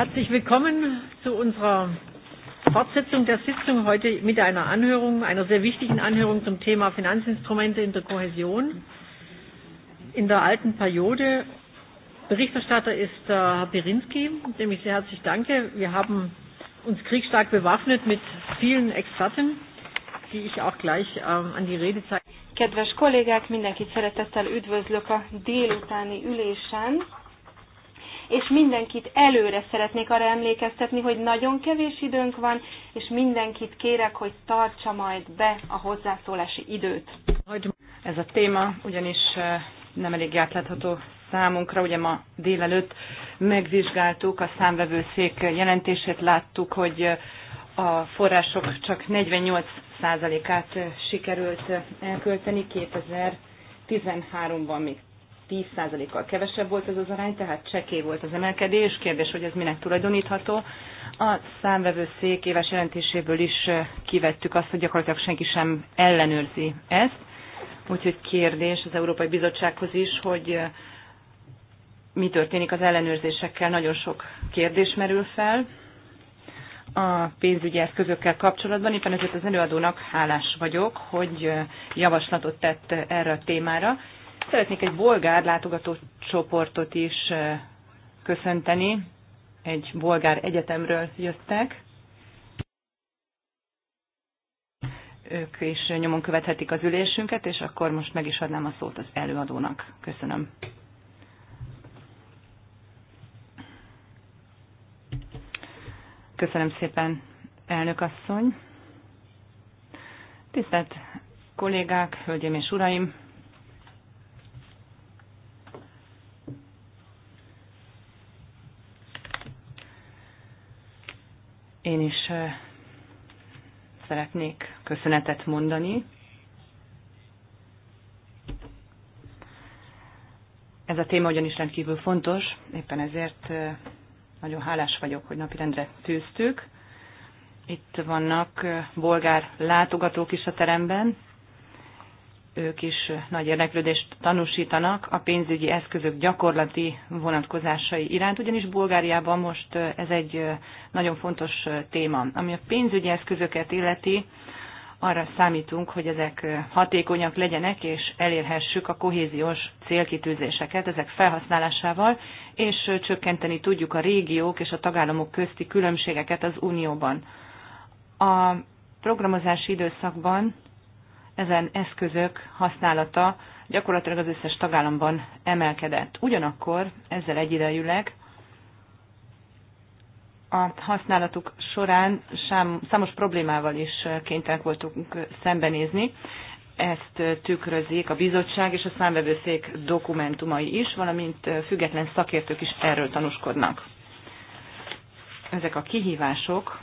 Herzlich willkommen zu unserer Fortsetzung der Sitzung heute mit einer Anhörung, einer sehr wichtigen Anhörung zum Thema Finanzinstrumente in der Kohäsion in der alten Periode. Berichterstatter ist Herr Pirinski, dem ich sehr herzlich danke. Wir haben uns kriegsstark bewaffnet mit vielen Experten, die ich auch gleich ähm, an die Rede zeige. Kedves kollégák, mindenkit szeretettel üdvözlök a délutáni ülésen és mindenkit előre szeretnék arra emlékeztetni, hogy nagyon kevés időnk van, és mindenkit kérek, hogy tartsa majd be a hozzászólási időt. Ez a téma ugyanis nem elég átlátható számunkra. Ugye ma délelőtt megvizsgáltuk a számvevőszék jelentését, láttuk, hogy a források csak 48%-át sikerült elkölteni 2013-ban még 10%-kal kevesebb volt ez az arány, tehát csekély volt az emelkedés. Kérdés, hogy ez minek tulajdonítható. A számvevőszék éves jelentéséből is kivettük azt, hogy gyakorlatilag senki sem ellenőrzi ezt. Úgyhogy kérdés az Európai Bizottsághoz is, hogy mi történik az ellenőrzésekkel. Nagyon sok kérdés merül fel a pénzügyi eszközökkel kapcsolatban. Éppen ezért az előadónak hálás vagyok, hogy javaslatot tett erre a témára, Szeretnék egy bolgár látogatócsoportot is köszönteni. Egy bolgár egyetemről jöttek. Ők is nyomon követhetik az ülésünket, és akkor most meg is adnám a szót az előadónak. Köszönöm. Köszönöm szépen, elnök asszony. Tisztelt kollégák, hölgyeim és uraim! Én is szeretnék köszönetet mondani. Ez a téma ugyanis rendkívül fontos, éppen ezért nagyon hálás vagyok, hogy napirendre tűztük. Itt vannak bolgár látogatók is a teremben, ők is nagy érdeklődést tanúsítanak a pénzügyi eszközök gyakorlati vonatkozásai iránt, ugyanis Bulgáriában most ez egy nagyon fontos téma. Ami a pénzügyi eszközöket illeti, arra számítunk, hogy ezek hatékonyak legyenek, és elérhessük a kohéziós célkitűzéseket ezek felhasználásával, és csökkenteni tudjuk a régiók és a tagállamok közti különbségeket az Unióban. A programozási időszakban ezen eszközök használata gyakorlatilag az összes tagállamban emelkedett. Ugyanakkor ezzel egyidejűleg a használatuk során számos problémával is kénytelenek voltunk szembenézni. Ezt tükrözik a bizottság és a számvevőszék dokumentumai is, valamint független szakértők is erről tanúskodnak. Ezek a kihívások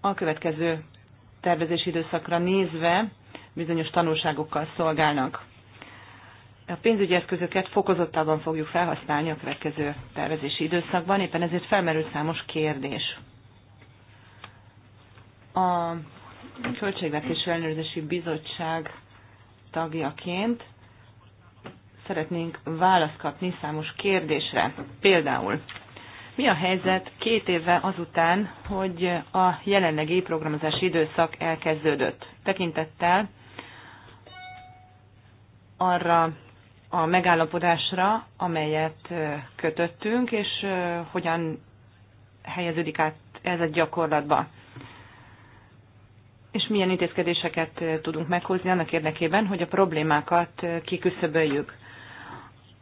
a következő tervezési időszakra nézve bizonyos tanulságokkal szolgálnak. A pénzügyi eszközöket fokozottabban fogjuk felhasználni a következő tervezési időszakban, éppen ezért felmerül számos kérdés. A Költségvetés Ellenőrzési Bizottság tagjaként szeretnénk választ kapni számos kérdésre. Például mi a helyzet két évvel azután, hogy a jelenlegi programozási időszak elkezdődött? Tekintettel arra a megállapodásra, amelyet kötöttünk, és hogyan helyeződik át ez a gyakorlatba. És milyen intézkedéseket tudunk meghozni annak érdekében, hogy a problémákat kiküszöböljük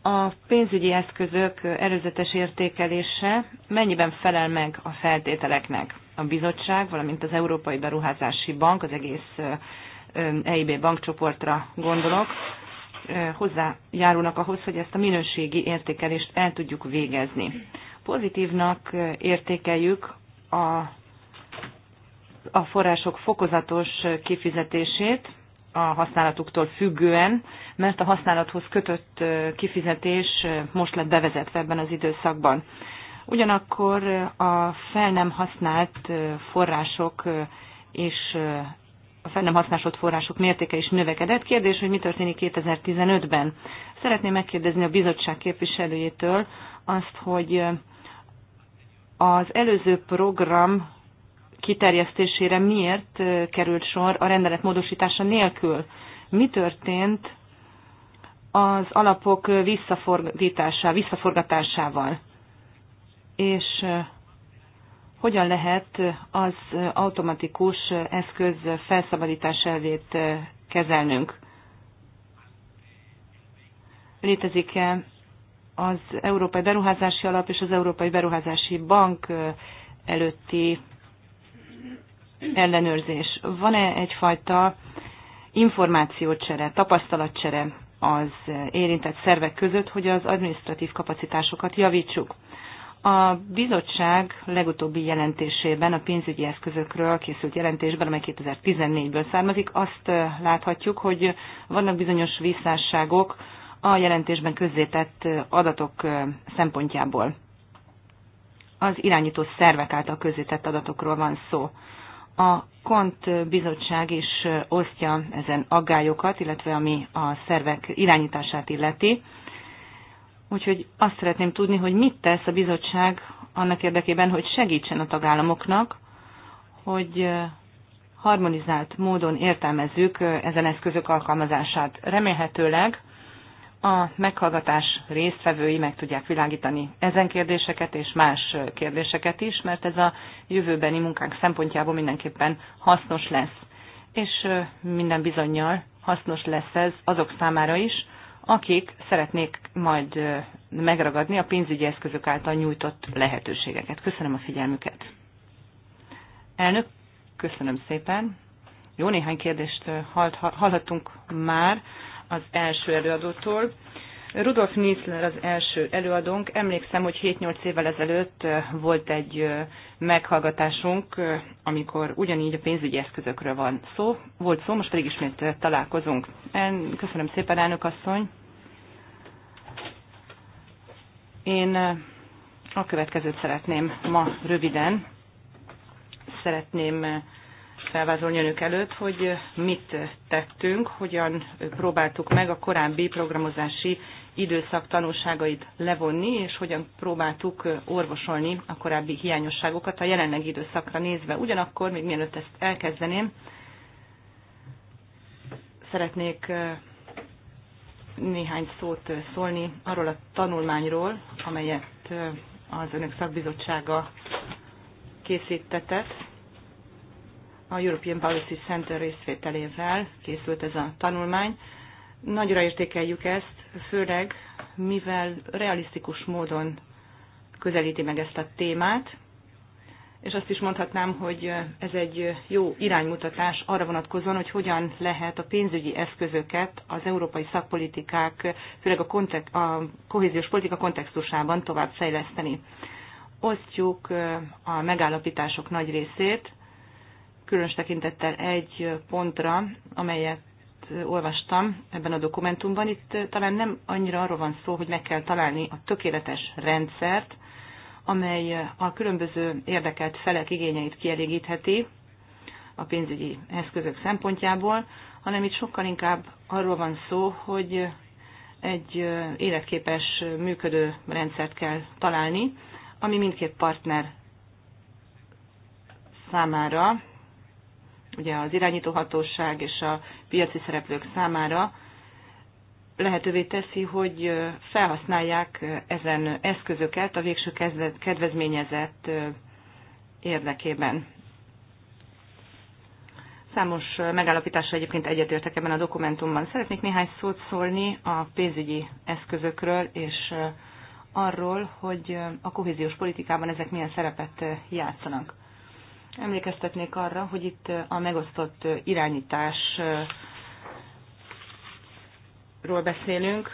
a pénzügyi eszközök előzetes értékelése mennyiben felel meg a feltételeknek? A bizottság, valamint az Európai Beruházási Bank, az egész EIB bankcsoportra gondolok, hozzájárulnak ahhoz, hogy ezt a minőségi értékelést el tudjuk végezni. Pozitívnak értékeljük a, a források fokozatos kifizetését, a használatuktól függően, mert a használathoz kötött kifizetés most lett bevezetve ebben az időszakban. Ugyanakkor a fel nem használt források és a fel nem használt források mértéke is növekedett. Kérdés, hogy mi történik 2015-ben. Szeretném megkérdezni a bizottság képviselőjétől azt, hogy az előző program kiterjesztésére miért került sor a rendelet módosítása nélkül? Mi történt az alapok visszafordítása, visszaforgatásával? És hogyan lehet az automatikus eszköz felszabadítás elvét kezelnünk? Létezik-e az Európai Beruházási Alap és az Európai Beruházási Bank előtti ellenőrzés? Van-e egyfajta információcsere, tapasztalatcsere az érintett szervek között, hogy az administratív kapacitásokat javítsuk? A bizottság legutóbbi jelentésében, a pénzügyi eszközökről készült jelentésben, amely 2014-ből származik, azt láthatjuk, hogy vannak bizonyos visszásságok a jelentésben közzétett adatok szempontjából. Az irányító szervek által közzétett adatokról van szó. A Kont bizottság is osztja ezen aggályokat, illetve ami a szervek irányítását illeti. Úgyhogy azt szeretném tudni, hogy mit tesz a bizottság annak érdekében, hogy segítsen a tagállamoknak, hogy harmonizált módon értelmezzük ezen eszközök alkalmazását. Remélhetőleg a meghallgatás résztvevői meg tudják világítani ezen kérdéseket és más kérdéseket is, mert ez a jövőbeni munkánk szempontjából mindenképpen hasznos lesz. És minden bizonyal hasznos lesz ez azok számára is, akik szeretnék majd megragadni a pénzügyi eszközök által nyújtott lehetőségeket. Köszönöm a figyelmüket. Elnök, köszönöm szépen. Jó néhány kérdést hallhattunk már az első előadótól. Rudolf Niesler az első előadónk. Emlékszem, hogy 7-8 évvel ezelőtt volt egy meghallgatásunk, amikor ugyanígy a pénzügyi eszközökről van szó. Volt szó, most pedig ismét találkozunk. Köszönöm szépen, elnök asszony. Én a következőt szeretném ma röviden. Szeretném felvázolni önök előtt, hogy mit tettünk, hogyan próbáltuk meg a korábbi programozási időszak tanulságait levonni, és hogyan próbáltuk orvosolni a korábbi hiányosságokat a jelenlegi időszakra nézve. Ugyanakkor, még mielőtt ezt elkezdeném, szeretnék néhány szót szólni arról a tanulmányról, amelyet az Önök szakbizottsága készítetett, a European Policy Center részvételével készült ez a tanulmány. Nagyra értékeljük ezt, főleg mivel realisztikus módon közelíti meg ezt a témát, és azt is mondhatnám, hogy ez egy jó iránymutatás arra vonatkozóan, hogy hogyan lehet a pénzügyi eszközöket az európai szakpolitikák, főleg a, kontek- a kohéziós politika kontextusában tovább fejleszteni. Osztjuk a megállapítások nagy részét, különös tekintettel egy pontra, amelyet olvastam ebben a dokumentumban. Itt eh, talán nem annyira arról van szó, hogy meg kell találni a tökéletes rendszert, amely eh, a különböző érdekelt felek igényeit kielégítheti a pénzügyi eszközök szempontjából, hanem itt sokkal inkább arról van szó, hogy eh, egy életképes, működő rendszert kell találni, ami mindkét partner számára ugye az irányítóhatóság és a piaci szereplők számára lehetővé teszi, hogy felhasználják ezen eszközöket a végső kedvezményezett érdekében. Számos megállapításra egyébként egyetértek ebben a dokumentumban. Szeretnék néhány szót szólni a pénzügyi eszközökről, és arról, hogy a kohéziós politikában ezek milyen szerepet játszanak. Emlékeztetnék arra, hogy itt a megosztott irányításról beszélünk.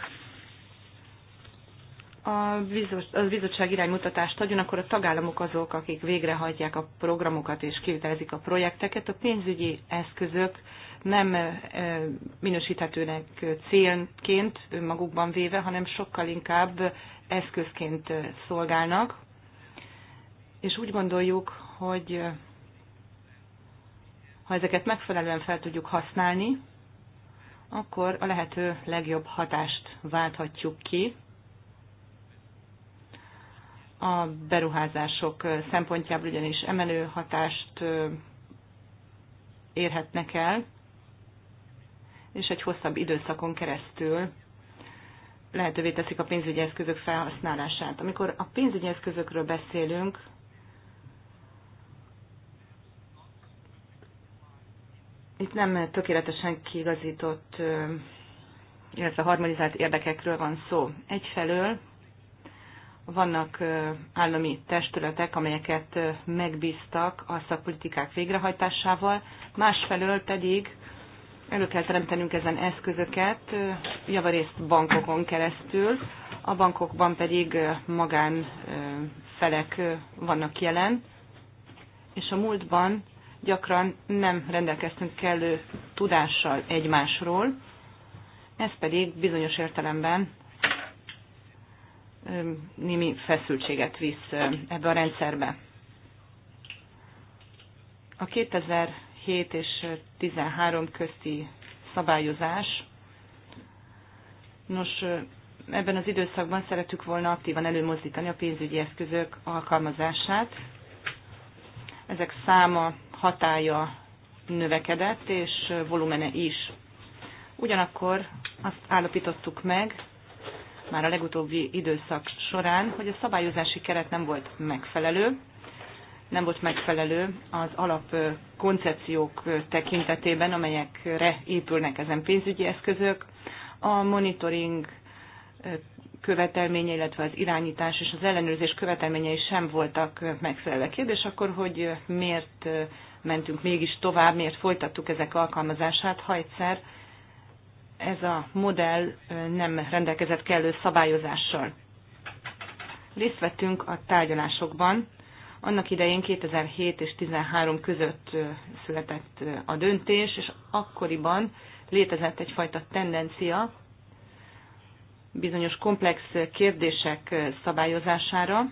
A, bizot, bizottság iránymutatást adjon, akkor a tagállamok azok, akik végrehajtják a programokat és kivitelezik a projekteket. A pénzügyi eszközök nem minősíthetőnek célként önmagukban véve, hanem sokkal inkább eszközként szolgálnak. És úgy gondoljuk, hogy ha ezeket megfelelően fel tudjuk használni, akkor a lehető legjobb hatást válthatjuk ki a beruházások szempontjából ugyanis emelő hatást érhetnek el, és egy hosszabb időszakon keresztül lehetővé teszik a pénzügyi eszközök felhasználását. Amikor a pénzügyi eszközökről beszélünk, Itt nem tökéletesen kigazított, illetve harmonizált érdekekről van szó. Egyfelől vannak állami testületek, amelyeket megbíztak a szakpolitikák végrehajtásával, másfelől pedig elő kell teremtenünk ezen eszközöket, javarészt bankokon keresztül, a bankokban pedig magánfelek vannak jelen, és a múltban gyakran nem rendelkeztünk kellő tudással egymásról, ez pedig bizonyos értelemben némi feszültséget visz ebbe a rendszerbe. A 2007 és 13 közti szabályozás, nos, ebben az időszakban szeretük volna aktívan előmozdítani a pénzügyi eszközök alkalmazását. Ezek száma hatája növekedett, és volumene is. Ugyanakkor azt állapítottuk meg, már a legutóbbi időszak során, hogy a szabályozási keret nem volt megfelelő, nem volt megfelelő az alap koncepciók tekintetében, amelyekre épülnek ezen pénzügyi eszközök. A monitoring követelménye, illetve az irányítás és az ellenőrzés követelményei sem voltak megfelelő Kérdés akkor, hogy miért mentünk mégis tovább, miért folytattuk ezek alkalmazását, ha egyszer ez a modell nem rendelkezett kellő szabályozással. Részt vettünk a tárgyalásokban. Annak idején 2007 és 2013 között született a döntés, és akkoriban létezett egyfajta tendencia, bizonyos komplex kérdések szabályozására.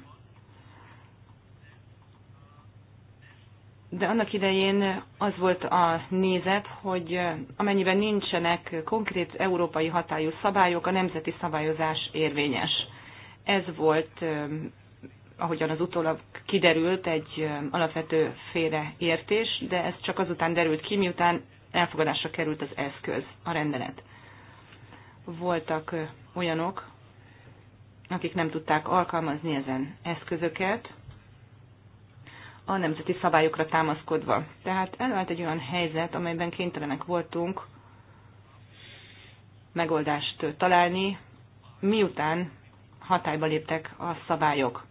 De annak idején az volt a nézet, hogy amennyiben nincsenek konkrét európai hatályú szabályok, a nemzeti szabályozás érvényes. Ez volt, ahogyan az utólag kiderült, egy alapvető félreértés, de ez csak azután derült ki, miután elfogadásra került az eszköz, a rendelet voltak olyanok, akik nem tudták alkalmazni ezen eszközöket, a nemzeti szabályokra támaszkodva. Tehát előállt egy olyan helyzet, amelyben kénytelenek voltunk megoldást találni, miután hatályba léptek a szabályok.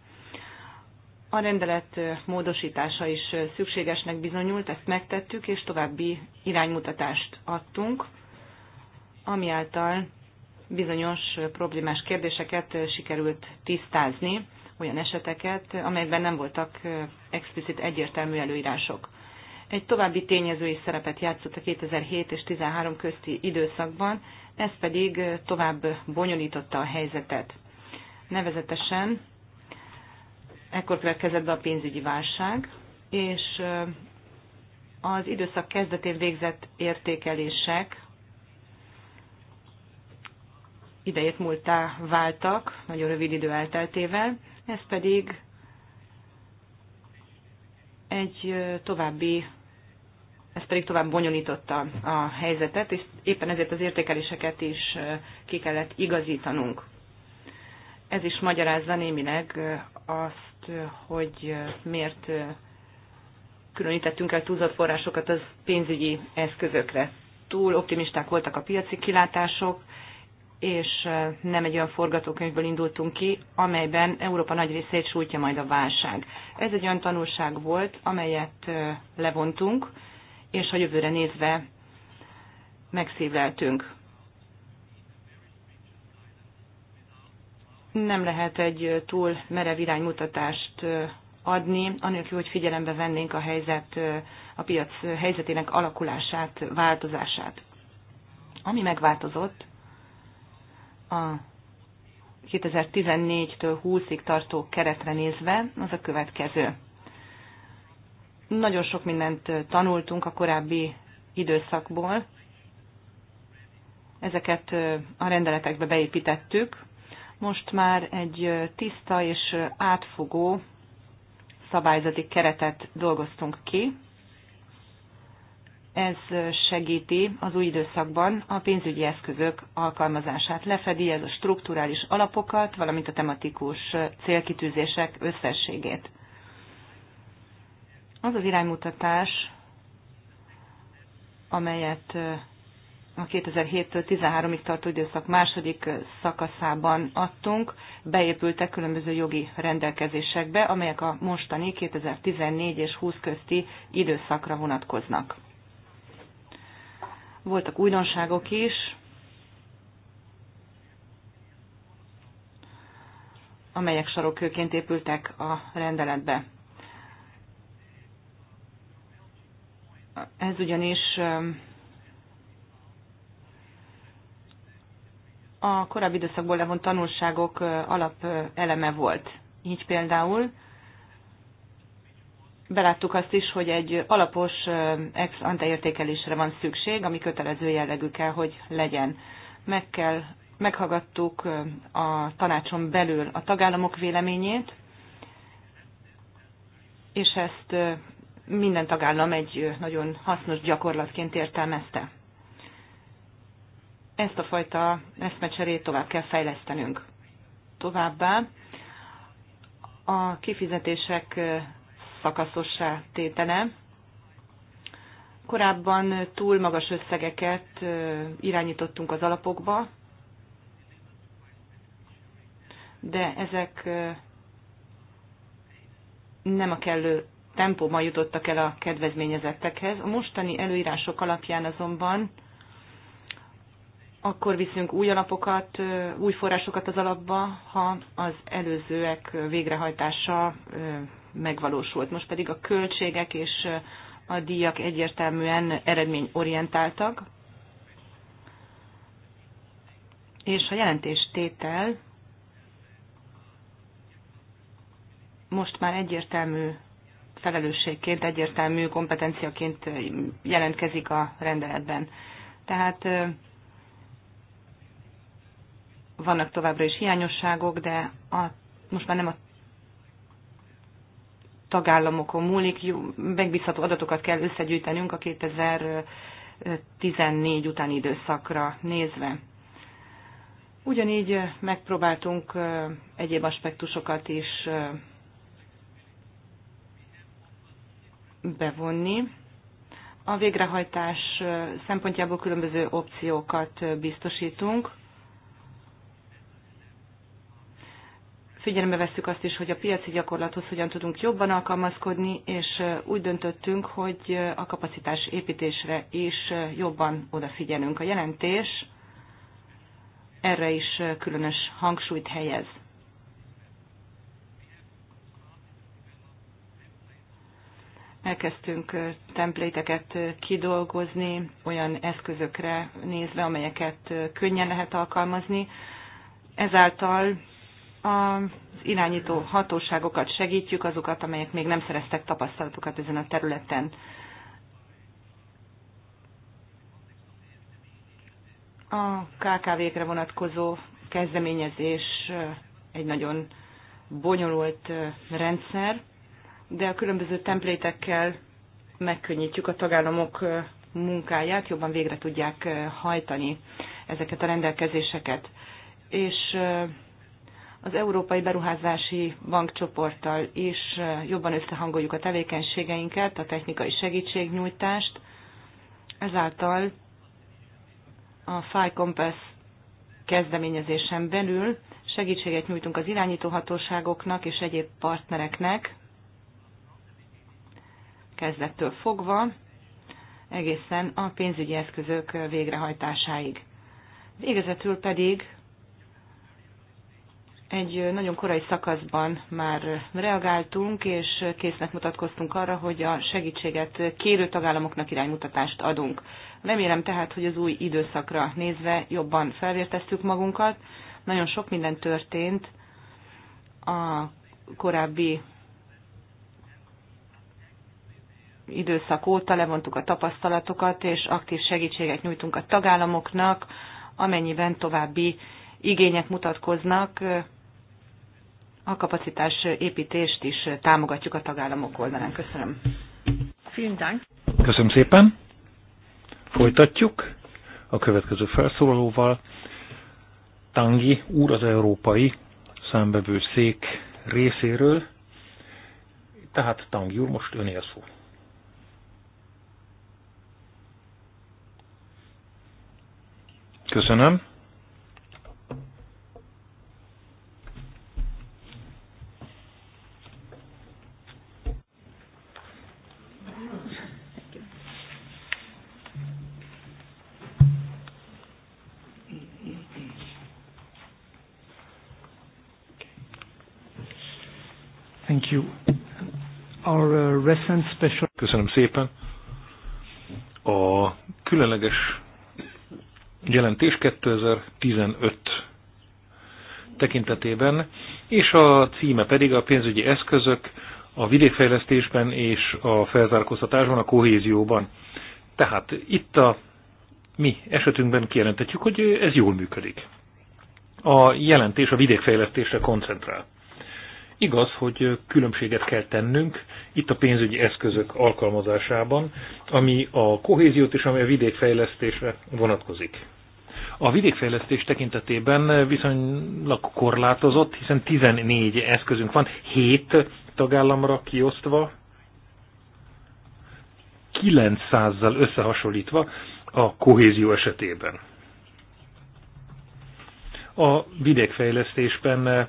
A rendelet módosítása is szükségesnek bizonyult, ezt megtettük, és további iránymutatást adtunk, ami által bizonyos problémás kérdéseket sikerült tisztázni, olyan eseteket, amelyben nem voltak explicit egyértelmű előírások. Egy további tényezői szerepet játszott a 2007 és 2013 közti időszakban, ez pedig tovább bonyolította a helyzetet. Nevezetesen ekkor következett be a pénzügyi válság, és az időszak kezdetén végzett értékelések idejét múltá váltak, nagyon rövid idő elteltével, ez pedig egy további, ez pedig tovább bonyolította a helyzetet, és éppen ezért az értékeléseket is ki kellett igazítanunk. Ez is magyarázza némileg azt, hogy miért különítettünk el túlzott forrásokat az pénzügyi eszközökre. Túl optimisták voltak a piaci kilátások, és nem egy olyan forgatókönyvből indultunk ki, amelyben Európa nagy részét sújtja majd a válság. Ez egy olyan tanulság volt, amelyet levontunk, és a jövőre nézve megszívleltünk. Nem lehet egy túl merev iránymutatást adni, anélkül, hogy figyelembe vennénk a helyzet, a piac helyzetének alakulását, változását. Ami megváltozott, a 2014-től 20-ig tartó keretre nézve, az a következő. Nagyon sok mindent tanultunk a korábbi időszakból. Ezeket a rendeletekbe beépítettük. Most már egy tiszta és átfogó szabályzati keretet dolgoztunk ki, ez segíti az új időszakban a pénzügyi eszközök alkalmazását. Lefedi ez a strukturális alapokat, valamint a tematikus célkitűzések összességét. Az az iránymutatás, amelyet a 2007-től 13-ig tartó időszak második szakaszában adtunk, beépültek különböző jogi rendelkezésekbe, amelyek a mostani 2014 és 20 közti időszakra vonatkoznak voltak újdonságok is, amelyek sarokkőként épültek a rendeletbe. Ez ugyanis a korábbi időszakból levont tanulságok alapeleme volt. Így például beláttuk azt is, hogy egy alapos ex ante értékelésre van szükség, ami kötelező jellegű kell, hogy legyen. Meg kell, meghallgattuk a tanácson belül a tagállamok véleményét, és ezt minden tagállam egy nagyon hasznos gyakorlatként értelmezte. Ezt a fajta eszmecserét tovább kell fejlesztenünk. Továbbá a kifizetések szakaszossá tétele. Korábban túl magas összegeket irányítottunk az alapokba, de ezek nem a kellő tempóban jutottak el a kedvezményezettekhez. A mostani előírások alapján azonban akkor viszünk új alapokat, új forrásokat az alapba, ha az előzőek végrehajtása megvalósult. Most pedig a költségek és a díjak egyértelműen eredményorientáltak, és a jelentéstétel most már egyértelmű felelősségként, egyértelmű kompetenciaként jelentkezik a rendeletben. Tehát vannak továbbra is hiányosságok, de a, most már nem a tagállamokon múlik, jó, megbízható adatokat kell összegyűjtenünk a 2014 utáni időszakra nézve. Ugyanígy megpróbáltunk egyéb aspektusokat is bevonni. A végrehajtás szempontjából különböző opciókat biztosítunk figyelembe vesszük azt is, hogy a piaci gyakorlathoz hogyan tudunk jobban alkalmazkodni, és úgy döntöttünk, hogy a kapacitás építésre is jobban odafigyelünk. A jelentés erre is különös hangsúlyt helyez. Elkezdtünk templéteket kidolgozni olyan eszközökre nézve, amelyeket könnyen lehet alkalmazni. Ezáltal az irányító hatóságokat segítjük, azokat, amelyek még nem szereztek tapasztalatokat ezen a területen. A KKV-kre vonatkozó kezdeményezés egy nagyon bonyolult rendszer, de a különböző templétekkel megkönnyítjük a tagállamok munkáját, jobban végre tudják hajtani ezeket a rendelkezéseket. És az Európai Beruházási Bankcsoporttal is jobban összehangoljuk a tevékenységeinket, a technikai segítségnyújtást. Ezáltal a File Compass kezdeményezésen belül segítséget nyújtunk az irányítóhatóságoknak és egyéb partnereknek, kezdettől fogva, egészen a pénzügyi eszközök végrehajtásáig. Végezetül pedig egy nagyon korai szakaszban már reagáltunk, és késznek mutatkoztunk arra, hogy a segítséget kérő tagállamoknak iránymutatást adunk. Remélem tehát, hogy az új időszakra nézve jobban felvérteztük magunkat. Nagyon sok minden történt a korábbi időszak óta, levontuk a tapasztalatokat, és aktív segítséget nyújtunk a tagállamoknak, amennyiben további igények mutatkoznak, a kapacitás építést is támogatjuk a tagállamok oldalán. Köszönöm. Köszönöm szépen. Folytatjuk a következő felszólalóval. Tangi úr az Európai számbevő szék részéről. Tehát Tangi úr, most öné a szó. Köszönöm. you. Our uh, recent special... Köszönöm szépen. A különleges jelentés 2015 tekintetében, és a címe pedig a pénzügyi eszközök a vidékfejlesztésben és a felzárkóztatásban, a kohézióban. Tehát itt a mi esetünkben kijelenthetjük, hogy ez jól működik. A jelentés a vidékfejlesztésre koncentrál. Igaz, hogy különbséget kell tennünk itt a pénzügyi eszközök alkalmazásában, ami a kohéziót és ami a vidékfejlesztésre vonatkozik. A vidékfejlesztés tekintetében viszonylag korlátozott, hiszen 14 eszközünk van, 7 tagállamra kiosztva, 900-zal összehasonlítva a kohézió esetében. A vidékfejlesztésben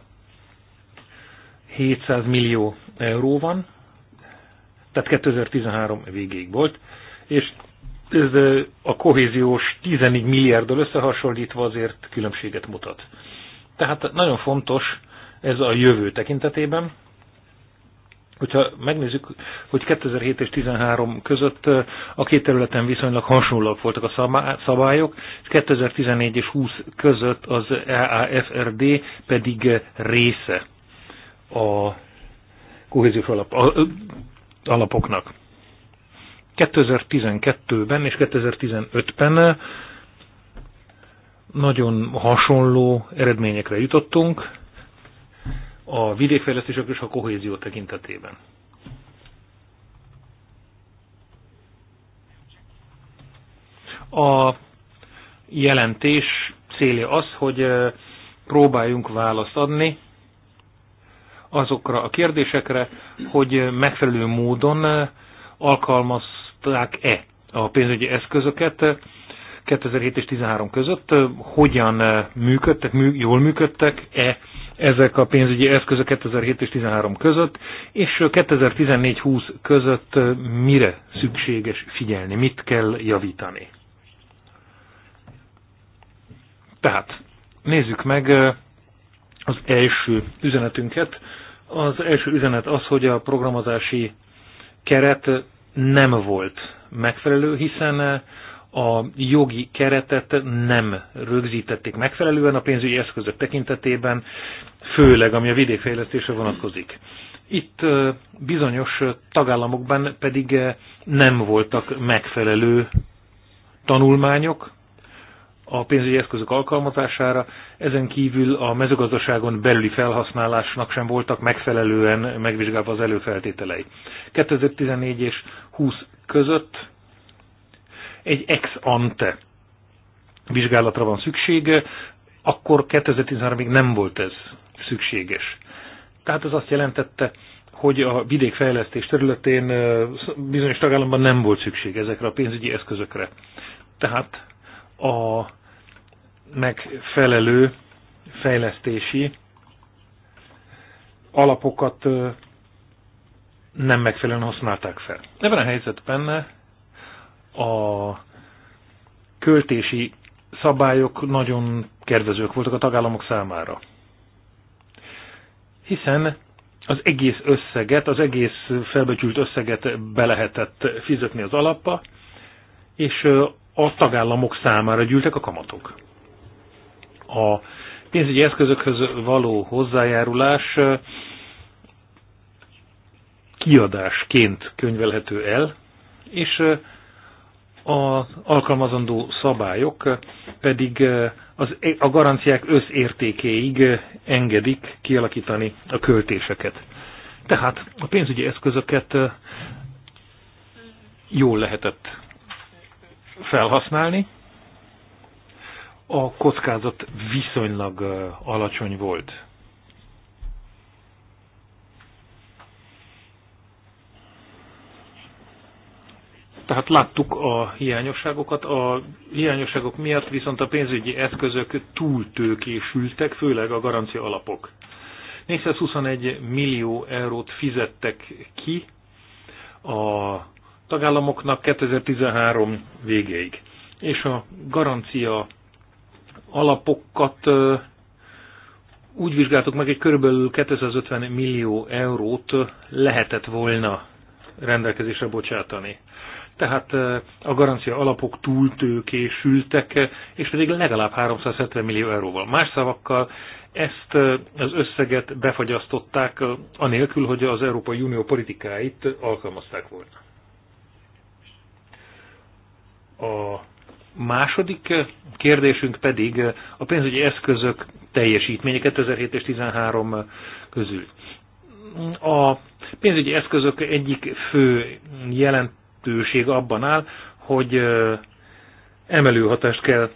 700 millió euró van, tehát 2013 végéig volt, és ez a kohéziós 14 milliárddal összehasonlítva azért különbséget mutat. Tehát nagyon fontos ez a jövő tekintetében, hogyha megnézzük, hogy 2007 és 2013 között a két területen viszonylag hasonlóak voltak a szabályok, és 2014 és 20 között az EAFRD pedig része a kohéziós alap, a, alapoknak. 2012-ben és 2015-ben nagyon hasonló eredményekre jutottunk a vidékfejlesztések és a kohézió tekintetében. A jelentés célja az, hogy eh, próbáljunk választ adni azokra a kérdésekre, hogy megfelelő módon alkalmazták-e a pénzügyi eszközöket 2007 és 2013 között, hogyan működtek, jól működtek-e ezek a pénzügyi eszközök 2007 és 2013 között, és 2014-20 között mire szükséges figyelni, mit kell javítani. Tehát nézzük meg az első üzenetünket, az első üzenet az, hogy a programozási keret nem volt megfelelő, hiszen a jogi keretet nem rögzítették megfelelően a pénzügyi eszközök tekintetében, főleg ami a vidékfejlesztésre vonatkozik. Itt bizonyos tagállamokban pedig nem voltak megfelelő tanulmányok, a pénzügyi eszközök alkalmazására, ezen kívül a mezőgazdaságon belüli felhasználásnak sem voltak megfelelően megvizsgálva az előfeltételei. 2014 és 20 között egy ex ante vizsgálatra van szüksége, akkor 2013-ig nem volt ez szükséges. Tehát ez azt jelentette, hogy a vidékfejlesztés területén bizonyos tagállamban nem volt szükség ezekre a pénzügyi eszközökre. Tehát a megfelelő fejlesztési alapokat nem megfelelően használták fel. Ebben a helyzetben a költési szabályok nagyon kedvezők voltak a tagállamok számára. Hiszen az egész összeget, az egész felbecsült összeget be lehetett fizetni az alapba, és a tagállamok számára gyűltek a kamatok. A pénzügyi eszközökhöz való hozzájárulás kiadásként könyvelhető el, és az alkalmazandó szabályok pedig az, a garanciák összértékéig engedik kialakítani a költéseket. Tehát a pénzügyi eszközöket jól lehetett felhasználni. A kockázat viszonylag alacsony volt. Tehát láttuk a hiányosságokat, a hiányosságok miatt viszont a pénzügyi eszközök túltőkésültek, főleg a garancia alapok. 421 millió eurót fizettek ki a tagállamoknak 2013 végéig. És a garancia alapokat úgy vizsgáltuk meg, hogy körülbelül 250 millió eurót lehetett volna rendelkezésre bocsátani. Tehát a garancia alapok túltőkésültek, és pedig legalább 370 millió euróval. Más szavakkal ezt az összeget befagyasztották, anélkül, hogy az Európai Unió politikáit alkalmazták volna. A második kérdésünk pedig a pénzügyi eszközök teljesítménye 2007 és 2013 közül. A pénzügyi eszközök egyik fő jelentőség abban áll, hogy emelő hatást kell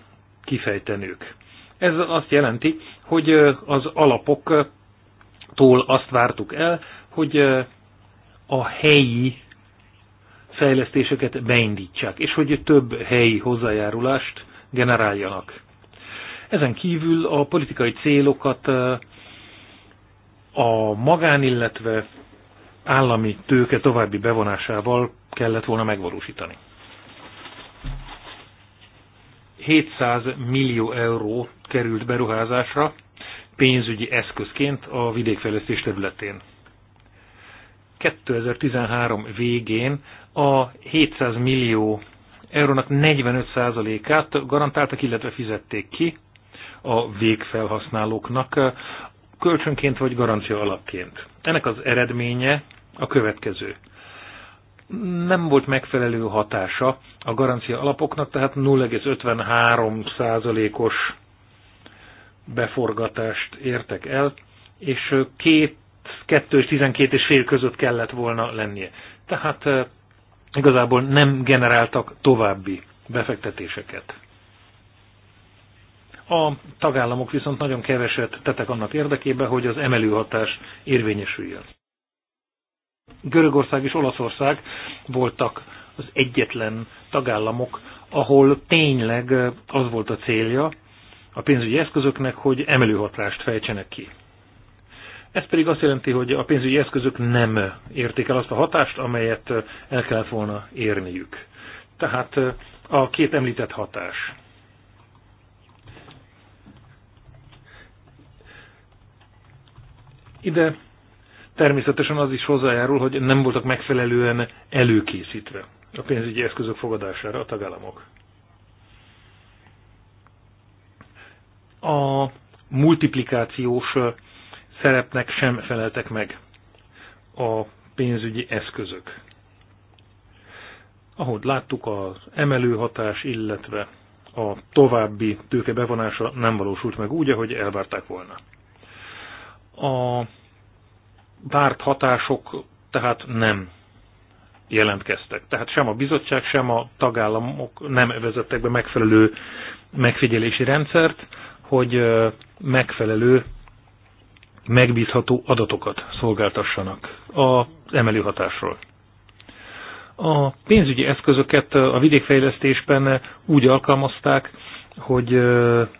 kifejtenünk. Ez azt jelenti, hogy az alapoktól azt vártuk el, hogy a helyi fejlesztéseket beindítsák, és hogy több helyi hozzájárulást generáljanak. Ezen kívül a politikai célokat eh, a magán, illetve állami tőke további bevonásával kellett volna megvalósítani. 700 millió euró került beruházásra pénzügyi eszközként a vidékfejlesztés területén. 2013 végén a 700 millió eurónak 45%-át garantáltak, illetve fizették ki a végfelhasználóknak kölcsönként vagy garancia alapként. Ennek az eredménye a következő. Nem volt megfelelő hatása a garancia alapoknak, tehát 0,53%-os beforgatást értek el, és két 2 és 12 és fél között kellett volna lennie. Tehát igazából nem generáltak további befektetéseket. A tagállamok viszont nagyon keveset tettek annak érdekében, hogy az emelőhatás érvényesüljön. Görögország és Olaszország voltak az egyetlen tagállamok, ahol tényleg az volt a célja a pénzügyi eszközöknek, hogy emelőhatást fejtsenek ki. Ez pedig azt jelenti, hogy a pénzügyi eszközök nem érték el azt a hatást, amelyet el kell volna érniük. Tehát a két említett hatás. Ide természetesen az is hozzájárul, hogy nem voltak megfelelően előkészítve a pénzügyi eszközök fogadására a tagállamok. A multiplikációs szerepnek sem feleltek meg a pénzügyi eszközök. Ahogy láttuk, az emelő hatás, illetve a további tőke bevonása nem valósult meg úgy, ahogy elvárták volna. A várt hatások tehát nem jelentkeztek. Tehát sem a bizottság, sem a tagállamok nem vezettek be megfelelő megfigyelési rendszert, hogy megfelelő megbízható adatokat szolgáltassanak a emelő hatásról. A pénzügyi eszközöket a vidékfejlesztésben úgy alkalmazták, hogy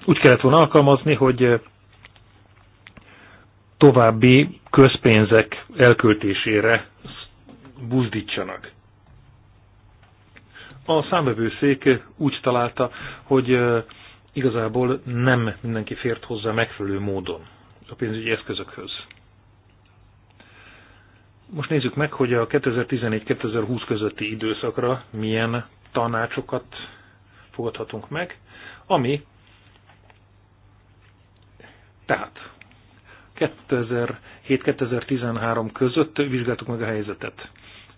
úgy kellett volna alkalmazni, hogy további közpénzek elköltésére buzdítsanak. A számbevőszék úgy találta, hogy igazából nem mindenki fért hozzá megfelelő módon a pénzügyi eszközökhöz. Most nézzük meg, hogy a 2014-2020 közötti időszakra milyen tanácsokat fogadhatunk meg, ami tehát 2007-2013 között vizsgáltuk meg a helyzetet.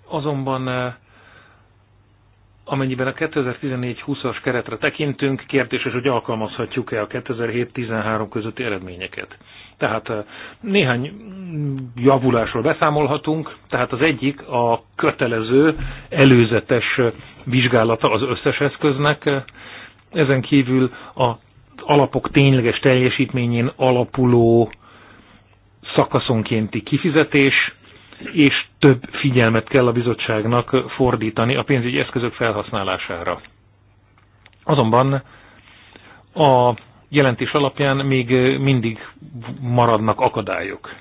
Azonban eh, amennyiben a 2014-20-as keretre tekintünk, kérdéses, hogy alkalmazhatjuk-e a 2007-13 közötti eredményeket. Tehát néhány javulásról beszámolhatunk, tehát az egyik a kötelező előzetes vizsgálata az összes eszköznek, ezen kívül az alapok tényleges teljesítményén alapuló szakaszonkénti kifizetés, és több figyelmet kell a bizottságnak fordítani a pénzügyi eszközök felhasználására. Azonban a jelentés alapján még mindig maradnak akadályok.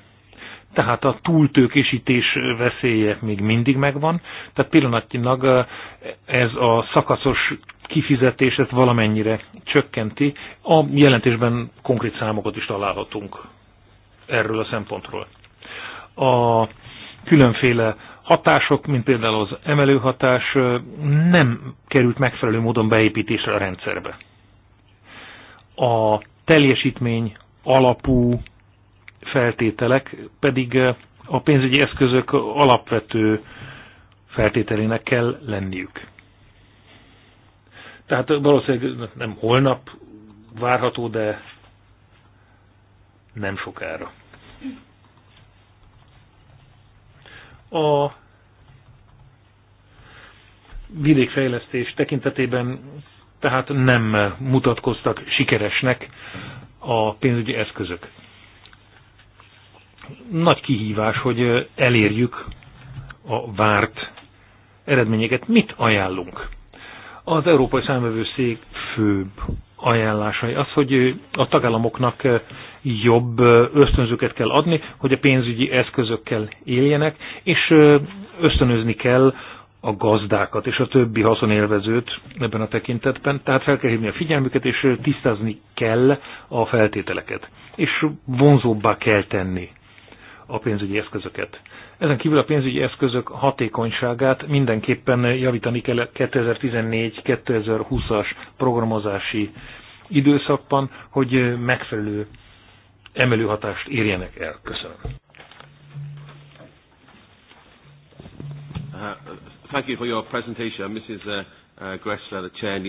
Tehát a túltőkésítés veszélye még mindig megvan, tehát pillanatnyilag ez a szakaszos kifizetés ezt valamennyire csökkenti. A jelentésben konkrét számokat is találhatunk erről a szempontról. A különféle hatások, mint például az emelőhatás nem került megfelelő módon beépítésre a rendszerbe a teljesítmény alapú feltételek pedig eh, a pénzügyi eszközök alapvető feltételének kell lenniük. Tehát valószínűleg nem holnap várható, de nem sokára. A vidékfejlesztés tekintetében tehát nem mutatkoztak sikeresnek a pénzügyi eszközök. Nagy kihívás, hogy elérjük a várt eredményeket. Mit ajánlunk? Az Európai Számvevőszék főbb ajánlásai az, hogy a tagállamoknak jobb ösztönzőket kell adni, hogy a pénzügyi eszközökkel éljenek, és ösztönözni kell, a gazdákat és a többi haszonélvezőt ebben a tekintetben. Tehát fel kell hívni a figyelmüket, és tisztázni kell a feltételeket. És vonzóbbá kell tenni a pénzügyi eszközöket. Ezen kívül a pénzügyi eszközök hatékonyságát mindenképpen javítani kell 2014-2020-as programozási időszakban, hogy megfelelő emelő hatást érjenek el. Köszönöm. Uh, Thank you for your presentation, Mrs. Uh, uh, Gressler, the chair.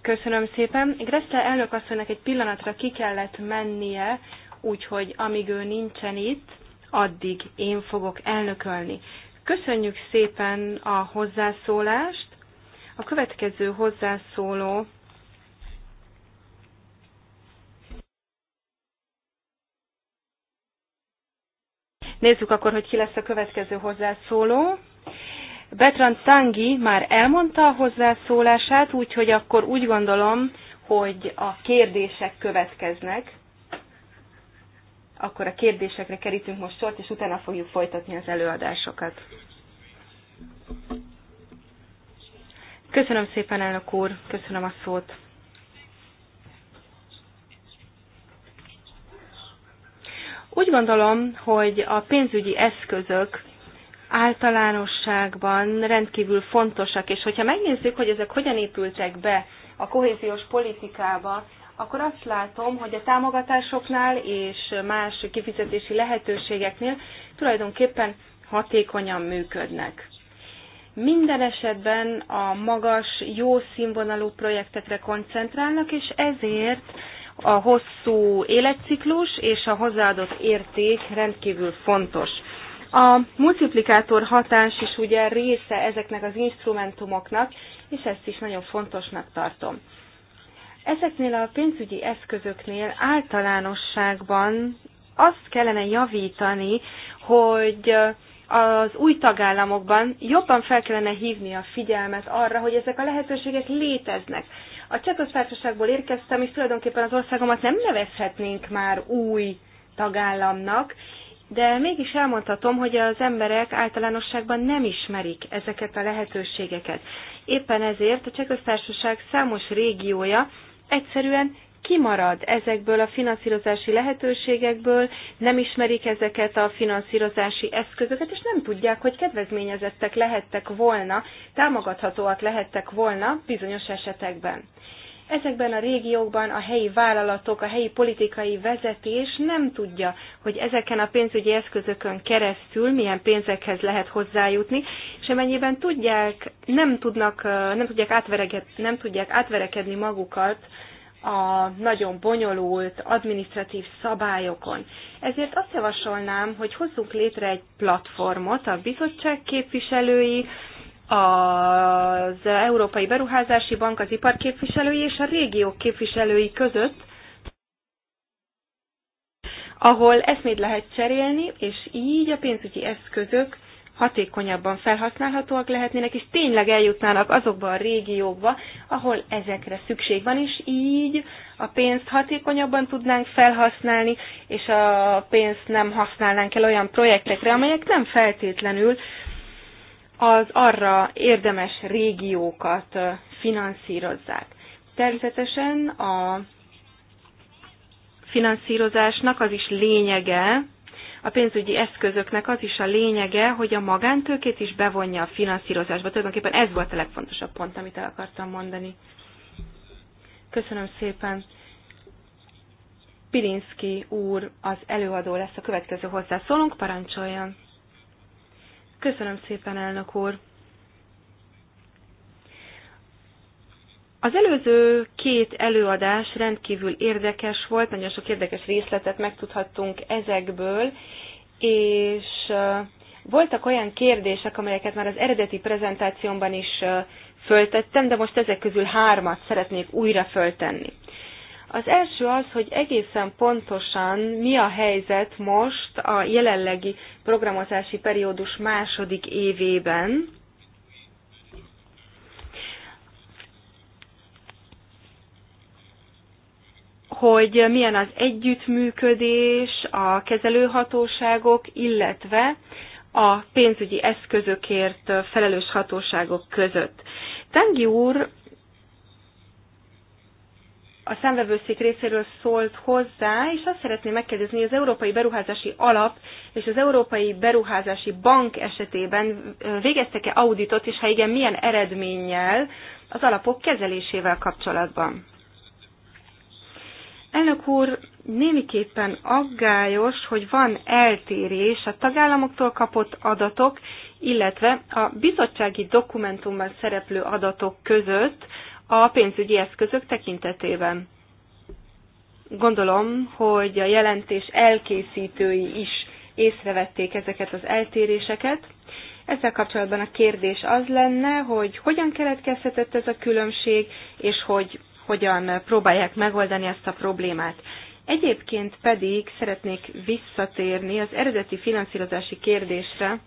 Köszönöm szépen. Gressler elnök asszonynak egy pillanatra ki kellett mennie, úgyhogy amíg ő nincsen itt, addig én fogok elnökölni. Köszönjük szépen a hozzászólást. A következő hozzászóló Nézzük akkor, hogy ki lesz a következő hozzászóló. Betran Tangi már elmondta a hozzászólását, úgyhogy akkor úgy gondolom, hogy a kérdések következnek. Akkor a kérdésekre kerítünk most sort, és utána fogjuk folytatni az előadásokat. Köszönöm szépen, elnök úr, köszönöm a szót. Úgy gondolom, hogy a pénzügyi eszközök általánosságban rendkívül fontosak, és hogyha megnézzük, hogy ezek hogyan épültek be a kohéziós politikába, akkor azt látom, hogy a támogatásoknál és más kifizetési lehetőségeknél tulajdonképpen hatékonyan működnek. Minden esetben a magas, jó színvonalú projektekre koncentrálnak, és ezért a hosszú életciklus és a hozzáadott érték rendkívül fontos. A multiplikátor hatás is ugye része ezeknek az instrumentumoknak, és ezt is nagyon fontosnak tartom. Ezeknél a pénzügyi eszközöknél általánosságban azt kellene javítani, hogy az új tagállamokban jobban fel kellene hívni a figyelmet arra, hogy ezek a lehetőségek léteznek. A Csehköztársaságból érkeztem, és tulajdonképpen az országomat nem nevezhetnénk már új tagállamnak, de mégis elmondhatom, hogy az emberek általánosságban nem ismerik ezeket a lehetőségeket. Éppen ezért a Csehköztársaság számos régiója egyszerűen kimarad ezekből a finanszírozási lehetőségekből, nem ismerik ezeket a finanszírozási eszközöket, és nem tudják, hogy kedvezményezettek lehettek volna, támogathatóak lehettek volna bizonyos esetekben. Ezekben a régiókban a helyi vállalatok, a helyi politikai vezetés nem tudja, hogy ezeken a pénzügyi eszközökön keresztül milyen pénzekhez lehet hozzájutni, és amennyiben tudják, nem, tudnak, nem, tudják, átvereket, nem tudják átverekedni magukat, a nagyon bonyolult administratív szabályokon. Ezért azt javasolnám, hogy hozzunk létre egy platformot, a bizottság képviselői, az Európai Beruházási Bank, az iparképviselői képviselői és a régiók képviselői között, ahol eszmét lehet cserélni, és így a pénzügyi eszközök hatékonyabban felhasználhatóak lehetnének, és tényleg eljutnának azokba a régiókba, ahol ezekre szükség van, és így a pénzt hatékonyabban tudnánk felhasználni, és a pénzt nem használnánk el olyan projektekre, amelyek nem feltétlenül az arra érdemes régiókat finanszírozzák. Természetesen a finanszírozásnak az is lényege, a pénzügyi eszközöknek az is a lényege, hogy a magántőkét is bevonja a finanszírozásba. Tulajdonképpen ez volt a legfontosabb pont, amit el akartam mondani. Köszönöm szépen. Pilinszki úr az előadó lesz a következő hozzászólónk, parancsoljon. Köszönöm szépen, elnök úr. Az előző két előadás rendkívül érdekes volt, nagyon sok érdekes részletet megtudhattunk ezekből, és voltak olyan kérdések, amelyeket már az eredeti prezentációmban is föltettem, de most ezek közül hármat szeretnék újra föltenni. Az első az, hogy egészen pontosan mi a helyzet most a jelenlegi programozási periódus második évében. hogy milyen az együttműködés a kezelőhatóságok, illetve a pénzügyi eszközökért felelős hatóságok között. Tengi úr a szemvevőszék részéről szólt hozzá, és azt szeretném megkérdezni, hogy az Európai Beruházási Alap és az Európai Beruházási Bank esetében végeztek-e auditot, és ha igen, milyen eredménnyel az alapok kezelésével kapcsolatban? Elnök úr, némiképpen aggályos, hogy van eltérés a tagállamoktól kapott adatok, illetve a bizottsági dokumentumban szereplő adatok között, a pénzügyi eszközök tekintetében. Gondolom, hogy a jelentés elkészítői is észrevették ezeket az eltéréseket. Ezzel kapcsolatban a kérdés az lenne, hogy hogyan keletkezhetett ez a különbség, és hogy hogyan próbálják megoldani ezt a problémát. Egyébként pedig szeretnék visszatérni az eredeti finanszírozási kérdésre,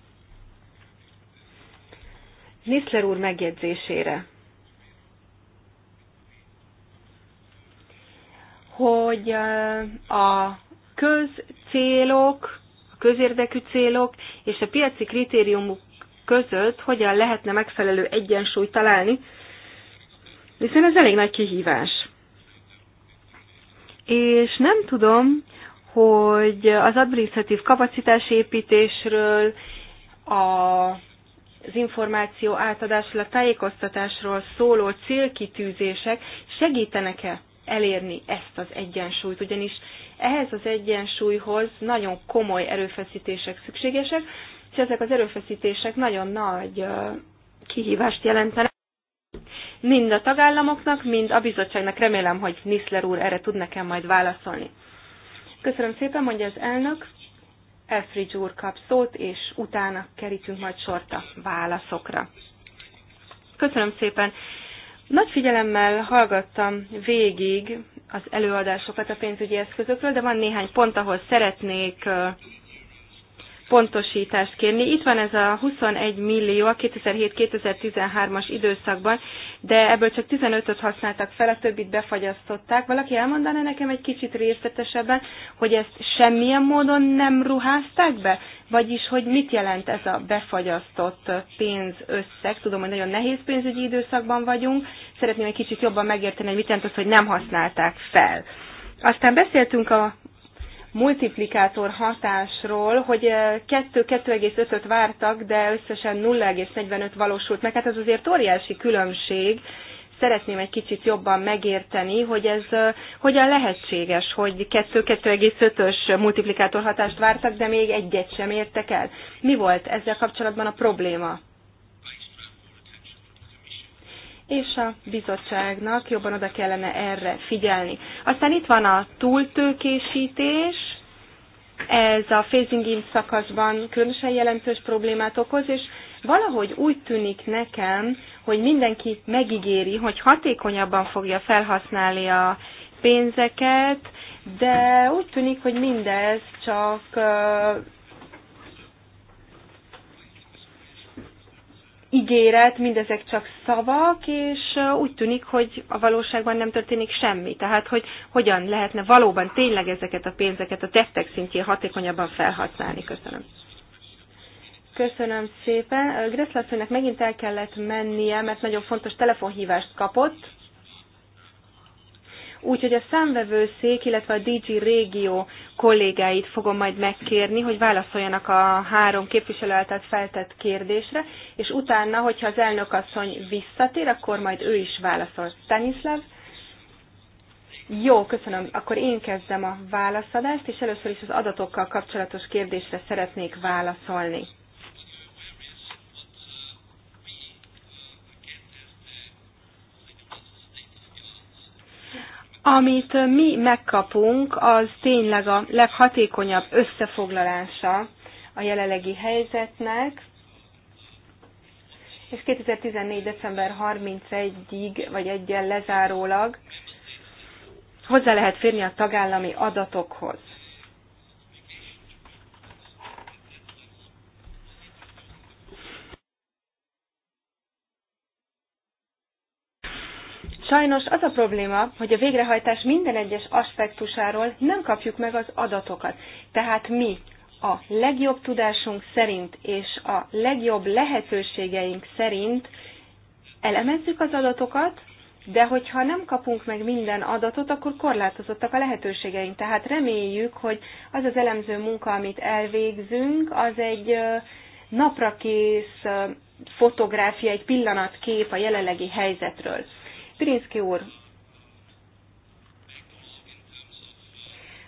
Niszler úr megjegyzésére. hogy a közcélok, a közérdekű célok és a piaci kritériumok között hogyan lehetne megfelelő egyensúlyt találni, hiszen ez elég nagy kihívás. És nem tudom, hogy az adminisztratív kapacitásépítésről, az információ átadásról, a tájékoztatásról szóló célkitűzések segítenek-e elérni ezt az egyensúlyt, ugyanis ehhez az egyensúlyhoz nagyon komoly erőfeszítések szükségesek, és ezek az erőfeszítések nagyon nagy kihívást jelentenek mind a tagállamoknak, mind a bizottságnak. Remélem, hogy Niszler úr erre tud nekem majd válaszolni. Köszönöm szépen, mondja az elnök. Elfridge úr kap szót, és utána kerítünk majd sort a válaszokra. Köszönöm szépen. Nagy figyelemmel hallgattam végig az előadásokat a pénzügyi eszközökről, de van néhány pont, ahol szeretnék pontosítást kérni. Itt van ez a 21 millió a 2007-2013-as időszakban, de ebből csak 15-öt használtak fel, a többit befagyasztották. Valaki elmondaná nekem egy kicsit részletesebben, hogy ezt semmilyen módon nem ruházták be? Vagyis, hogy mit jelent ez a befagyasztott pénzösszeg? Tudom, hogy nagyon nehéz pénzügyi időszakban vagyunk. Szeretném egy kicsit jobban megérteni, hogy mit jelent az, hogy nem használták fel. Aztán beszéltünk a multiplikátor hatásról, hogy 2-2,5-öt eh, vártak, de összesen 0,45 valósult meg. Hát ez azért óriási különbség. Szeretném egy kicsit jobban megérteni, hogy ez eh, hogyan lehetséges, hogy 2-2,5-ös multiplikátor hatást vártak, de még egyet sem értek el. Mi volt ezzel kapcsolatban a probléma? és a bizottságnak jobban oda kellene erre figyelni. Aztán itt van a túltőkésítés, ez a phasing in szakaszban különösen jelentős problémát okoz, és valahogy úgy tűnik nekem, hogy mindenki megígéri, hogy hatékonyabban fogja felhasználni a pénzeket, de úgy tűnik, hogy mindez csak ígéret, mindezek csak szavak, és úgy tűnik, hogy a valóságban nem történik semmi. Tehát, hogy hogyan lehetne valóban tényleg ezeket a pénzeket a tettek szintjén hatékonyabban felhasználni. Köszönöm. Köszönöm szépen. Greszlasszonynak megint el kellett mennie, mert nagyon fontos telefonhívást kapott. Úgyhogy a számvevőszék, illetve a DG régió kollégáit fogom majd megkérni, hogy válaszoljanak a három képviselő által feltett kérdésre, és utána, hogyha az asszony visszatér, akkor majd ő is válaszol. Stanislav? Jó, köszönöm. Akkor én kezdem a válaszadást, és először is az adatokkal kapcsolatos kérdésre szeretnék válaszolni. Amit mi megkapunk, az tényleg a leghatékonyabb összefoglalása a jelenlegi helyzetnek, és 2014. december 31-ig, vagy egyen lezárólag hozzá lehet férni a tagállami adatokhoz. Sajnos az a probléma, hogy a végrehajtás minden egyes aspektusáról nem kapjuk meg az adatokat. Tehát mi a legjobb tudásunk szerint és a legjobb lehetőségeink szerint elemezzük az adatokat, de hogyha nem kapunk meg minden adatot, akkor korlátozottak a lehetőségeink. Tehát reméljük, hogy az az elemző munka, amit elvégzünk, az egy naprakész fotográfia, egy pillanatkép a jelenlegi helyzetről. Pirinszki úr,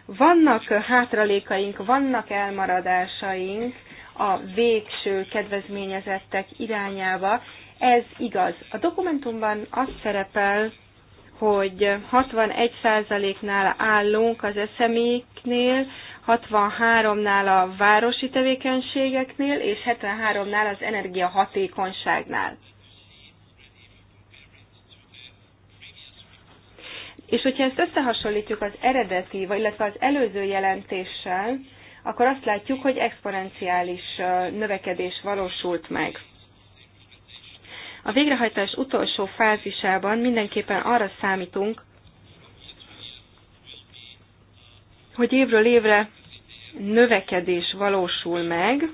vannak hátralékaink, vannak elmaradásaink a végső kedvezményezettek irányába. Ez igaz. A dokumentumban az szerepel, hogy 61%-nál állunk az eszeméknél, 63-nál a városi tevékenységeknél, és 73-nál az energiahatékonyságnál. És hogyha ezt összehasonlítjuk az eredeti, vagy illetve az előző jelentéssel, akkor azt látjuk, hogy exponenciális növekedés valósult meg. A végrehajtás utolsó fázisában mindenképpen arra számítunk, hogy évről évre növekedés valósul meg,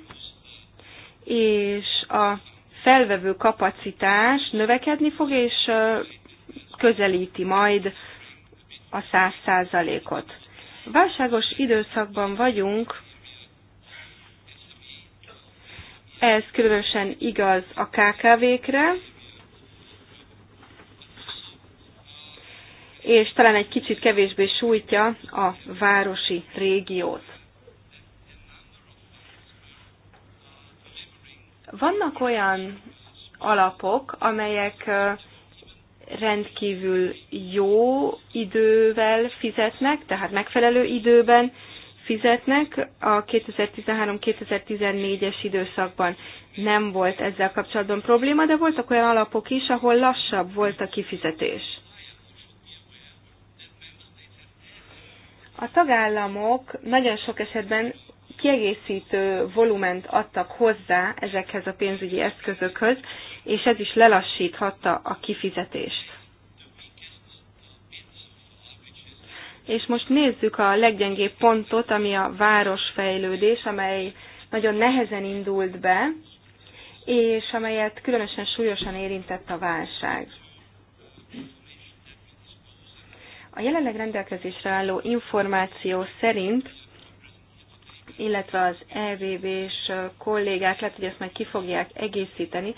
és a felvevő kapacitás növekedni fog, és közelíti majd a száz százalékot. Válságos időszakban vagyunk, ez különösen igaz a KKV-kre, és talán egy kicsit kevésbé sújtja a városi régiót. Vannak olyan alapok, amelyek rendkívül jó idővel fizetnek, tehát megfelelő időben fizetnek. A 2013-2014-es időszakban nem volt ezzel kapcsolatban probléma, de voltak olyan alapok is, ahol lassabb volt a kifizetés. A tagállamok nagyon sok esetben kiegészítő volument adtak hozzá ezekhez a pénzügyi eszközökhöz, és ez is lelassíthatta a kifizetést. És most nézzük a leggyengébb pontot, ami a városfejlődés, amely nagyon nehezen indult be, és amelyet különösen súlyosan érintett a válság. A jelenleg rendelkezésre álló információ szerint illetve az EVB-s kollégák lehet, hogy ezt majd ki fogják egészíteni.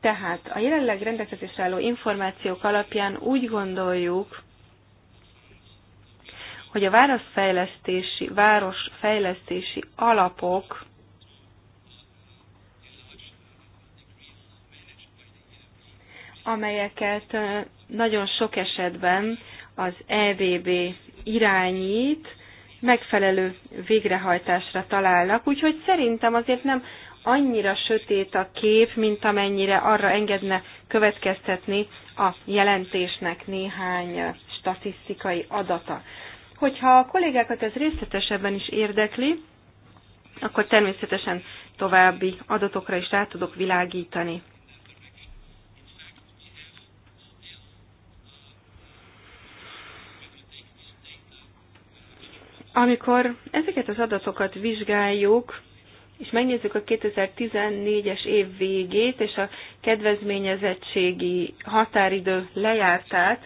Tehát a jelenleg rendelkezésre álló információk alapján úgy gondoljuk, hogy a városfejlesztési, városfejlesztési alapok amelyeket nagyon sok esetben az EVB irányít, megfelelő végrehajtásra találnak, úgyhogy szerintem azért nem annyira sötét a kép, mint amennyire arra engedne következtetni a jelentésnek néhány statisztikai adata. Hogyha a kollégákat ez részletesebben is érdekli, akkor természetesen további adatokra is rá tudok világítani. Amikor ezeket az adatokat vizsgáljuk, és megnézzük a 2014-es év végét és a kedvezményezettségi határidő lejártát,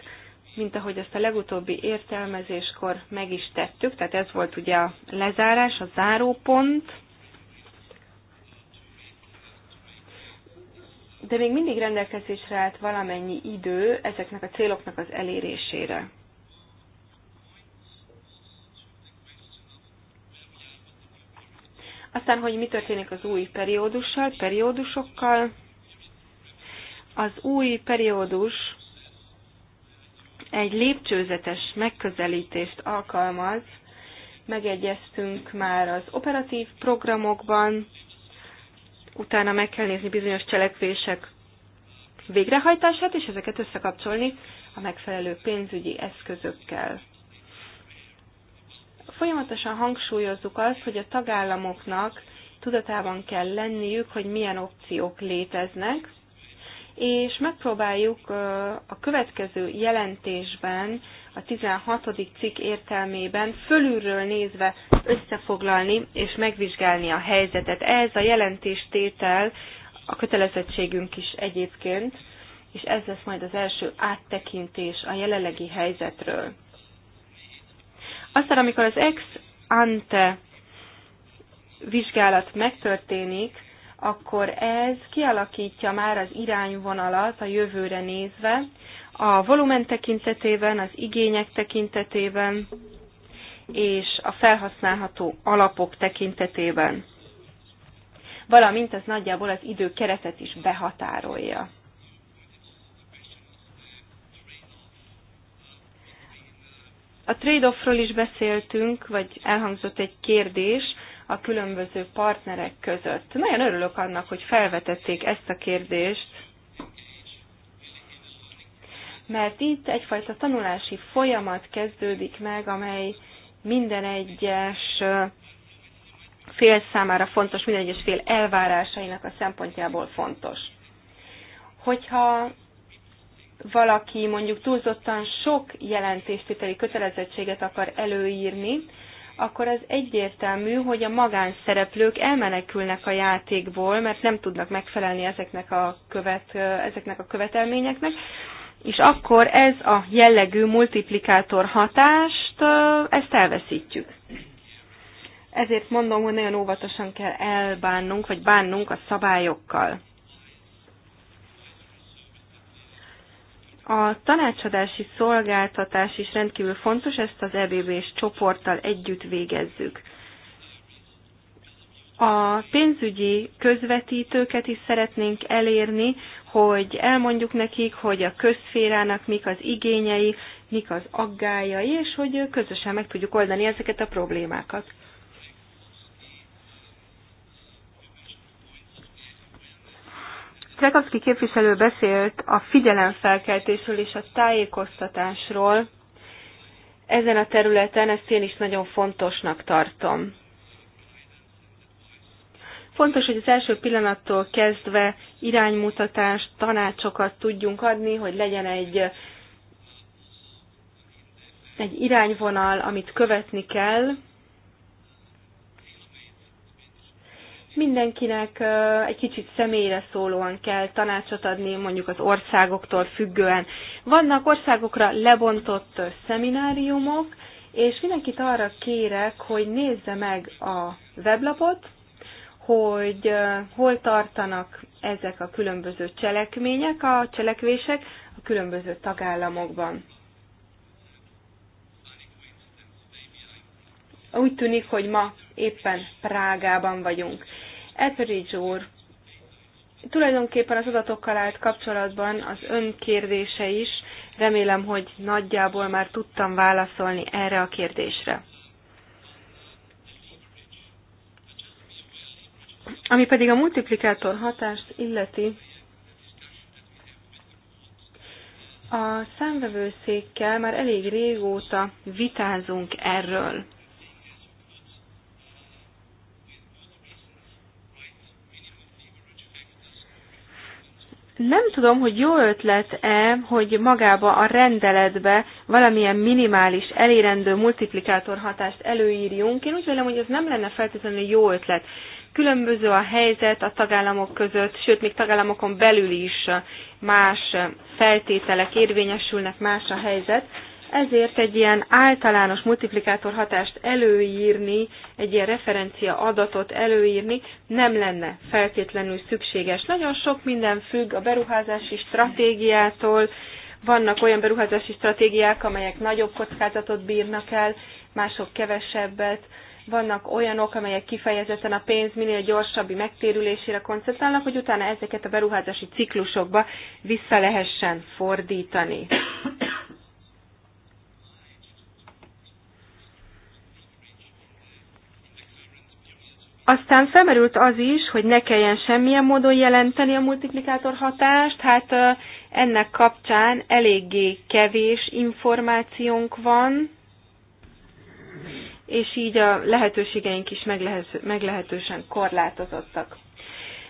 mint ahogy ezt a legutóbbi értelmezéskor meg is tettük, tehát ez volt ugye a lezárás, a zárópont, de még mindig rendelkezésre állt valamennyi idő ezeknek a céloknak az elérésére. Aztán, hogy mi történik az új periódussal, periódusokkal. Az új periódus egy lépcsőzetes megközelítést alkalmaz, megegyeztünk már az operatív programokban, utána meg kell nézni bizonyos cselekvések végrehajtását, és ezeket összekapcsolni a megfelelő pénzügyi eszközökkel. Folyamatosan hangsúlyozzuk azt, hogy a tagállamoknak tudatában kell lenniük, hogy milyen opciók léteznek, és megpróbáljuk a következő jelentésben, a 16. cikk értelmében fölülről nézve összefoglalni és megvizsgálni a helyzetet. Ez a jelentéstétel a kötelezettségünk is egyébként, és ez lesz majd az első áttekintés a jelenlegi helyzetről. Aztán, amikor az ex ante vizsgálat megtörténik, akkor ez kialakítja már az irányvonalat a jövőre nézve, a volumen tekintetében, az igények tekintetében és a felhasználható alapok tekintetében. Valamint ez nagyjából az időkeretet is behatárolja. A trade-offról is beszéltünk, vagy elhangzott egy kérdés a különböző partnerek között. Nagyon örülök annak, hogy felvetették ezt a kérdést, mert itt egyfajta tanulási folyamat kezdődik meg, amely minden egyes fél számára fontos, minden egyes fél elvárásainak a szempontjából fontos. Hogyha valaki mondjuk túlzottan sok jelentéstételi kötelezettséget akar előírni, akkor az egyértelmű, hogy a magánszereplők elmenekülnek a játékból, mert nem tudnak megfelelni ezeknek a, követ, ezeknek a követelményeknek, és akkor ez a jellegű multiplikátor hatást, ezt elveszítjük. Ezért mondom, hogy nagyon óvatosan kell elbánnunk, vagy bánnunk a szabályokkal. A tanácsadási szolgáltatás is rendkívül fontos, ezt az EBB-s csoporttal együtt végezzük. A pénzügyi közvetítőket is szeretnénk elérni, hogy elmondjuk nekik, hogy a közférának mik az igényei, mik az aggájai, és hogy közösen meg tudjuk oldani ezeket a problémákat. Trekavszki képviselő beszélt a figyelemfelkeltésről és a tájékoztatásról. Ezen a területen ezt én is nagyon fontosnak tartom. Fontos, hogy az első pillanattól kezdve iránymutatást, tanácsokat tudjunk adni, hogy legyen egy, egy irányvonal, amit követni kell, mindenkinek egy kicsit személyre szólóan kell tanácsot adni, mondjuk az országoktól függően. Vannak országokra lebontott szemináriumok, és mindenkit arra kérek, hogy nézze meg a weblapot, hogy hol tartanak ezek a különböző cselekmények, a cselekvések a különböző tagállamokban. Úgy tűnik, hogy ma éppen Prágában vagyunk. Etheridge úr, tulajdonképpen az adatokkal állt kapcsolatban az ön kérdése is, remélem, hogy nagyjából már tudtam válaszolni erre a kérdésre. Ami pedig a multiplikátor hatást illeti, a számvevőszékkel már elég régóta vitázunk erről. Nem tudom, hogy jó ötlet-e, hogy magába a rendeletbe valamilyen minimális elérendő multiplikátor hatást előírjunk. Én úgy vélem, hogy ez nem lenne feltétlenül jó ötlet. Különböző a helyzet a tagállamok között, sőt, még tagállamokon belül is más feltételek érvényesülnek, más a helyzet. Ezért egy ilyen általános multiplikátor hatást előírni, egy ilyen referencia adatot előírni nem lenne feltétlenül szükséges. Nagyon sok minden függ a beruházási stratégiától, vannak olyan beruházási stratégiák, amelyek nagyobb kockázatot bírnak el, mások kevesebbet, vannak olyanok, amelyek kifejezetten a pénz minél gyorsabbi megtérülésére koncentrálnak, hogy utána ezeket a beruházási ciklusokba vissza lehessen fordítani. Aztán felmerült az is, hogy ne kelljen semmilyen módon jelenteni a multiplikátor hatást, hát ennek kapcsán eléggé kevés információnk van, és így a lehetőségeink is meglehetősen korlátozottak.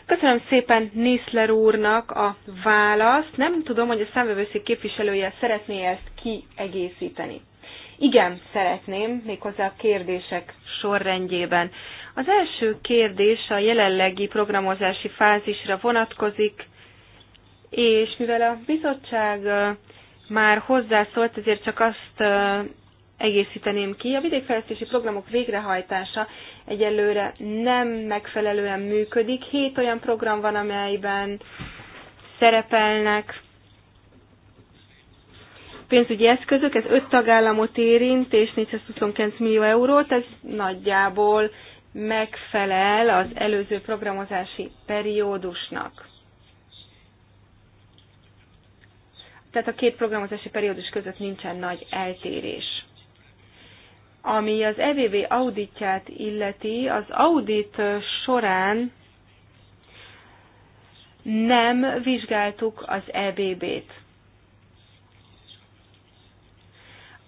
Köszönöm szépen Nészler úrnak a választ. Nem tudom, hogy a számvevőszék képviselője szeretné ezt kiegészíteni. Igen, szeretném, méghozzá a kérdések sorrendjében. Az első kérdés a jelenlegi programozási fázisra vonatkozik, és mivel a bizottság már hozzászólt, ezért csak azt egészíteném ki. A vidékfejlesztési programok végrehajtása egyelőre nem megfelelően működik. Hét olyan program van, amelyben szerepelnek pénzügyi eszközök, ez öt tagállamot érint, és 429 millió eurót, ez nagyjából megfelel az előző programozási periódusnak. Tehát a két programozási periódus között nincsen nagy eltérés. Ami az EVV auditját illeti, az audit során nem vizsgáltuk az EBB-t.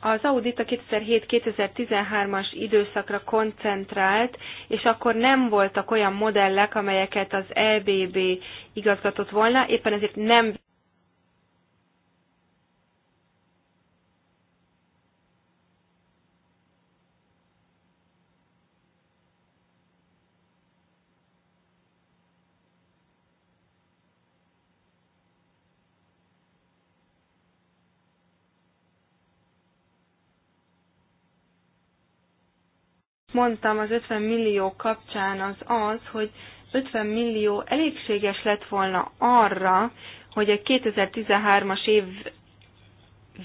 az audit a 2007-2013-as időszakra koncentrált, és akkor nem voltak olyan modellek, amelyeket az EBB igazgatott volna, éppen ezért nem mondtam az 50 millió kapcsán, az az, hogy 50 millió elégséges lett volna arra, hogy a 2013-as év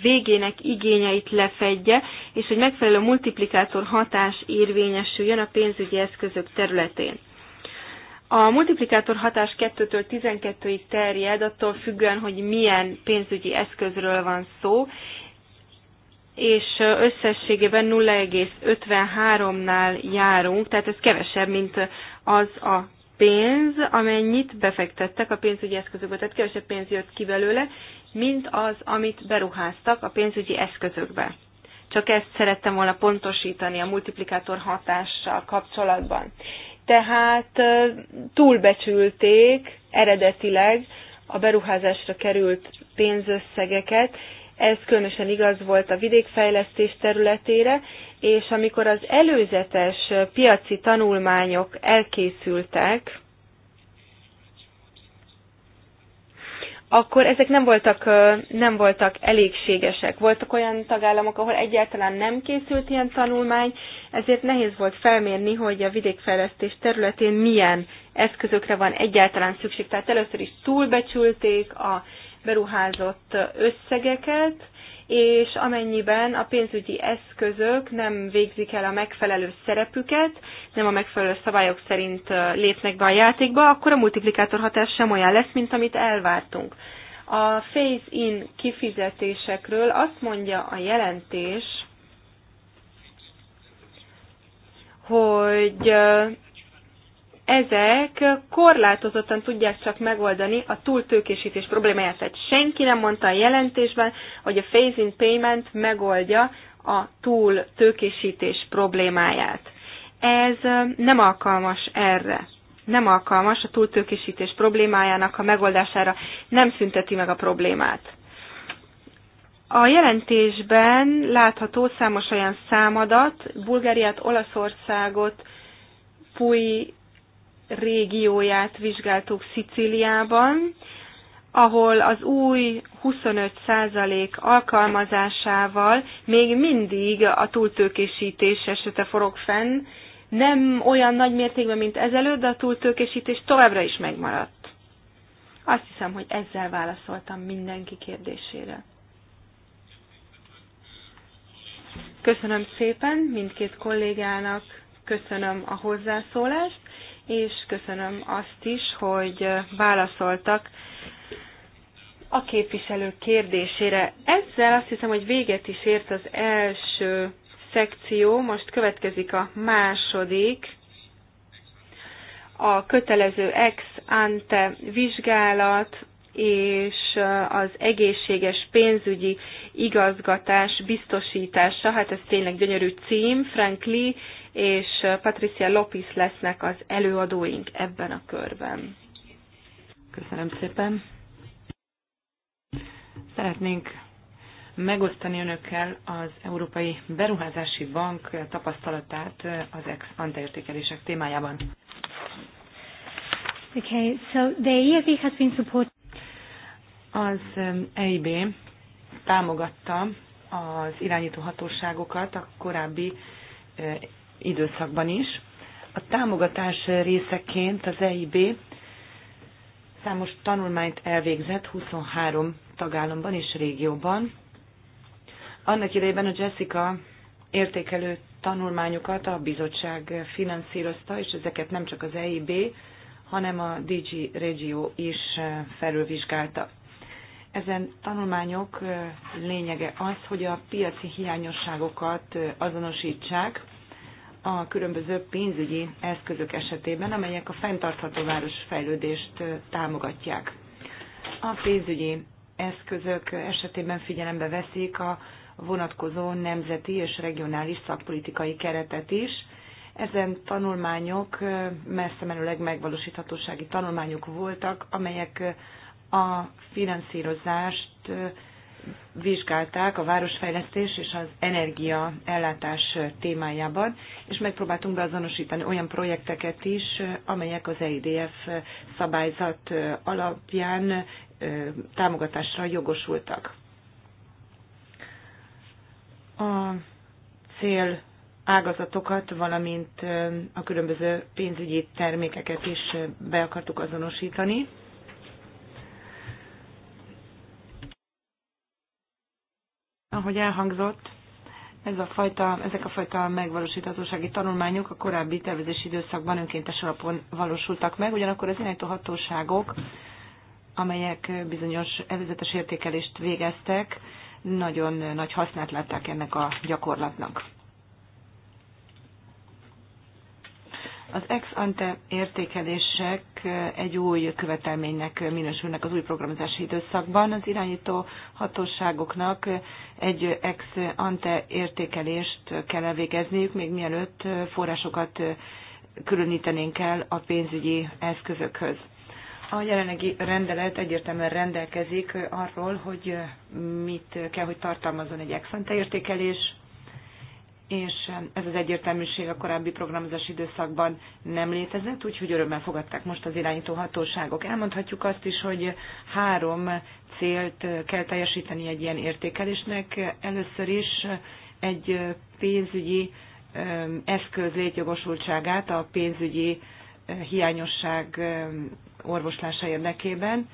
végének igényeit lefedje, és hogy megfelelő multiplikátor hatás érvényesüljön a pénzügyi eszközök területén. A multiplikátor hatás 2-től 12-ig terjed, attól függően, hogy milyen pénzügyi eszközről van szó, és összességében 0,53-nál járunk, tehát ez kevesebb, mint az a pénz, amennyit befektettek a pénzügyi eszközökbe, tehát kevesebb pénz jött ki belőle, mint az, amit beruháztak a pénzügyi eszközökbe. Csak ezt szerettem volna pontosítani a multiplikátor hatással kapcsolatban. Tehát túlbecsülték eredetileg a beruházásra került pénzösszegeket, ez különösen igaz volt a vidékfejlesztés területére, és amikor az előzetes piaci tanulmányok elkészültek, akkor ezek nem voltak, nem voltak elégségesek. Voltak olyan tagállamok, ahol egyáltalán nem készült ilyen tanulmány, ezért nehéz volt felmérni, hogy a vidékfejlesztés területén milyen eszközökre van egyáltalán szükség. Tehát először is túlbecsülték a beruházott összegeket, és amennyiben a pénzügyi eszközök nem végzik el a megfelelő szerepüket, nem a megfelelő szabályok szerint lépnek be a játékba, akkor a multiplikátor hatás sem olyan lesz, mint amit elvártunk. A phase-in kifizetésekről azt mondja a jelentés, hogy ezek korlátozottan tudják csak megoldani a túltőkésítés problémáját. Tehát senki nem mondta a jelentésben, hogy a phasing payment megoldja a túltőkésítés problémáját. Ez nem alkalmas erre. Nem alkalmas a túltőkésítés problémájának a megoldására, nem szünteti meg a problémát. A jelentésben látható számos olyan számadat, Bulgáriát, Olaszországot, Pui régióját vizsgáltuk Szicíliában, ahol az új 25% alkalmazásával még mindig a túltőkésítés esete forog fenn, nem olyan nagy mértékben, mint ezelőtt, de a túltőkésítés továbbra is megmaradt. Azt hiszem, hogy ezzel válaszoltam mindenki kérdésére. Köszönöm szépen mindkét kollégának, köszönöm a hozzászólást és köszönöm azt is, hogy válaszoltak a képviselők kérdésére. Ezzel azt hiszem, hogy véget is ért az első szekció, most következik a második, a kötelező ex ante vizsgálat és az egészséges pénzügyi igazgatás biztosítása, hát ez tényleg gyönyörű cím, Frank Lee és Patricia Lopis lesznek az előadóink ebben a körben. Köszönöm szépen. Szeretnénk megosztani önökkel az Európai Beruházási Bank tapasztalatát az ex anteértékelések témájában. Okay, so the EIB has been support... Az EIB um, támogatta az irányító hatóságokat a korábbi uh, időszakban is. A támogatás részeként az EIB számos tanulmányt elvégzett 23 tagállamban és régióban. Annak idejében a Jessica értékelő tanulmányokat a bizottság finanszírozta, és ezeket nem csak az EIB, hanem a DG Regio is felülvizsgálta. Ezen tanulmányok lényege az, hogy a piaci hiányosságokat azonosítsák, a különböző pénzügyi eszközök esetében, amelyek a fenntartható városfejlődést támogatják. A pénzügyi eszközök esetében figyelembe veszik a vonatkozó nemzeti és regionális szakpolitikai keretet is. Ezen tanulmányok messze menőleg megvalósíthatósági tanulmányok voltak, amelyek a finanszírozást vizsgálták a városfejlesztés és az energia ellátás témájában, és megpróbáltunk beazonosítani olyan projekteket is, amelyek az EIDF szabályzat alapján támogatásra jogosultak. A cél ágazatokat, valamint a különböző pénzügyi termékeket is be akartuk azonosítani Ahogy elhangzott, ez a fajta, ezek a fajta megvalósíthatósági tanulmányok a korábbi tervezési időszakban önkéntes alapon valósultak meg, ugyanakkor az irányító hatóságok, amelyek bizonyos előzetes értékelést végeztek, nagyon nagy hasznát látták ennek a gyakorlatnak. Az ex ante értékelések egy új követelménynek minősülnek az új programozási időszakban. Az irányító hatóságoknak egy ex ante értékelést kell elvégezniük, még mielőtt forrásokat különítenénk el a pénzügyi eszközökhöz. A jelenlegi rendelet egyértelműen rendelkezik arról, hogy mit kell, hogy tartalmazzon egy ex ante értékelés, és eh, ez az egyértelműség a korábbi programozási időszakban nem létezett, úgyhogy örömmel fogadták most az irányító hatóságok. Elmondhatjuk azt is, hogy három célt eh, kell teljesíteni egy ilyen értékelésnek. Először is egy eh, pénzügyi eszköz létjogosultságát a pénzügyi hiányosság orvoslása érdekében,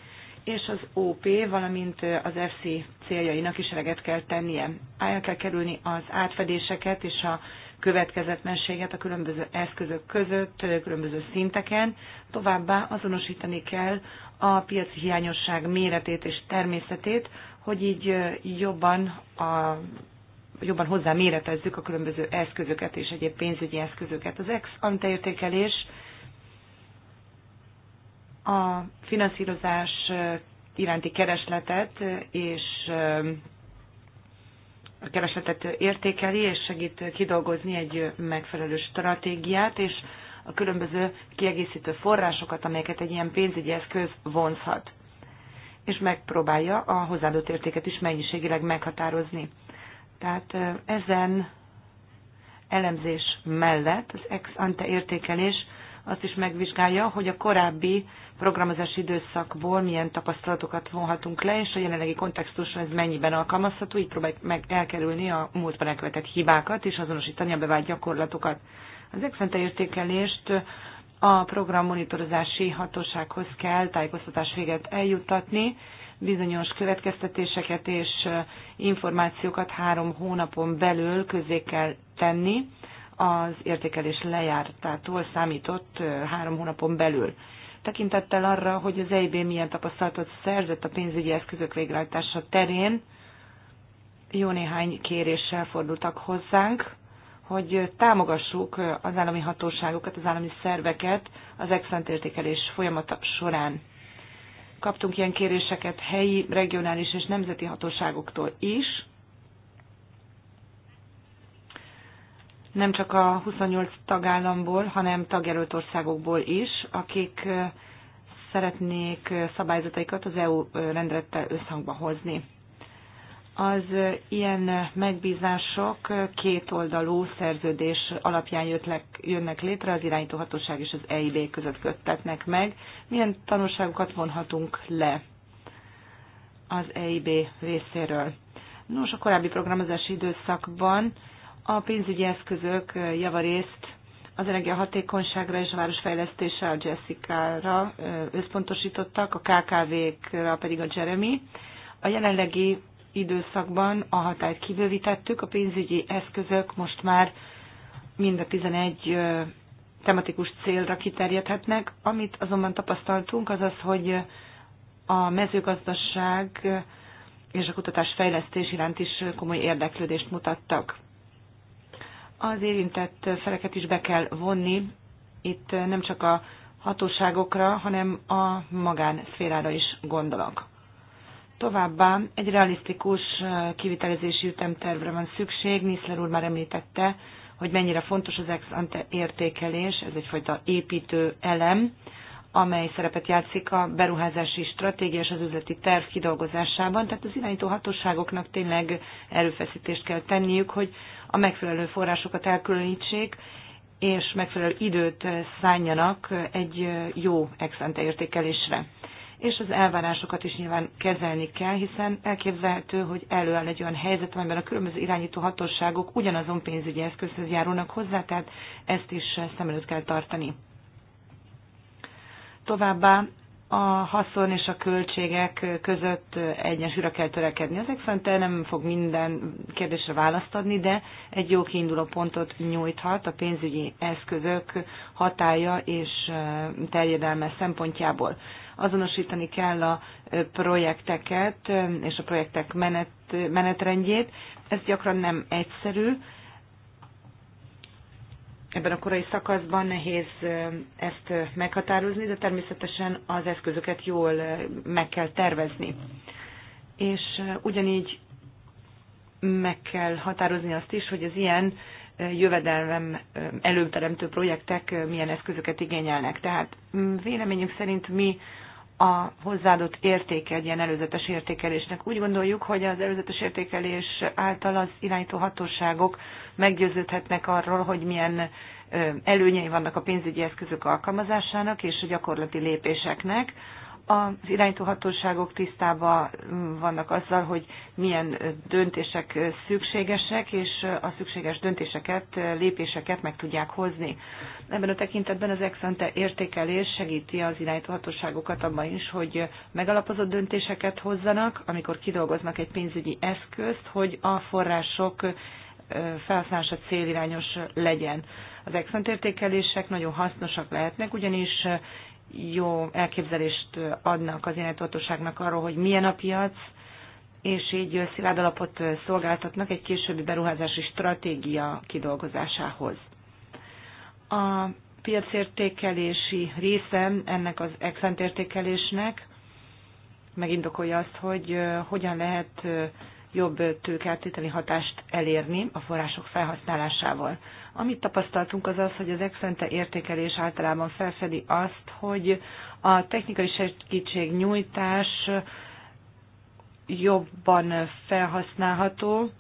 és az OP, valamint az FC céljainak is eleget kell tennie. El kell kerülni az átfedéseket és a következetmenséget a különböző eszközök között, különböző szinteken, továbbá azonosítani kell a piaci hiányosság méretét és természetét, hogy így jobban, a, jobban hozzá méretezzük a különböző eszközöket és egyéb pénzügyi eszközöket. Az ex ante értékelés a finanszírozás iránti keresletet és a keresletet értékeli, és segít kidolgozni egy megfelelő stratégiát, és a különböző kiegészítő forrásokat, amelyeket egy ilyen pénzügyi eszköz vonzhat, és megpróbálja a hozzáadott értéket is mennyiségileg meghatározni. Tehát ezen elemzés mellett az ex ante értékelés azt is megvizsgálja, hogy a korábbi programozási időszakból milyen tapasztalatokat vonhatunk le, és a jelenlegi kontextusra ez mennyiben alkalmazható, így próbáljuk meg elkerülni a múltban elkövetett hibákat, és azonosítani a bevált gyakorlatokat. Az exente értékelést a program monitorozási hatósághoz kell tájékoztatás véget eljuttatni, bizonyos következtetéseket és információkat három hónapon belül közé kell tenni, az értékelés lejártától számított három hónapon belül. Tekintettel arra, hogy az EIB milyen tapasztalatot szerzett a pénzügyi eszközök végrehajtása terén, jó néhány kéréssel fordultak hozzánk, hogy támogassuk az állami hatóságokat, az állami szerveket az excellent értékelés folyamata során. Kaptunk ilyen kéréseket helyi, regionális és nemzeti hatóságoktól is, nem csak a 28 tagállamból, hanem tagjelölt országokból is, akik szeretnék szabályzataikat az EU rendelettel összhangba hozni. Az ilyen megbízások kétoldalú szerződés alapján jönnek létre, az irányítóhatóság és az EIB között köttetnek meg. Milyen tanulságokat vonhatunk le az EIB részéről? Nos, a korábbi programozási időszakban a pénzügyi eszközök javarészt az energiahatékonyságra és a városfejlesztésre, a Jessica-ra összpontosítottak, a KKV-kra pedig a Jeremy. A jelenlegi időszakban a hatályt kibővítettük, a pénzügyi eszközök most már mind a 11 tematikus célra kiterjedhetnek. Amit azonban tapasztaltunk, az az, hogy a mezőgazdaság és a fejlesztés iránt is komoly érdeklődést mutattak az érintett feleket is be kell vonni. Itt nem csak a hatóságokra, hanem a magánszférára is gondolok. Továbbá egy realisztikus kivitelezési ütemtervre van szükség. Niszler úr már említette, hogy mennyire fontos az ex ante értékelés, ez egyfajta építő elem, amely szerepet játszik a beruházási stratégia és az üzleti terv kidolgozásában. Tehát az irányító hatóságoknak tényleg erőfeszítést kell tenniük, hogy a megfelelő forrásokat elkülönítsék, és megfelelő időt szánjanak egy jó exente értékelésre. És az elvárásokat is nyilván kezelni kell, hiszen elképzelhető, hogy előáll egy olyan helyzet, amiben a különböző irányító hatóságok ugyanazon pénzügyi eszközhöz járulnak hozzá, tehát ezt is szem előtt kell tartani. Továbbá a haszon és a költségek között egyensúlyra kell törekedni. Ezek fente nem fog minden kérdésre választ adni, de egy jó kiinduló pontot nyújthat a pénzügyi eszközök hatája és terjedelme szempontjából. Azonosítani kell a projekteket és a projektek menet, menetrendjét. Ez gyakran nem egyszerű, ebben a korai szakaszban nehéz ezt meghatározni, de természetesen az eszközöket jól meg kell tervezni. És ugyanígy meg kell határozni azt is, hogy az ilyen jövedelmem előteremtő projektek milyen eszközöket igényelnek. Tehát véleményünk szerint mi a hozzáadott értéke egy ilyen előzetes értékelésnek. Úgy gondoljuk, hogy az előzetes értékelés által az irányító hatóságok meggyőződhetnek arról, hogy milyen előnyei vannak a pénzügyi eszközök alkalmazásának és a gyakorlati lépéseknek, az irányítóhatóságok tisztában vannak azzal, hogy milyen döntések szükségesek, és a szükséges döntéseket, lépéseket meg tudják hozni. Ebben a tekintetben az exante értékelés segíti az irányítóhatóságokat abban is, hogy megalapozott döntéseket hozzanak, amikor kidolgoznak egy pénzügyi eszközt, hogy a források felhasználása célirányos legyen. Az exantértékelések nagyon hasznosak lehetnek, ugyanis jó elképzelést adnak az iránytartóságnak arról, hogy milyen a piac, és így szilárd alapot szolgáltatnak egy későbbi beruházási stratégia kidolgozásához. A piacértékelési része ennek az exent értékelésnek megindokolja azt, hogy hogyan lehet jobb tőkeltételi hatást elérni a források felhasználásával. Amit tapasztaltunk az az, hogy az exente értékelés általában felfedi azt, hogy a technikai nyújtás jobban felhasználható.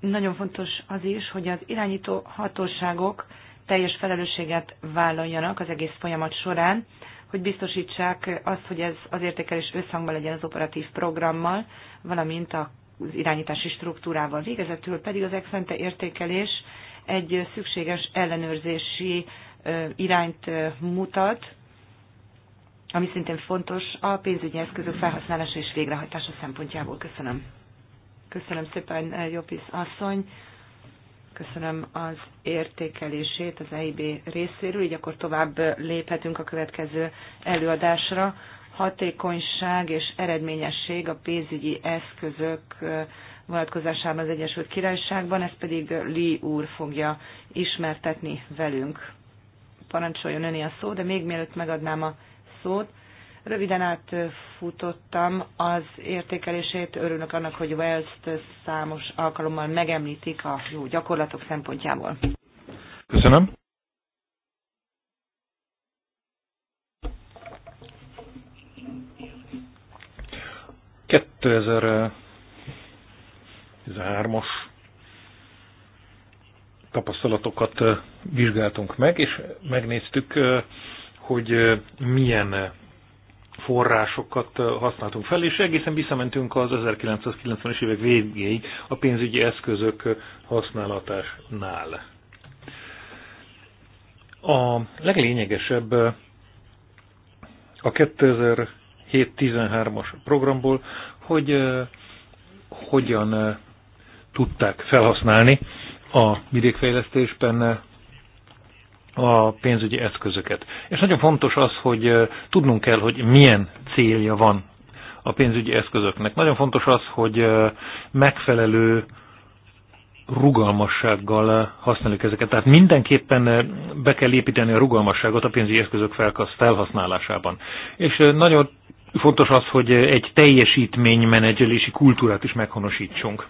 Nagyon fontos az is, hogy az irányító hatóságok teljes felelősséget vállaljanak az egész folyamat során, hogy biztosítsák azt, hogy ez az értékelés összhangban legyen az operatív programmal, valamint a irányítási struktúrával. Végezetül pedig az exente értékelés egy szükséges ellenőrzési irányt mutat, ami szintén fontos a pénzügyi eszközök felhasználása és végrehajtása szempontjából. Köszönöm. Köszönöm szépen, Jopis asszony. Köszönöm az értékelését az EIB részéről, így akkor tovább léphetünk a következő előadásra, hatékonyság és eredményesség a pénzügyi eszközök vonatkozásában az Egyesült Királyságban, ezt pedig Lee úr fogja ismertetni velünk. Parancsoljon öné a szó, de még mielőtt megadnám a szót, röviden átfutottam az értékelését, örülök annak, hogy Wales-t számos alkalommal megemlítik a jó gyakorlatok szempontjából. Köszönöm. 2013-as tapasztalatokat vizsgáltunk meg, és megnéztük, hogy milyen forrásokat használtunk fel, és egészen visszamentünk az 1990-es évek végéig a pénzügyi eszközök használatásnál. A leglényegesebb a 2000 7.13-as programból, hogy uh, hogyan uh, tudták felhasználni a vidékfejlesztésben a pénzügyi eszközöket. És nagyon fontos az, hogy tudnunk kell, hogy milyen célja van a pénzügyi eszközöknek. Nagyon fontos az, hogy megfelelő rugalmassággal használjuk ezeket. Tehát mindenképpen be kell építeni a rugalmasságot a pénzügyi eszközök felhasználásában. És nagyon fontos az, hogy egy teljesítménymenedzselési kultúrát is meghonosítsunk.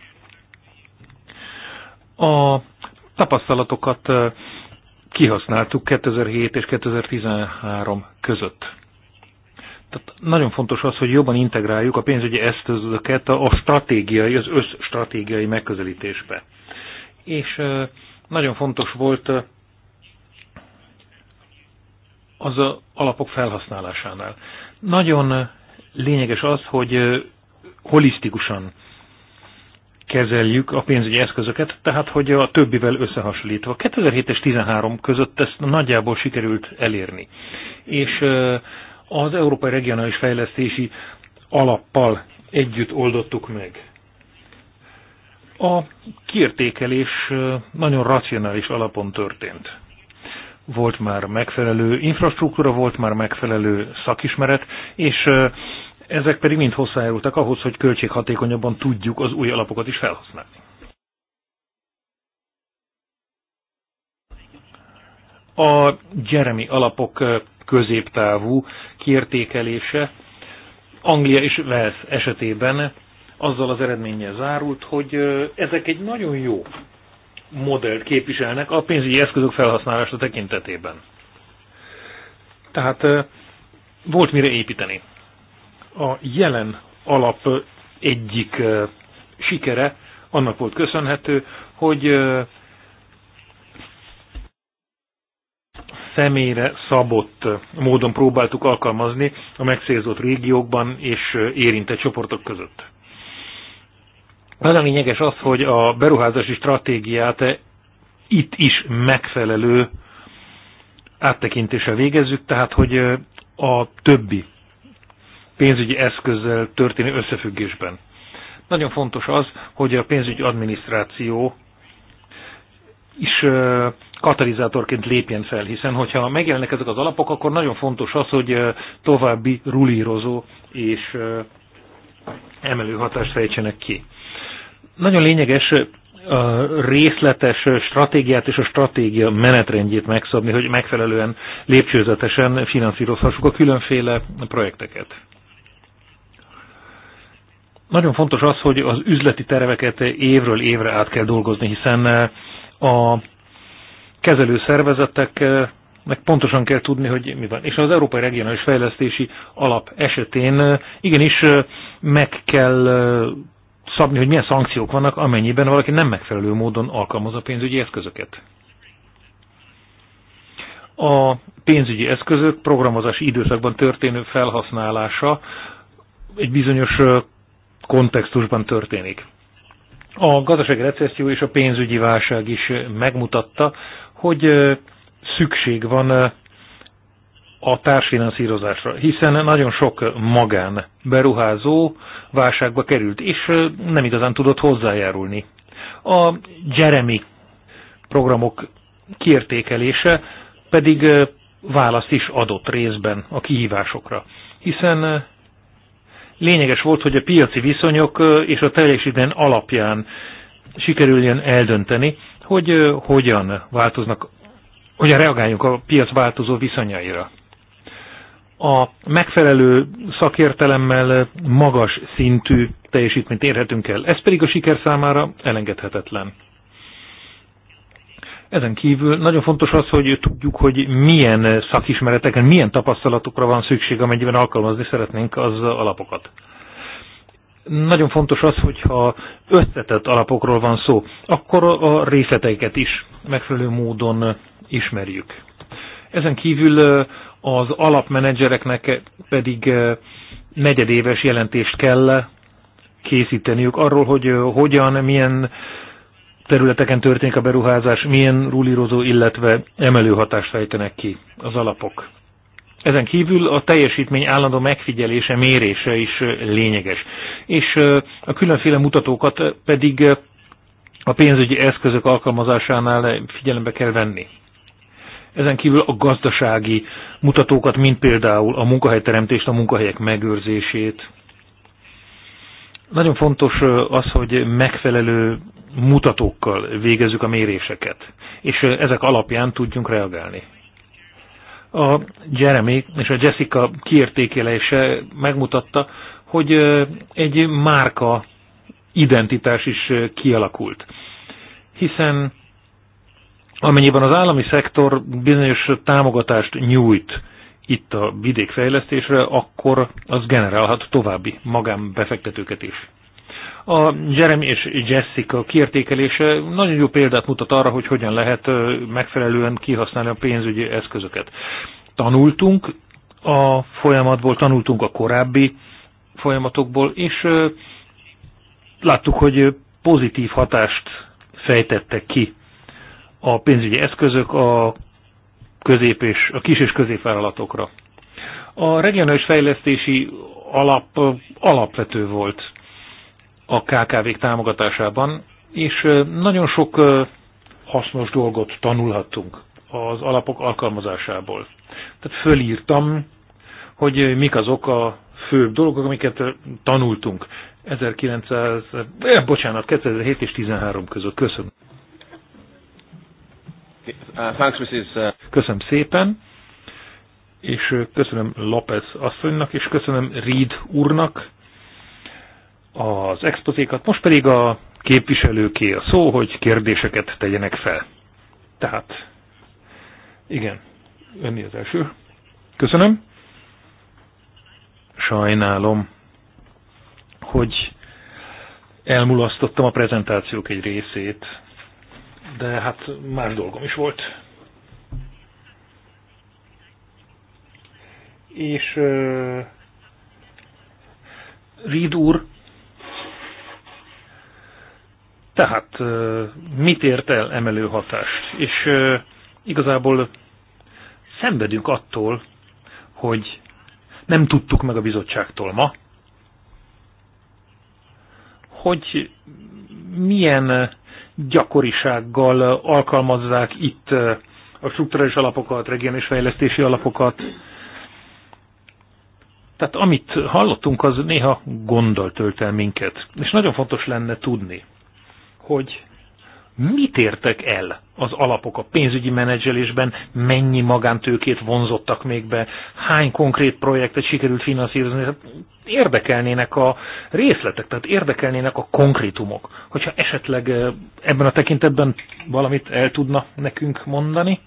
A tapasztalatokat kihasználtuk 2007 és 2013 között. Tehát nagyon fontos az, hogy jobban integráljuk a pénzügyi eszközöket a stratégiai, az összstratégiai megközelítésbe. És nagyon fontos volt az alapok felhasználásánál. Nagyon lényeges az, hogy holisztikusan kezeljük a pénzügyi eszközöket, tehát hogy a többivel összehasonlítva. 2007 és 2013 között ezt nagyjából sikerült elérni. És az Európai Regionális Fejlesztési Alappal együtt oldottuk meg. A kiértékelés nagyon racionális alapon történt volt már megfelelő infrastruktúra, volt már megfelelő szakismeret, és ezek pedig mind hozzájárultak ahhoz, hogy költséghatékonyabban tudjuk az új alapokat is felhasználni. A Jeremy alapok középtávú kiértékelése Anglia és Wales esetében azzal az eredménnyel zárult, hogy ezek egy nagyon jó modellt képviselnek a pénzügyi eszközök felhasználása tekintetében. Tehát volt mire építeni. A jelen alap egyik sikere annak volt köszönhető, hogy személyre szabott módon próbáltuk alkalmazni a megszélzott régiókban és érintett csoportok között. Az a lényeges az, hogy a beruházási stratégiát itt is megfelelő áttekintéssel végezzük, tehát hogy a többi pénzügyi eszközzel történő összefüggésben. Nagyon fontos az, hogy a pénzügyi adminisztráció is katalizátorként lépjen fel, hiszen hogyha megjelennek ezek az alapok, akkor nagyon fontos az, hogy további rulírozó és emelő hatást fejtsenek ki. Nagyon lényeges a részletes stratégiát és a stratégia menetrendjét megszabni, hogy megfelelően lépcsőzetesen finanszírozhassuk a különféle projekteket. Nagyon fontos az, hogy az üzleti terveket évről évre át kell dolgozni, hiszen a kezelő szervezeteknek pontosan kell tudni, hogy mi van. És az Európai Regionális Fejlesztési Alap esetén igenis meg kell szabni, hogy milyen szankciók vannak, amennyiben valaki nem megfelelő módon alkalmaz a pénzügyi eszközöket. A pénzügyi eszközök programozási időszakban történő felhasználása egy bizonyos kontextusban történik. A gazdasági recesszió és a pénzügyi válság is megmutatta, hogy szükség van a társfinanszírozásra, hiszen nagyon sok magán beruházó válságba került, és nem igazán tudott hozzájárulni. A Jeremy programok kiértékelése pedig választ is adott részben a kihívásokra, hiszen lényeges volt, hogy a piaci viszonyok és a teljesítmény alapján sikerüljen eldönteni, hogy hogyan változnak, hogyan reagáljunk a piac változó viszonyaira a megfelelő szakértelemmel magas szintű teljesítményt érhetünk el. Ez pedig a siker számára elengedhetetlen. Ezen kívül nagyon fontos az, hogy tudjuk, hogy milyen szakismereteken, milyen tapasztalatokra van szükség, amennyiben alkalmazni szeretnénk az alapokat. Nagyon fontos az, hogyha összetett alapokról van szó, akkor a részleteiket is megfelelő módon ismerjük. Ezen kívül az alapmenedzsereknek pedig eh, negyedéves jelentést kell készíteniük arról, hogy eh, hogyan, milyen területeken történik a beruházás, milyen rulírozó, illetve emelő hatást fejtenek ki az alapok. Ezen kívül a teljesítmény állandó megfigyelése, mérése is eh, lényeges. És a különféle mutatókat pedig a pénzügyi eszközök alkalmazásánál figyelembe kell venni. Ezen kívül a gazdasági mutatókat, mint például a munkahelyteremtést, a munkahelyek megőrzését. Nagyon fontos az, hogy megfelelő mutatókkal végezzük a méréseket, és ezek alapján tudjunk reagálni. A Jeremy és a Jessica kiértékelése megmutatta, hogy egy márka identitás is kialakult. Hiszen amennyiben az állami szektor bizonyos támogatást nyújt itt a vidékfejlesztésre, akkor az generálhat további magánbefektetőket is. A Jeremy és Jessica kiértékelése nagyon jó példát mutat arra, hogy hogyan lehet megfelelően kihasználni a pénzügyi eszközöket. Tanultunk a folyamatból, tanultunk a korábbi folyamatokból, és láttuk, hogy pozitív hatást fejtettek ki a pénzügyi eszközök a közép és a kis és középvállalatokra. A regionális fejlesztési alap alapvető volt a KKV-k támogatásában, és nagyon sok hasznos dolgot tanulhattunk az alapok alkalmazásából. Tehát fölírtam, hogy mik azok a főbb dolgok, amiket tanultunk 1900, eh, bocsánat, 2007 és 13 között. Köszönöm. Uh, uh, köszönöm szépen, és uh, köszönöm López asszonynak, és köszönöm Reed úrnak az expozékat. Most pedig a képviselőké a szó, hogy kérdéseket tegyenek fel. Tehát, igen, önni az első. Köszönöm. Sajnálom, hogy elmulasztottam a prezentációk egy részét, de hát más dolgom is volt. És uh, Reed úr, tehát uh, mit ért el emelő hatást? És uh, igazából szenvedünk attól, hogy nem tudtuk meg a bizottságtól ma, hogy milyen gyakorisággal alkalmazzák itt a strukturális alapokat, regionális fejlesztési alapokat. Tehát amit hallottunk, az néha gonddal tölt el minket. És nagyon fontos lenne tudni, hogy mit értek el az alapok a pénzügyi menedzselésben, mennyi magántőkét vonzottak még be, hány konkrét projektet sikerült finanszírozni, hát érdekelnének a részletek, tehát érdekelnének a konkrétumok. Hogyha esetleg eh, ebben a tekintetben valamit el tudna nekünk mondani,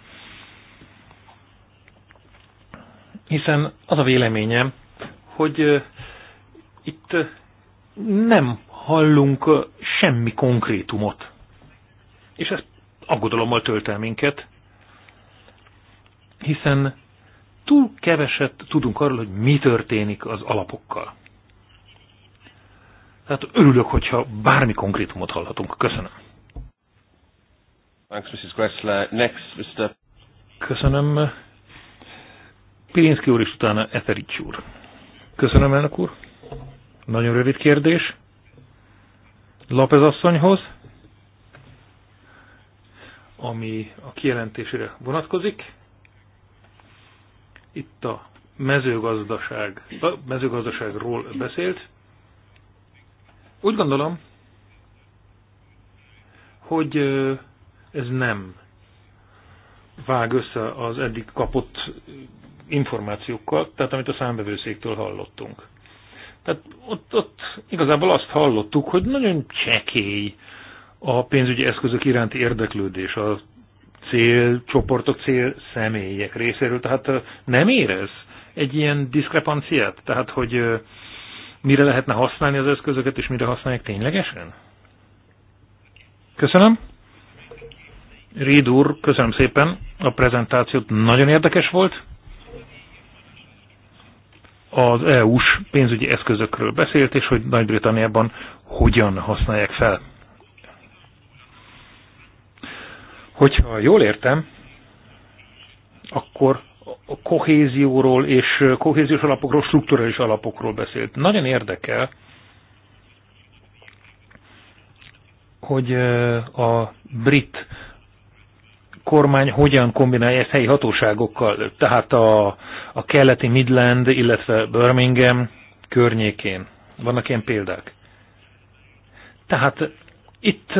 hiszen az a véleményem, hogy eh, itt eh, nem hallunk semmi konkrétumot és ez aggodalommal tölt el minket, hiszen túl keveset tudunk arról, hogy mi történik az alapokkal. Tehát örülök, hogyha bármi konkrétumot hallhatunk. Köszönöm. Thanks, Mrs. Gressler. Next, Mr. Köszönöm. Pilinszki úr, is utána Eterics úr. Köszönöm, elnök úr. Nagyon rövid kérdés. Lapez asszonyhoz ami a kijelentésére vonatkozik. Itt a mezőgazdaság, a mezőgazdaságról beszélt. Úgy gondolom, hogy ez nem vág össze az eddig kapott információkkal, tehát amit a számbevőszéktől hallottunk. Tehát ott, ott igazából azt hallottuk, hogy nagyon csekély a pénzügyi eszközök iránti érdeklődés, a célcsoportok, cél személyek részéről. Tehát nem érez egy ilyen diszkrepanciát? Tehát, hogy mire lehetne használni az eszközöket, és mire használják ténylegesen? Köszönöm. Réd úr, köszönöm szépen a prezentációt, nagyon érdekes volt. Az EU-s pénzügyi eszközökről beszélt, és hogy Nagy-Britanniában hogyan használják fel Hogyha jól értem, akkor a kohézióról és kohéziós alapokról, strukturális alapokról beszélt. Nagyon érdekel, hogy a brit kormány hogyan kombinálja ezt helyi hatóságokkal, tehát a, a keleti Midland, illetve Birmingham környékén. Vannak ilyen példák. Tehát itt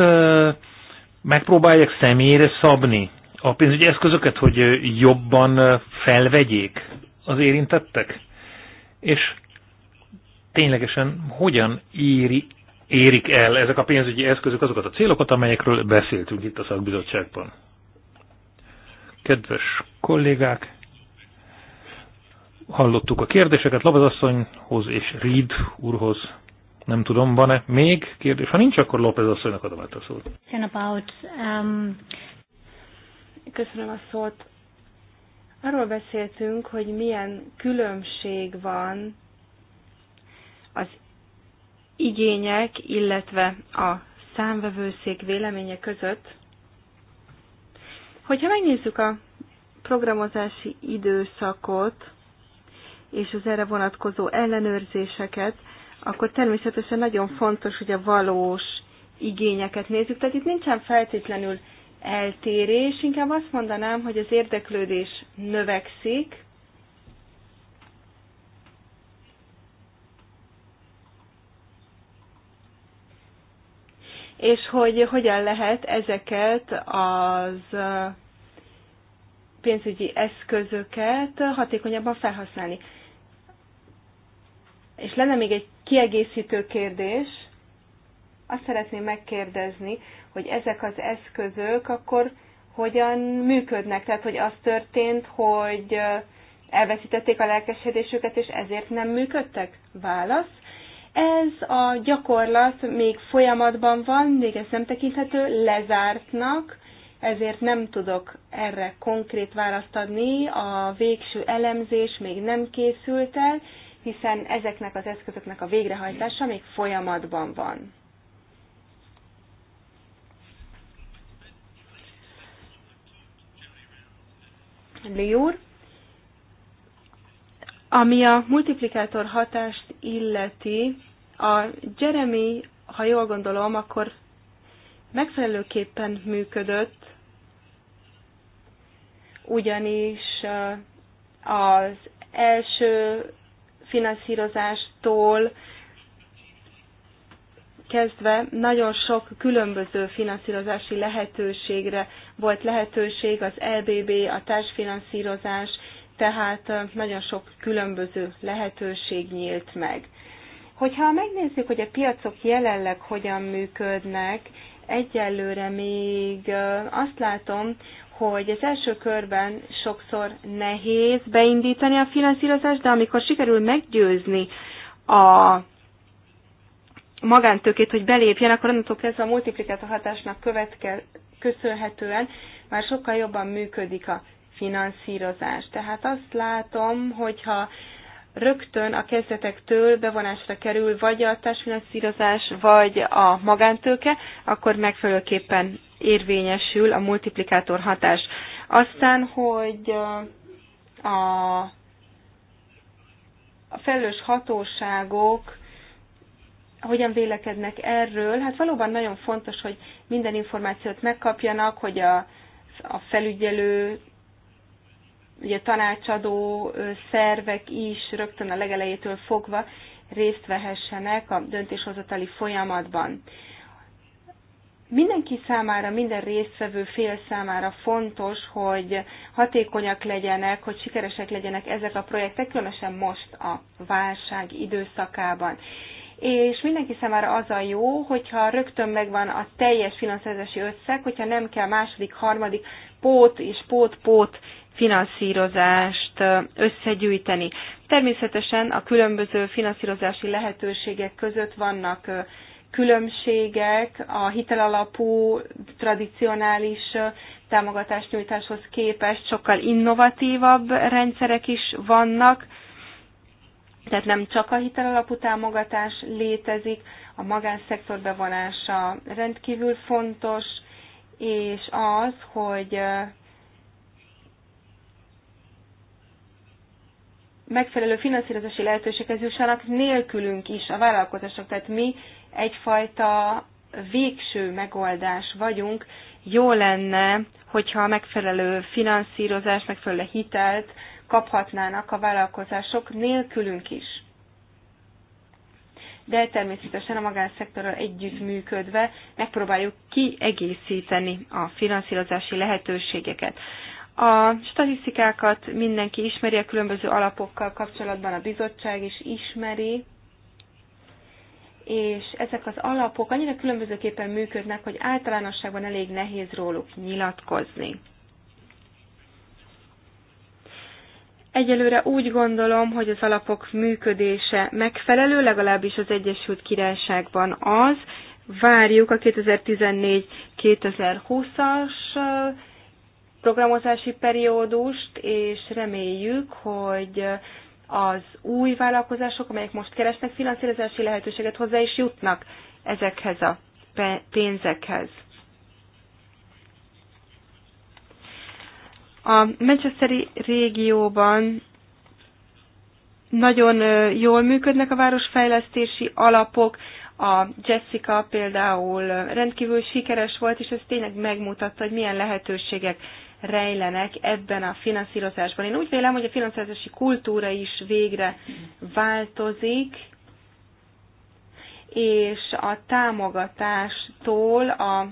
megpróbálják személyre szabni a pénzügyi eszközöket, hogy jobban felvegyék az érintettek? És ténylegesen hogyan éri, érik el ezek a pénzügyi eszközök azokat a célokat, amelyekről beszéltünk itt a szakbizottságban? Kedves kollégák, hallottuk a kérdéseket Labazasszonyhoz és Reed úrhoz. Nem tudom, van-e még kérdés? Ha nincs, akkor López asszonynak adom át a szót. About, um... Köszönöm a szót. Arról beszéltünk, hogy milyen különbség van az igények, illetve a számvevőszék véleménye között. Hogyha megnézzük a programozási időszakot és az erre vonatkozó ellenőrzéseket, akkor természetesen nagyon fontos, hogy a valós igényeket nézzük. Tehát itt nincsen feltétlenül eltérés, inkább azt mondanám, hogy az érdeklődés növekszik, és hogy hogyan lehet ezeket az uh, pénzügyi eszközöket hatékonyabban felhasználni. És lenne még egy kiegészítő kérdés. Azt szeretném megkérdezni, hogy ezek az eszközök akkor hogyan működnek? Tehát, hogy az történt, hogy elveszítették a lelkesedésüket, és ezért nem működtek? Válasz. Ez a gyakorlat még folyamatban van, még ez nem tekinthető lezártnak, ezért nem tudok erre konkrét választ adni, a végső elemzés még nem készült el, hiszen ezeknek az eszközöknek a végrehajtása még folyamatban van. Liur, ami a multiplikátor hatást illeti, a Jeremy, ha jól gondolom, akkor megfelelőképpen működött, ugyanis az első finanszírozástól kezdve nagyon sok különböző finanszírozási lehetőségre volt lehetőség, az LBB a társfinanszírozás, tehát nagyon sok különböző lehetőség nyílt meg. Hogyha megnézzük, hogy a piacok jelenleg hogyan működnek, egyelőre még azt látom, hogy az első körben sokszor nehéz beindítani a finanszírozást, de amikor sikerül meggyőzni a magántőkét, hogy belépjen, akkor onnantól kezdve a multiplikátor hatásnak követke, köszönhetően már sokkal jobban működik a finanszírozás. Tehát azt látom, hogyha rögtön a kezdetektől bevonásra kerül vagy a társfinanszírozás, vagy a magántőke, akkor megfelelőképpen érvényesül a multiplikátor hatás. Aztán, hogy a, a felelős hatóságok hogyan vélekednek erről, hát valóban nagyon fontos, hogy minden információt megkapjanak, hogy a, a felügyelő ugye tanácsadó szervek is rögtön a legelejétől fogva részt vehessenek a döntéshozatali folyamatban mindenki számára, minden résztvevő fél számára fontos, hogy hatékonyak legyenek, hogy sikeresek legyenek ezek a projektek, különösen most a válság időszakában. És mindenki számára az a jó, hogyha rögtön megvan a teljes finanszírozási összeg, hogyha nem kell második, harmadik pót és pót-pót finanszírozást összegyűjteni. Természetesen a különböző finanszírozási lehetőségek között vannak különbségek a hitelalapú, tradicionális támogatásnyújtáshoz képest sokkal innovatívabb rendszerek is vannak, tehát nem csak a hitelalapú támogatás létezik, a magánszektor bevonása rendkívül fontos, és az, hogy megfelelő finanszírozási lehetőséghez jussanak nélkülünk is a vállalkozások. Tehát mi egyfajta végső megoldás vagyunk, jó lenne, hogyha megfelelő finanszírozás, megfelelő hitelt kaphatnának a vállalkozások nélkülünk is. De természetesen a magánszektorral együttműködve megpróbáljuk kiegészíteni a finanszírozási lehetőségeket. A statisztikákat mindenki ismeri, a különböző alapokkal kapcsolatban a bizottság is ismeri, és ezek az alapok annyira különbözőképpen működnek, hogy általánosságban elég nehéz róluk nyilatkozni. Egyelőre úgy gondolom, hogy az alapok működése megfelelő, legalábbis az Egyesült Királyságban az. Várjuk a 2014-2020-as programozási periódust, és reméljük, hogy az új vállalkozások, amelyek most keresnek finanszírozási lehetőséget, hozzá is jutnak ezekhez a pénzekhez. A Manchesteri régióban nagyon jól működnek a városfejlesztési alapok, a Jessica például rendkívül sikeres volt, és ez tényleg megmutatta, hogy milyen lehetőségek rejlenek ebben a finanszírozásban. Én úgy vélem, hogy a finanszírozási kultúra is végre változik, és a támogatástól a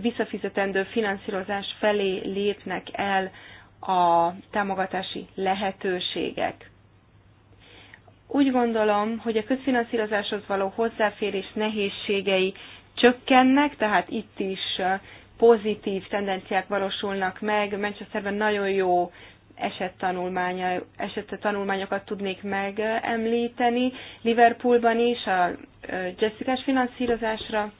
visszafizetendő finanszírozás felé lépnek el a támogatási lehetőségek. Úgy gondolom, hogy a közfinanszírozáshoz való hozzáférés nehézségei csökkennek, tehát itt is pozitív tendenciák valósulnak meg. Manchesterben nagyon jó esettanulmánya, esettanulmányokat tudnék megemlíteni. Liverpoolban is a jessica finanszírozásra.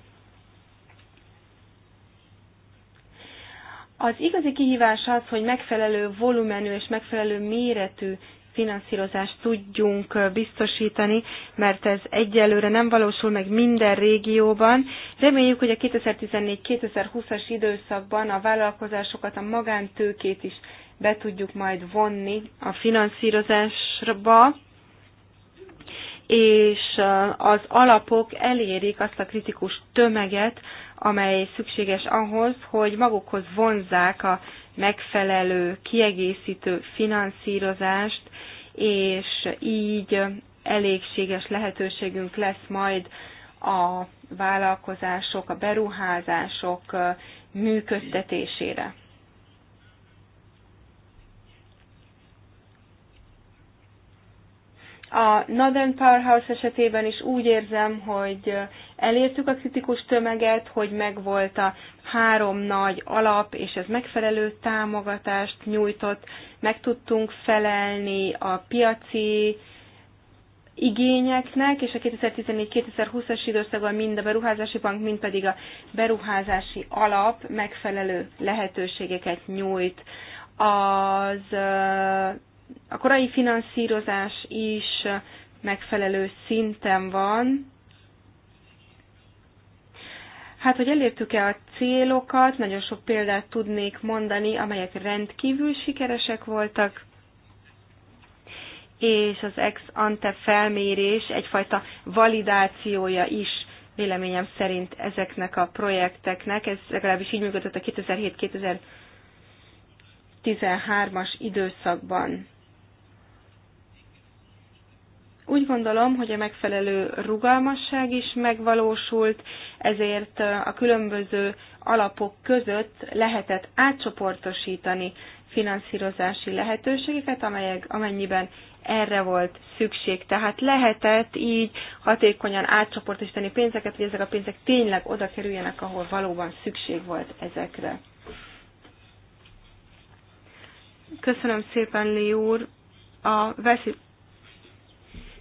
Az igazi kihívás az, hogy megfelelő volumenű és megfelelő méretű finanszírozást tudjunk biztosítani, mert ez egyelőre nem valósul meg minden régióban. Reméljük, hogy a 2014-2020-as időszakban a vállalkozásokat, a magántőkét is be tudjuk majd vonni a finanszírozásba, és az alapok elérik azt a kritikus tömeget, amely szükséges ahhoz, hogy magukhoz vonzák a megfelelő kiegészítő finanszírozást és így elégséges lehetőségünk lesz majd a vállalkozások, a beruházások működtetésére. A Northern Powerhouse esetében is úgy érzem, hogy elértük a kritikus tömeget, hogy megvolt a három nagy alap, és ez megfelelő támogatást nyújtott, meg tudtunk felelni a piaci igényeknek, és a 2014-2020-as időszakban mind a beruházási bank, mind pedig a beruházási alap megfelelő lehetőségeket nyújt. Az a korai finanszírozás is megfelelő szinten van. Hát, hogy elértük-e a célokat, nagyon sok példát tudnék mondani, amelyek rendkívül sikeresek voltak, és az ex ante felmérés egyfajta validációja is véleményem szerint ezeknek a projekteknek, ez legalábbis így működött a 2007-2013-as időszakban. Úgy gondolom, hogy a megfelelő rugalmasság is megvalósult, ezért a különböző alapok között lehetett átcsoportosítani finanszírozási lehetőségeket, amelyek, amennyiben erre volt szükség. Tehát lehetett így hatékonyan átcsoportosítani pénzeket, hogy ezek a pénzek tényleg oda kerüljenek, ahol valóban szükség volt ezekre. Köszönöm szépen, Li úr. A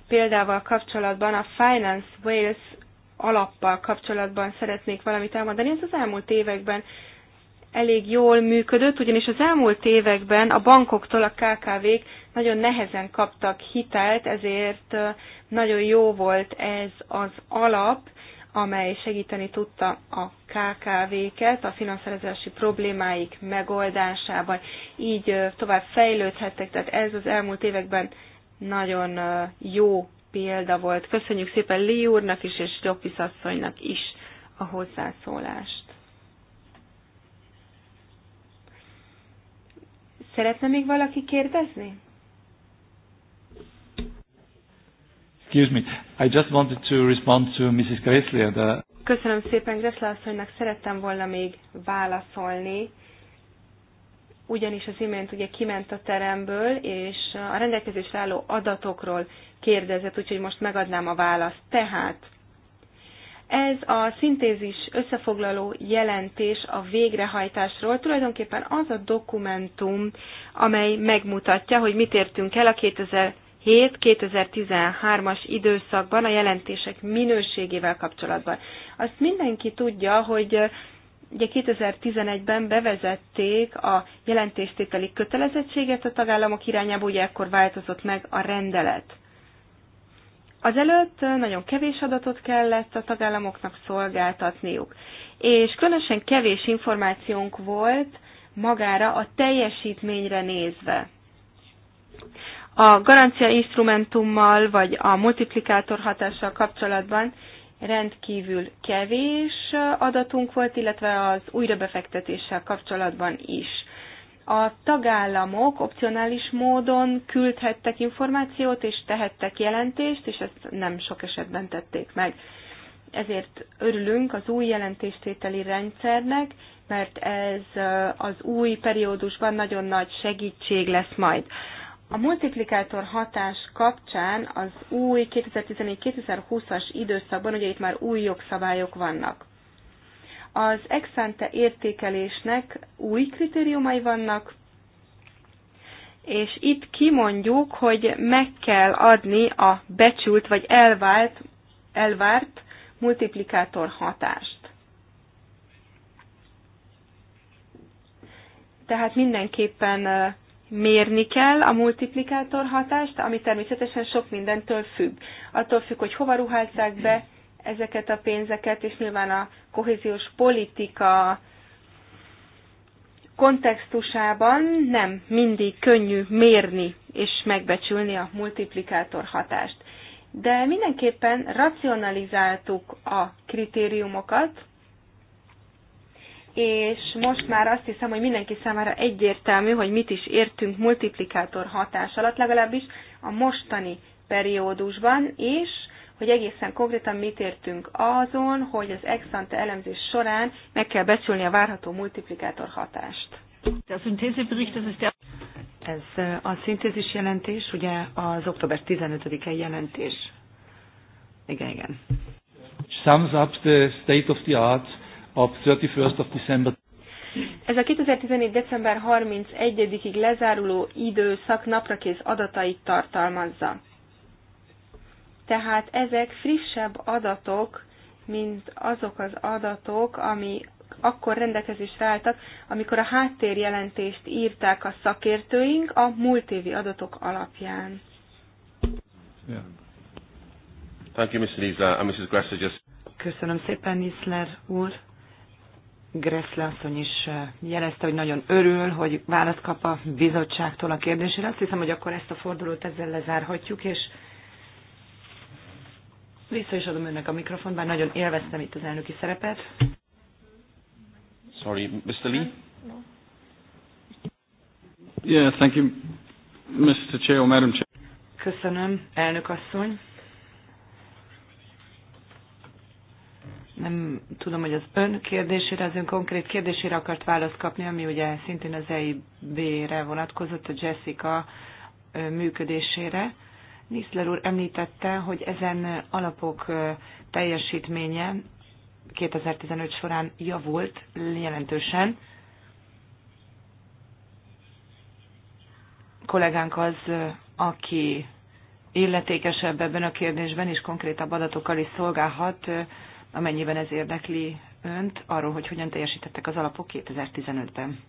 példával kapcsolatban, a Finance Wales alappal kapcsolatban szeretnék valamit elmondani. Ez az elmúlt években elég jól működött, ugyanis az elmúlt években a bankoktól a KKV-k nagyon nehezen kaptak hitelt, ezért nagyon jó volt ez az alap, amely segíteni tudta a KKV-ket a finanszírozási problémáik megoldásában. Így tovább fejlődhettek, tehát ez az elmúlt években nagyon jó példa volt. Köszönjük szépen Li úrnak is, és Jopis asszonynak is a hozzászólást. Szeretne még valaki kérdezni? Excuse me. I just wanted to respond to Mrs. Gressler. The... Köszönöm szépen Gressler asszonynak, szerettem volna még válaszolni ugyanis az imént ugye kiment a teremből, és a rendelkezésre álló adatokról kérdezett, úgyhogy most megadnám a választ. Tehát ez a szintézis összefoglaló jelentés a végrehajtásról tulajdonképpen az a dokumentum, amely megmutatja, hogy mit értünk el a 2007-2013-as időszakban a jelentések minőségével kapcsolatban. Azt mindenki tudja, hogy Ugye 2011-ben bevezették a jelentéstételi kötelezettséget a tagállamok irányába, ugye ekkor változott meg a rendelet. Azelőtt nagyon kevés adatot kellett a tagállamoknak szolgáltatniuk, és különösen kevés információnk volt magára a teljesítményre nézve. A garancia instrumentummal vagy a multiplikátor hatással kapcsolatban rendkívül kevés adatunk volt, illetve az újrabefektetéssel kapcsolatban is. A tagállamok opcionális módon küldhettek információt és tehettek jelentést, és ezt nem sok esetben tették meg. Ezért örülünk az új jelentéstételi rendszernek, mert ez az új periódusban nagyon nagy segítség lesz majd. A multiplikátor hatás kapcsán az új 2014-2020-as időszakban, ugye itt már új jogszabályok vannak. Az exante értékelésnek új kritériumai vannak, és itt kimondjuk, hogy meg kell adni a becsült vagy elvált, elvárt multiplikátor hatást. Tehát mindenképpen mérni kell a multiplikátor hatást, ami természetesen sok mindentől függ. Attól függ, hogy hova ruházzák be ezeket a pénzeket, és nyilván a kohéziós politika kontextusában nem mindig könnyű mérni és megbecsülni a multiplikátor hatást. De mindenképpen racionalizáltuk a kritériumokat, és most már azt hiszem, hogy mindenki számára egyértelmű, hogy mit is értünk multiplikátor hatás alatt, legalábbis a mostani periódusban, és hogy egészen konkrétan mit értünk azon, hogy az exante elemzés során meg kell becsülni a várható multiplikátor hatást. Ez a szintézis jelentés, ugye az október 15-e jelentés. Igen, igen. Sums up the state of the art of 31st of December. Ez a 2014. december 31-ig lezáruló időszak naprakész adatait tartalmazza. Tehát ezek frissebb adatok, mint azok az adatok, ami akkor rendelkezésre álltak, amikor a háttérjelentést írták a szakértőink a múlt évi adatok alapján. Yeah. Thank you, Mr. Isler. And Mrs. just... Köszönöm szépen, Isler úr. Gressle asszony is jelezte, hogy nagyon örül, hogy választ kap a bizottságtól a kérdésére. Azt hiszem, hogy akkor ezt a fordulót ezzel lezárhatjuk, és vissza is adom önnek a mikrofon, bár nagyon élveztem itt az elnöki szerepet. Sorry, Mr. Lee? Yeah, thank you, Mr. Chair or Madam Chair. Köszönöm, elnök asszony. nem tudom, hogy az ön kérdésére, az ön konkrét kérdésére akart választ kapni, ami ugye szintén az EIB-re vonatkozott, a Jessica működésére. Niszler úr említette, hogy ezen alapok teljesítménye 2015 során javult jelentősen. Kollégánk az, aki illetékesebb ebben a kérdésben és konkrétabb adatokkal is szolgálhat, amennyiben ez érdekli önt, arról, hogy hogyan teljesítettek az alapok 2015-ben.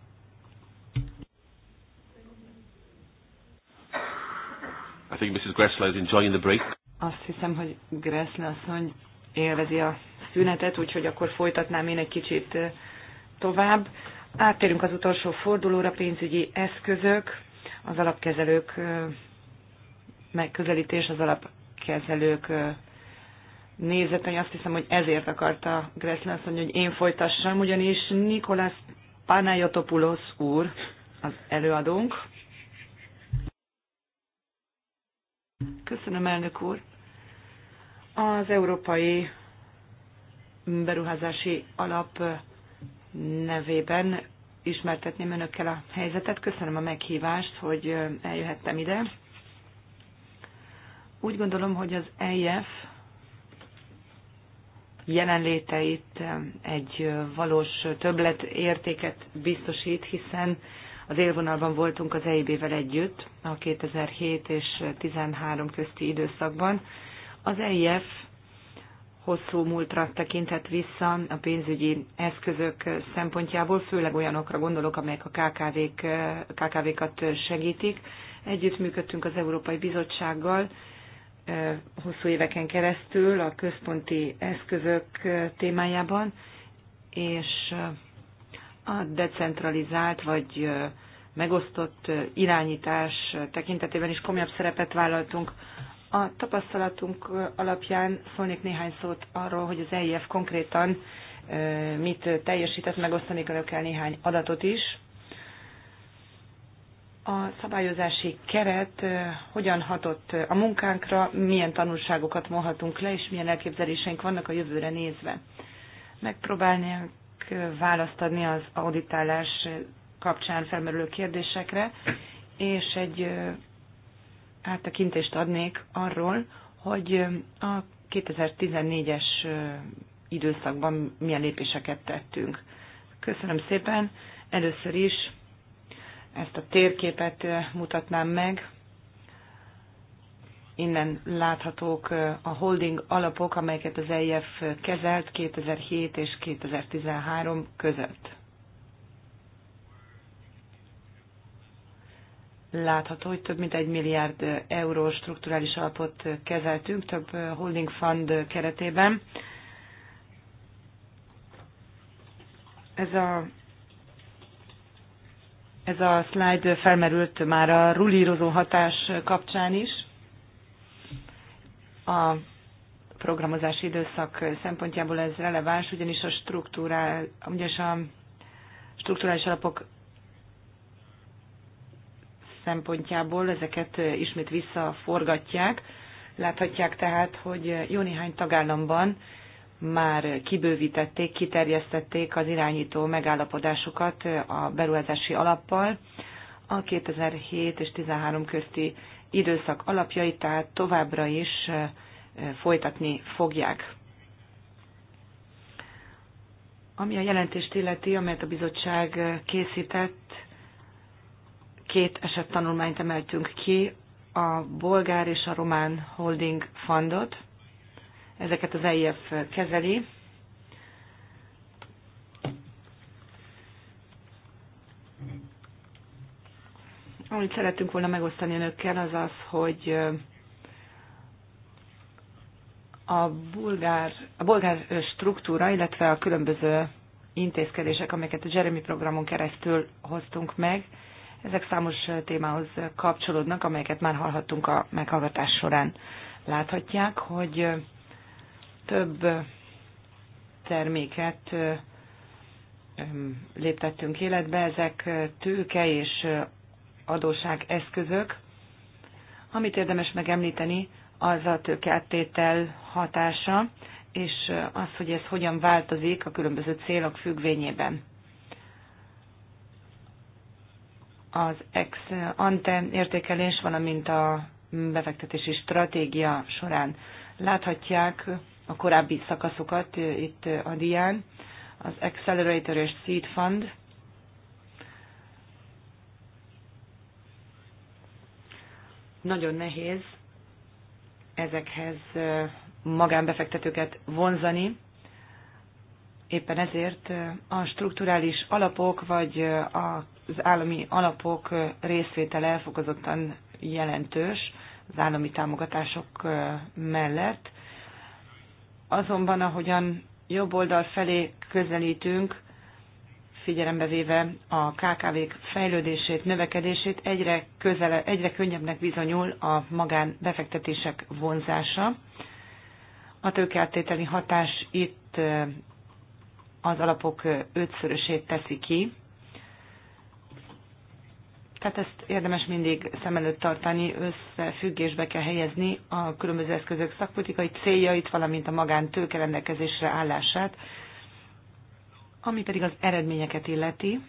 I think Mrs. Gressler is enjoying the break. Azt hiszem, hogy Gressler asszony élvezi a szünetet, úgyhogy akkor folytatnám én egy kicsit tovább. Áttérünk az utolsó fordulóra, pénzügyi eszközök, az alapkezelők megközelítés, az alapkezelők nézetei, azt hiszem, hogy ezért akarta Gressler azt mondani, hogy én folytassam, ugyanis Nikolás Panayotopoulos úr, az előadónk. Köszönöm, elnök úr. Az Európai Beruházási Alap nevében ismertetném önökkel a helyzetet. Köszönöm a meghívást, hogy eljöhettem ide. Úgy gondolom, hogy az EIF jelenléteit egy valós többlet értéket biztosít, hiszen az élvonalban voltunk az EIB-vel együtt a 2007 és 2013 közti időszakban. Az EIF hosszú múltra tekintett vissza a pénzügyi eszközök szempontjából, főleg olyanokra gondolok, amelyek a KKV-k, KKV-kat segítik. Együttműködtünk az Európai Bizottsággal, hosszú éveken keresztül a központi eszközök témájában, és a decentralizált vagy megosztott irányítás tekintetében is komolyabb szerepet vállaltunk. A tapasztalatunk alapján szólnék néhány szót arról, hogy az EIF konkrétan mit teljesített, megosztanék önökkel néhány adatot is a szabályozási keret hogyan hatott a munkánkra, milyen tanulságokat mondhatunk le, és milyen elképzeléseink vannak a jövőre nézve. Megpróbálnánk választ adni az auditálás kapcsán felmerülő kérdésekre, és egy áttekintést adnék arról, hogy a 2014-es időszakban milyen lépéseket tettünk. Köszönöm szépen. Először is ezt a térképet mutatnám meg. Innen láthatók a holding alapok, amelyeket az EIF kezelt 2007 és 2013 között. látható, hogy több mint egy milliárd euró strukturális alapot kezeltünk több holding fund keretében. Ez a ez a slide felmerült már a rulírozó hatás kapcsán is. A programozási időszak szempontjából ez releváns, ugyanis a struktúrál, ugyanis a strukturális alapok szempontjából ezeket ismét visszaforgatják. Láthatják tehát, hogy jó néhány tagállamban már kibővítették, kiterjesztették az irányító megállapodásukat a beruházási alappal. A 2007 és 13 közti időszak alapjait tehát továbbra is folytatni fogják. Ami a jelentést illeti, amelyet a bizottság készített, két esettanulmányt emeltünk ki, a bolgár és a román holding fundot, ezeket az EIF kezeli. Amit szerettünk volna megosztani önökkel, az az, hogy a bulgár, a bulgár struktúra, illetve a különböző intézkedések, amelyeket a Jeremy programon keresztül hoztunk meg, ezek számos témához kapcsolódnak, amelyeket már hallhattunk a meghallgatás során. Láthatják, hogy több terméket léptettünk életbe, ezek tőke és adóság eszközök. Amit érdemes megemlíteni, az a tőkeáttétel hatása, és az, hogy ez hogyan változik a különböző célok függvényében. Az ex ante értékelés, valamint a befektetési stratégia során láthatják, a korábbi szakaszokat itt a dián, az Accelerator és Seed Fund. Nagyon nehéz ezekhez magánbefektetőket vonzani, éppen ezért a strukturális alapok vagy az állami alapok részvétele fokozottan jelentős az állami támogatások mellett Azonban, ahogyan jobb oldal felé közelítünk, figyelembe véve a KKV-k fejlődését, növekedését, egyre, közele, egyre könnyebbnek bizonyul a magánbefektetések vonzása. A tőkeáttételi hatás itt az alapok ötszörösét teszi ki, tehát ezt érdemes mindig szem előtt tartani, összefüggésbe kell helyezni a különböző eszközök szakpolitikai céljait, valamint a magántőke rendelkezésre állását, ami pedig az eredményeket illeti.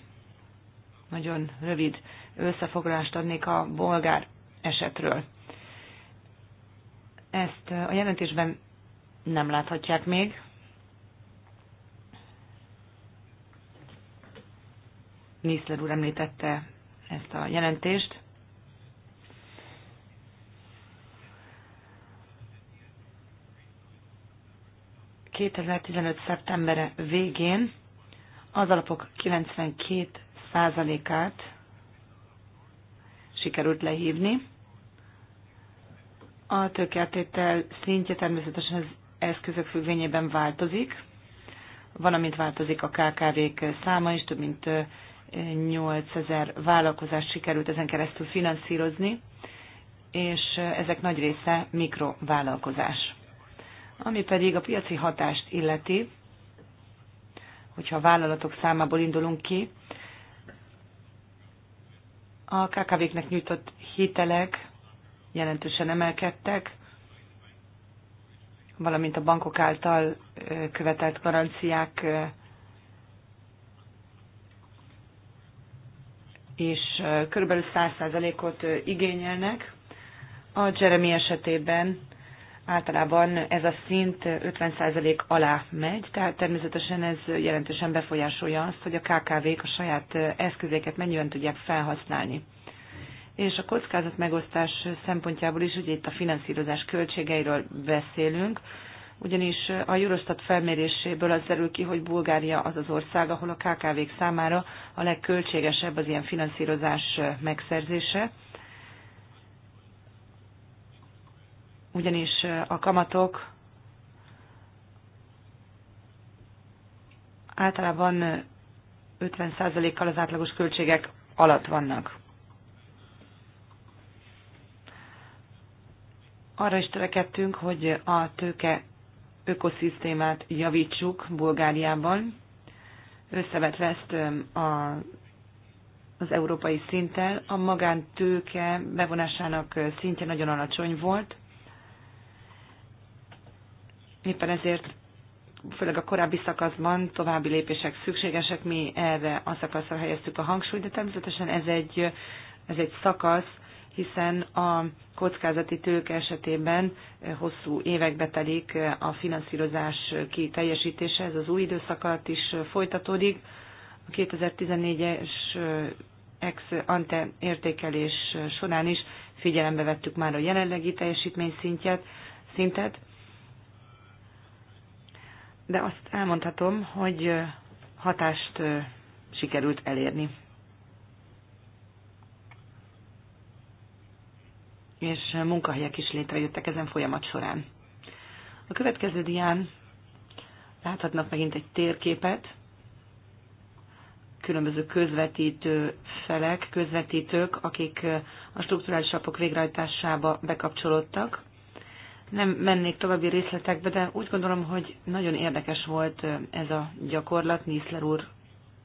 Nagyon rövid összefoglalást adnék a bolgár esetről. Ezt a jelentésben nem láthatják még. Niszler úr említette ezt a jelentést. ...2015. szeptembere végén az alapok 92%-át sikerült lehívni. A tőkeltétel szintje természetesen az eszközök függvényében változik, valamint változik a KKV-k száma is, több mint 8000 vállalkozást sikerült ezen keresztül finanszírozni, és ezek nagy része mikrovállalkozás. Ami pedig a piaci hatást illeti, hogyha a vállalatok számából indulunk ki, a KKV-knek nyújtott hitelek jelentősen emelkedtek, valamint a bankok által követelt garanciák és kb. 100%-ot igényelnek. A Jeremy esetében általában ez a szint 50% alá megy, tehát természetesen ez jelentősen befolyásolja azt, hogy a KKV-k a saját eszközéket mennyiben tudják felhasználni. És a kockázat megosztás szempontjából is, ugye itt a finanszírozás költségeiről beszélünk, ugyanis a Eurostat felméréséből az derül ki, hogy Bulgária az az ország, ahol a KKV-k számára a legköltségesebb az ilyen finanszírozás megszerzése, ugyanis a kamatok általában 50%-kal az átlagos költségek alatt vannak. Arra is törekedtünk, hogy a tőke ökoszisztémát javítsuk Bulgáriában, összevetve ezt a, az európai szinttel. A magántőke bevonásának szintje nagyon alacsony volt, éppen ezért főleg a korábbi szakaszban további lépések szükségesek, mi erre a szakaszra helyeztük a hangsúlyt, de természetesen ez egy, ez egy szakasz, hiszen a kockázati tőke esetében hosszú évekbe telik a finanszírozás kiteljesítése, ez az új időszak alatt is folytatódik. A 2014-es ex ante értékelés során is figyelembe vettük már a jelenlegi teljesítmény szintjét, szintet, de azt elmondhatom, hogy hatást sikerült elérni. és munkahelyek is létrejöttek ezen folyamat során. A következő dián láthatnak megint egy térképet, különböző közvetítő felek, közvetítők, akik a strukturális lapok végrehajtásába bekapcsolódtak. Nem mennék további részletekbe, de úgy gondolom, hogy nagyon érdekes volt ez a gyakorlat. Niszler úr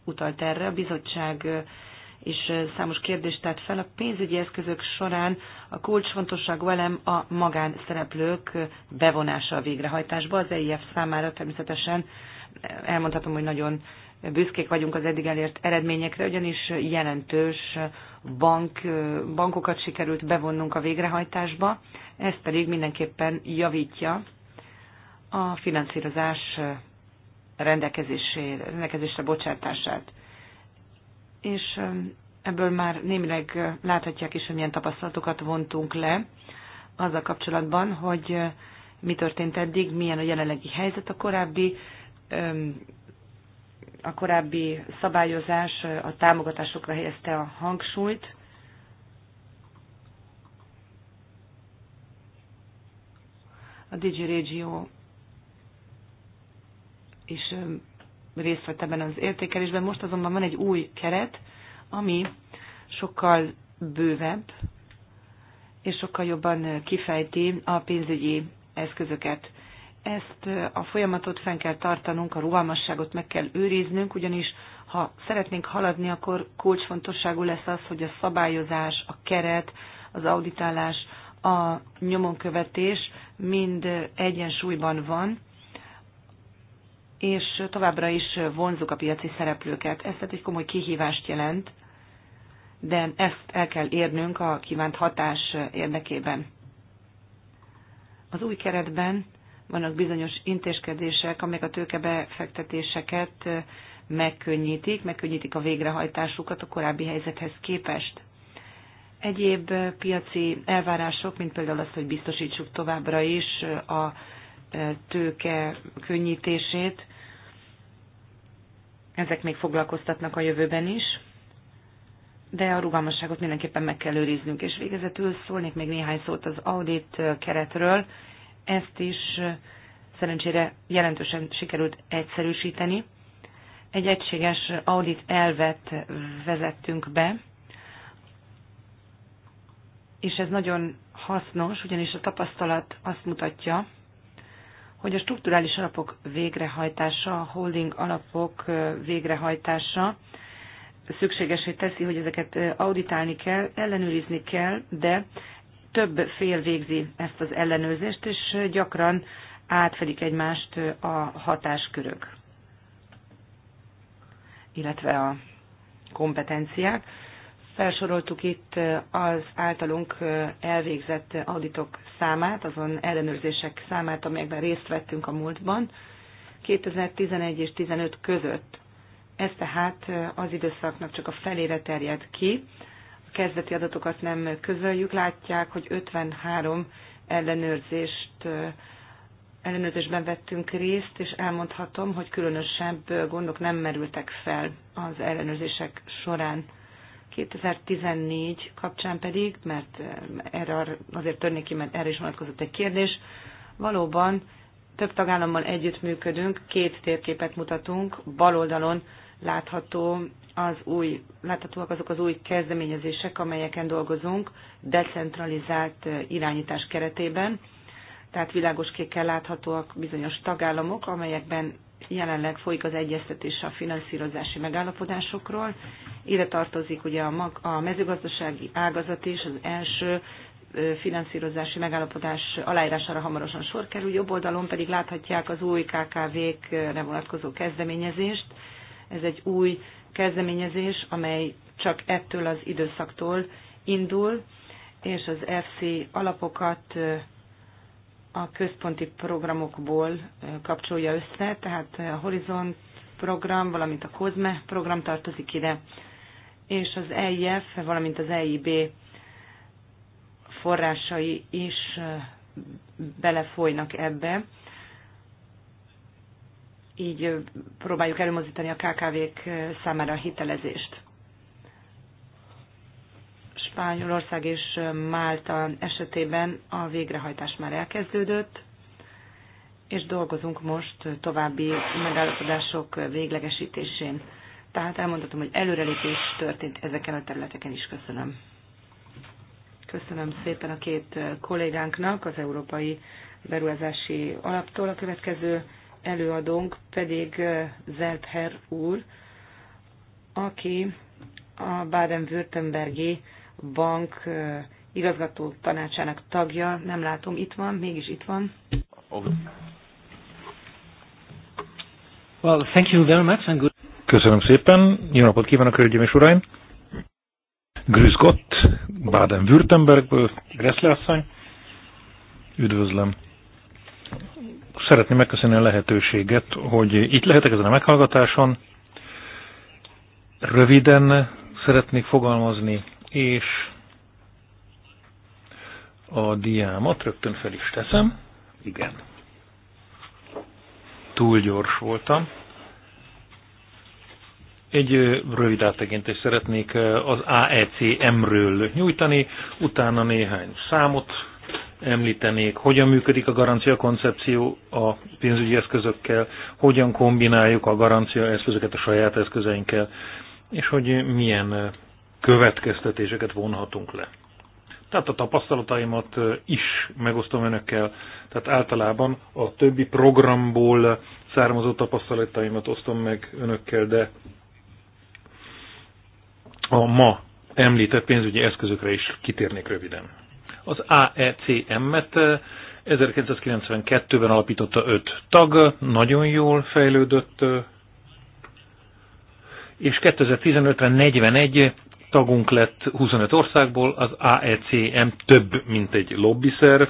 utalt erre. A bizottság is számos kérdést tett fel. A pénzügyi eszközök során a kulcsfontosság velem a magánszereplők bevonása a végrehajtásba. Az EIF számára természetesen elmondhatom, hogy nagyon büszkék vagyunk az eddig elért eredményekre, ugyanis jelentős bank, bankokat sikerült bevonnunk a végrehajtásba, ez pedig mindenképpen javítja a finanszírozás rendelkezésre bocsátását és ebből már némileg láthatják is, hogy milyen tapasztalatokat vontunk le azzal kapcsolatban, hogy mi történt eddig, milyen a jelenlegi helyzet a korábbi a korábbi szabályozás a támogatásokra helyezte a hangsúlyt, a Digi Régió is részt vett ebben az értékelésben. Most azonban van egy új keret, ami sokkal bővebb, és sokkal jobban kifejti a pénzügyi eszközöket. Ezt a folyamatot fenn kell tartanunk, a rugalmasságot meg kell őriznünk, ugyanis ha szeretnénk haladni, akkor kulcsfontosságú lesz az, hogy a szabályozás, a keret, az auditálás, a nyomonkövetés mind egyensúlyban van, és továbbra is vonzuk a piaci szereplőket. Ez tehát egy komoly kihívást jelent, de ezt el kell érnünk a kívánt hatás érdekében. Az új keretben vannak bizonyos intézkedések, amelyek a tőkebefektetéseket megkönnyítik, megkönnyítik a végrehajtásukat a korábbi helyzethez képest. Egyéb piaci elvárások, mint például az, hogy biztosítsuk továbbra is a tőke könnyítését. Ezek még foglalkoztatnak a jövőben is, de a rugalmasságot mindenképpen meg kell őriznünk. És végezetül szólnék még néhány szót az audit keretről. Ezt is szerencsére jelentősen sikerült egyszerűsíteni. Egy egységes audit elvet vezettünk be, és ez nagyon hasznos, ugyanis a tapasztalat azt mutatja, hogy a strukturális alapok végrehajtása, a holding alapok végrehajtása szükségesé teszi, hogy ezeket auditálni kell, ellenőrizni kell, de több fél végzi ezt az ellenőrzést, és gyakran átfedik egymást a hatáskörök, illetve a kompetenciák. Felsoroltuk itt az általunk elvégzett auditok számát, azon ellenőrzések számát, amelyekben részt vettünk a múltban, 2011 és 15 között. Ez tehát az időszaknak csak a felére terjed ki. A kezdeti adatokat nem közöljük, látják, hogy 53 ellenőrzést ellenőrzésben vettünk részt, és elmondhatom, hogy különösebb gondok nem merültek fel az ellenőrzések során. 2014 kapcsán pedig, mert eh, erre azért törnék ki, mert erre is vonatkozott egy kérdés, valóban több tagállammal együttműködünk, két térképet mutatunk, bal oldalon látható az új, láthatóak azok az új kezdeményezések, amelyeken dolgozunk decentralizált eh, irányítás keretében. Tehát világos kékkel láthatóak bizonyos tagállamok, amelyekben jelenleg folyik az egyeztetés a finanszírozási megállapodásokról. Ide tartozik ugye a, mag, a mezőgazdasági ágazat is, az első finanszírozási megállapodás aláírására hamarosan sor kerül, jobb oldalon pedig láthatják az új KKV-kre vonatkozó kezdeményezést. Ez egy új kezdeményezés, amely csak ettől az időszaktól indul, és az FC alapokat a központi programokból kapcsolja össze, tehát a Horizont program, valamint a COSME program tartozik ide, és az EIF, valamint az EIB forrásai is belefolynak ebbe. Így próbáljuk előmozdítani a KKV-k számára a hitelezést. Spanyolország és Málta esetében a végrehajtás már elkezdődött, és dolgozunk most további megállapodások véglegesítésén. Tehát elmondhatom, hogy előrelépés történt ezeken a területeken is. Köszönöm. Köszönöm szépen a két kollégánknak az Európai Beruházási Alaptól. A következő előadónk pedig Zeltherr úr, aki a Baden-Württembergi bank igazgató tanácsának tagja, nem látom, itt van, mégis itt van. Well, thank you very much and good. Köszönöm szépen, jó napot kívánok, hölgyeim és uraim! Gott, Baden-Württembergből, Gressler asszony. Üdvözlöm. Szeretném megköszönni a lehetőséget, hogy itt lehetek ezen a meghallgatáson. Röviden szeretnék fogalmazni és a diámat rögtön fel is teszem. Igen. Túl gyors voltam. Egy rövid áttekintést szeretnék az AECM-ről nyújtani, utána néhány számot említenék, hogyan működik a garancia koncepció a pénzügyi eszközökkel, hogyan kombináljuk a garancia eszközöket a saját eszközeinkkel, és hogy milyen következtetéseket vonhatunk le. Tehát a tapasztalataimat is megosztom önökkel, tehát általában a többi programból származó tapasztalataimat osztom meg önökkel, de a ma említett pénzügyi eszközökre is kitérnék röviden. Az AECM-et 1992-ben alapította öt tag, nagyon jól fejlődött, és 2015-ben 41 tagunk lett 25 országból, az AECM több, mint egy lobbyszerv,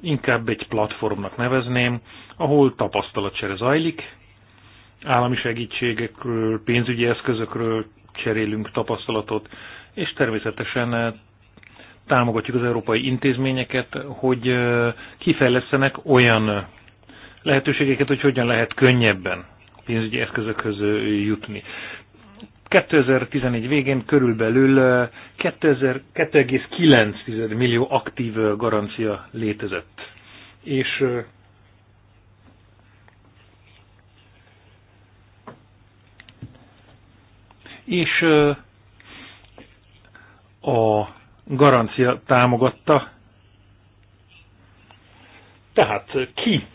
inkább egy platformnak nevezném, ahol tapasztalatcsere zajlik, állami segítségekről, pénzügyi eszközökről cserélünk tapasztalatot, és természetesen eh, támogatjuk az európai intézményeket, hogy eh, kifejlesztenek olyan eh, lehetőségeket, hogy hogyan lehet könnyebben pénzügyi eszközökhöz jutni. 2011 végén körülbelül 2,9 millió aktív garancia létezett. És és a garancia támogatta. Tehát ki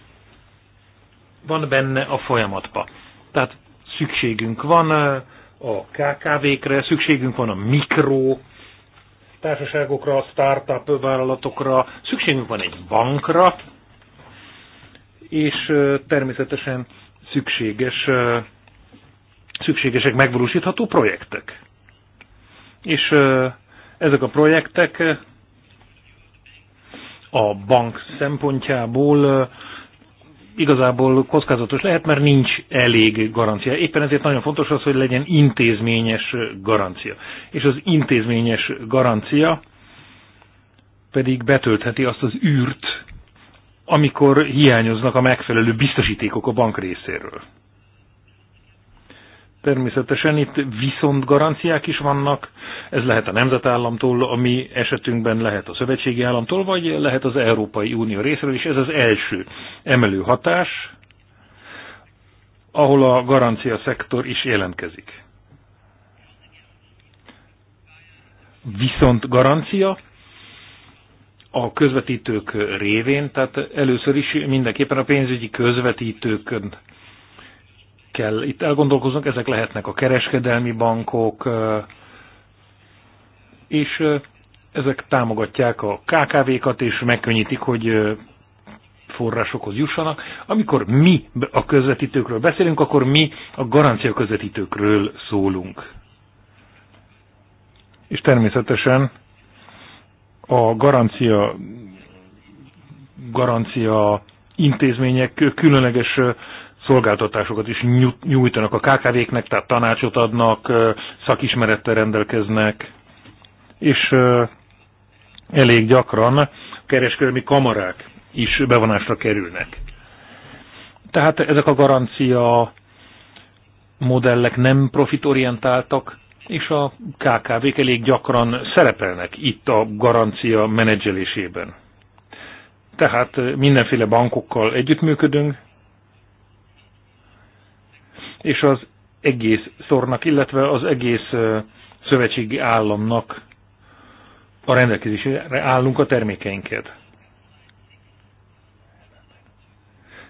van benne a folyamatba? Tehát szükségünk van a KKV-kre, szükségünk van a mikro társaságokra, startup vállalatokra, szükségünk van egy bankra, és természetesen szükséges, szükségesek megvalósítható projektek. És ezek a projektek a bank szempontjából igazából kockázatos lehet, mert nincs elég garancia. Éppen ezért nagyon fontos az, hogy legyen intézményes garancia. És az intézményes garancia pedig betöltheti azt az űrt, amikor hiányoznak a megfelelő biztosítékok a bank részéről. Természetesen itt viszont garanciák is vannak, ez lehet a nemzetállamtól, ami esetünkben lehet a szövetségi államtól, vagy lehet az Európai Unió részéről is. Ez az első emelő hatás, ahol a garancia szektor is jelentkezik. Viszont garancia a közvetítők révén, tehát először is mindenképpen a pénzügyi közvetítőkön kell itt elgondolkoznunk, ezek lehetnek a kereskedelmi bankok, és ezek támogatják a KKV-kat, és megkönnyítik, hogy forrásokhoz jussanak. Amikor mi a közvetítőkről beszélünk, akkor mi a garancia közvetítőkről szólunk. És természetesen a garancia, garancia intézmények különleges szolgáltatásokat is nyújtanak a KKV-knek, tehát tanácsot adnak, szakismerettel rendelkeznek, és elég gyakran a kereskedelmi kamarák is bevonásra kerülnek. Tehát ezek a garancia modellek nem profitorientáltak, és a KKV-k elég gyakran szerepelnek itt a garancia menedzselésében. Tehát mindenféle bankokkal együttműködünk, és az egész szornak, illetve az egész szövetségi államnak a rendelkezésre állunk a termékeinket.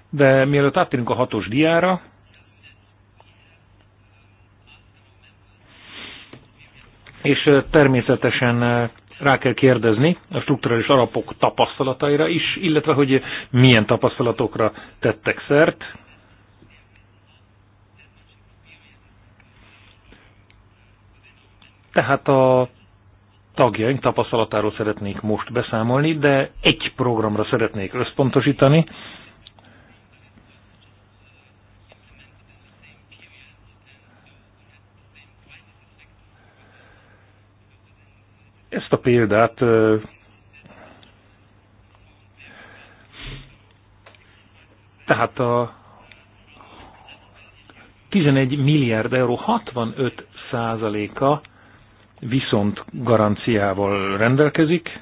De mielőtt áttérünk a hatos diára, és természetesen rá kell kérdezni a strukturális alapok tapasztalataira is, illetve hogy milyen tapasztalatokra tettek szert, Tehát a tagjaink tapasztalatáról szeretnék most beszámolni, de egy programra szeretnék összpontosítani. Ezt a példát tehát a 11 milliárd euró 65 százaléka viszont garanciával rendelkezik,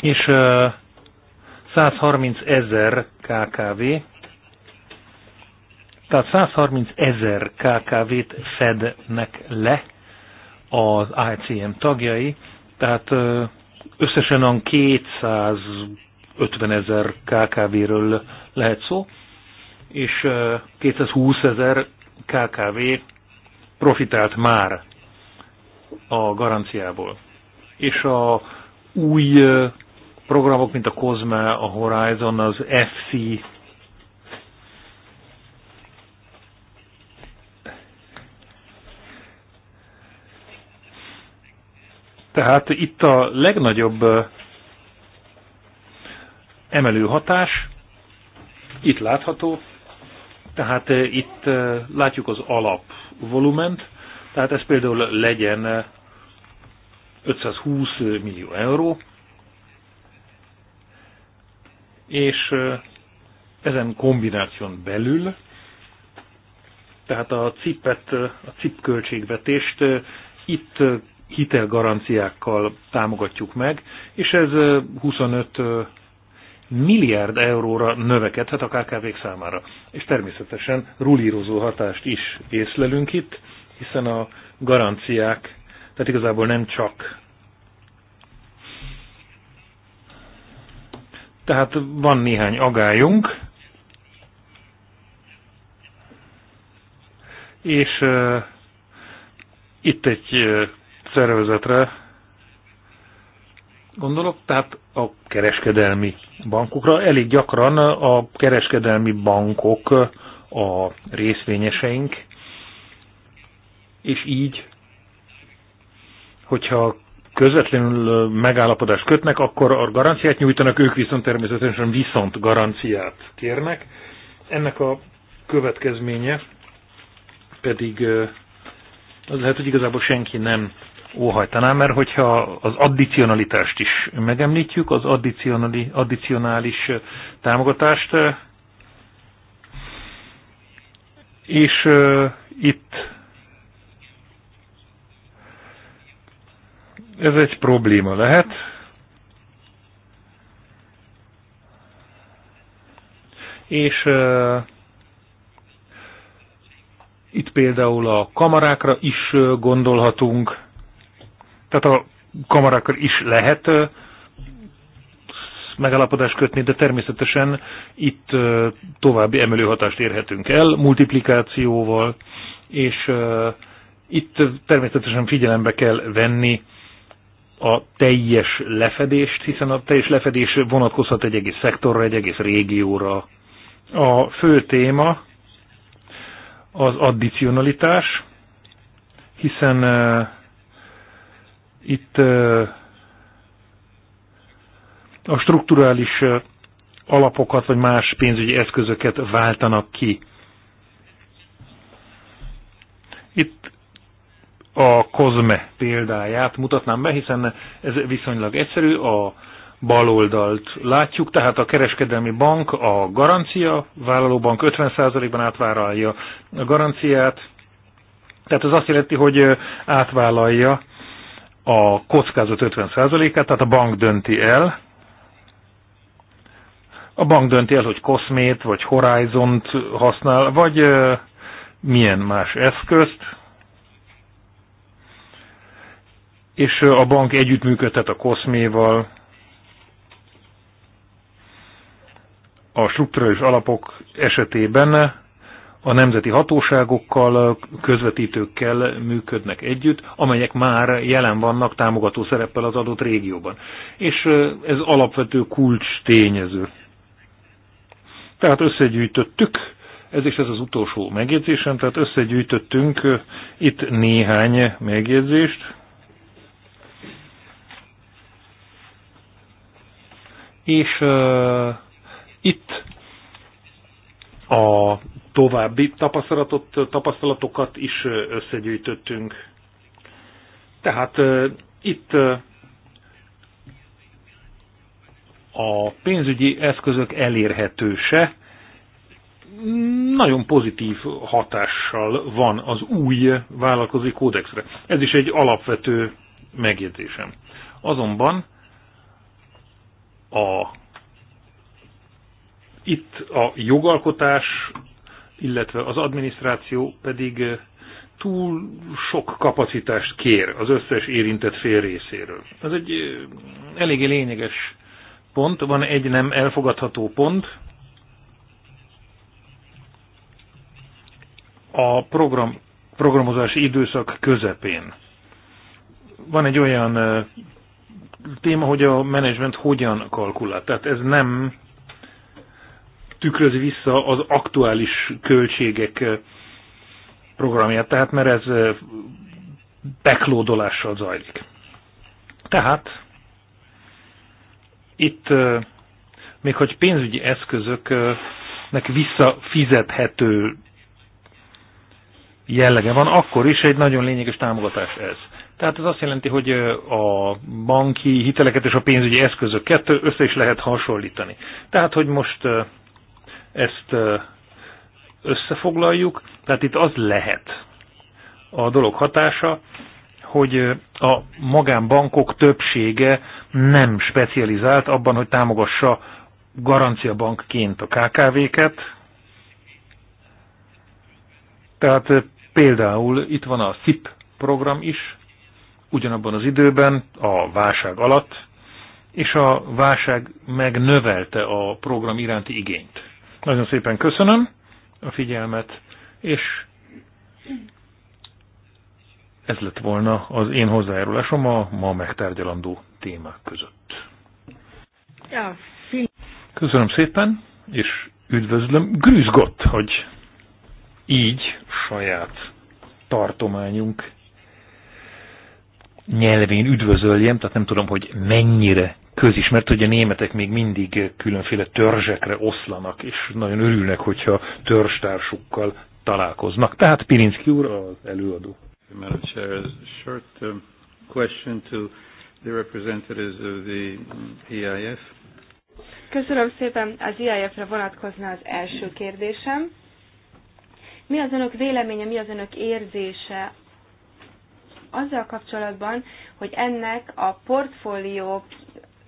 és 130 ezer KKV, tehát 130 ezer KKV-t fednek le az ICM tagjai, tehát összesen a 250 ezer KKV-ről lehet szó, és 220 ezer KKV profitált már a garanciából. És a új programok, mint a COSME, a Horizon, az FC, Tehát itt a legnagyobb emelő hatás, itt látható, tehát itt látjuk az alap volument, tehát ez például legyen 520 eh, millió euró, és eh, ezen kombináción belül, tehát a cipet, eh, a cip költségvetést itt hitelgaranciákkal támogatjuk meg, és ez 25 milliárd euróra növekedhet a kkv számára. És természetesen rulírozó hatást is észlelünk itt, hiszen a garanciák, tehát igazából nem csak Tehát van néhány agályunk, és uh, itt egy uh, szervezetre gondolok, tehát a kereskedelmi bankokra. Elég gyakran a kereskedelmi bankok a részvényeseink, és így, hogyha közvetlenül megállapodást kötnek, akkor a garanciát nyújtanak, ők viszont természetesen viszont garanciát kérnek. Ennek a következménye pedig eh, az lehet, hogy igazából senki nem óhajtanám, mert hogyha az addicionalitást is megemlítjük, az addicionális eh, támogatást, eh, és uh, itt ez egy probléma lehet. És uh, itt például a kamarákra is gondolhatunk, tehát a kamarákkal is lehet megállapodást kötni, de természetesen itt további emelő hatást érhetünk el multiplikációval, és itt természetesen figyelembe kell venni a teljes lefedést, hiszen a teljes lefedés vonatkozhat egy egész szektorra, egy egész régióra. A fő téma az addicionalitás, hiszen itt a strukturális alapokat vagy más pénzügyi eszközöket váltanak ki. Itt a kozme példáját mutatnám be, hiszen ez viszonylag egyszerű, a baloldalt látjuk, tehát a kereskedelmi bank a garancia, vállaló bank 50%-ban átvállalja a garanciát, tehát ez azt jelenti, hogy átvállalja a kockázat 50%-át, tehát a bank dönti el. A bank dönti el, hogy Cosmét vagy Horizont használ, vagy milyen más eszközt. És a bank együttműködhet a Cosméval, a strukturális alapok esetében a nemzeti hatóságokkal, közvetítőkkel működnek együtt, amelyek már jelen vannak támogató szereppel az adott régióban. És ez alapvető kulcs tényező. Tehát összegyűjtöttük, ez is ez az utolsó megjegyzésem, tehát összegyűjtöttünk itt néhány megjegyzést. És uh, itt a további tapasztalatot, tapasztalatokat is összegyűjtöttünk. Tehát itt a pénzügyi eszközök elérhetőse nagyon pozitív hatással van az új vállalkozói kódexre. Ez is egy alapvető megjegyzésem. Azonban a, itt a jogalkotás illetve az adminisztráció pedig eh, túl sok kapacitást kér az összes érintett fél részéről. Ez egy eh, eléggé lényeges pont, van egy nem elfogadható pont. A program, programozási időszak közepén van egy olyan eh, téma, hogy a menedzsment hogyan kalkulál. Tehát ez nem tükrözi vissza az aktuális költségek programját, tehát mert ez beklódolással zajlik. Tehát itt még hogy pénzügyi eszközöknek visszafizethető jellege van, akkor is egy nagyon lényeges támogatás ez. Tehát ez azt jelenti, hogy a banki hiteleket és a pénzügyi eszközöket össze is lehet hasonlítani. Tehát, hogy most ezt összefoglaljuk. Tehát itt az lehet a dolog hatása, hogy a magánbankok többsége nem specializált abban, hogy támogassa garanciabankként a KKV-ket. Tehát például itt van a SIP program is, ugyanabban az időben, a válság alatt, és a válság megnövelte a program iránti igényt. Nagyon szépen köszönöm a figyelmet, és ez lett volna az én hozzájárulásom a ma megtárgyalandó témák között. Köszönöm szépen, és üdvözlöm Grüzgott, hogy így saját tartományunk nyelvén üdvözöljem, tehát nem tudom, hogy mennyire közismert, hogy a németek még mindig különféle törzsekre oszlanak, és nagyon örülnek, hogyha törzstársukkal találkoznak. Tehát Pirinszki úr az előadó. Chair, short um, question to the representatives of the EIF. Köszönöm szépen. Az EIF-re vonatkozna az első kérdésem. Mi az önök véleménye, mi az önök érzése azzal kapcsolatban, hogy ennek a portfólió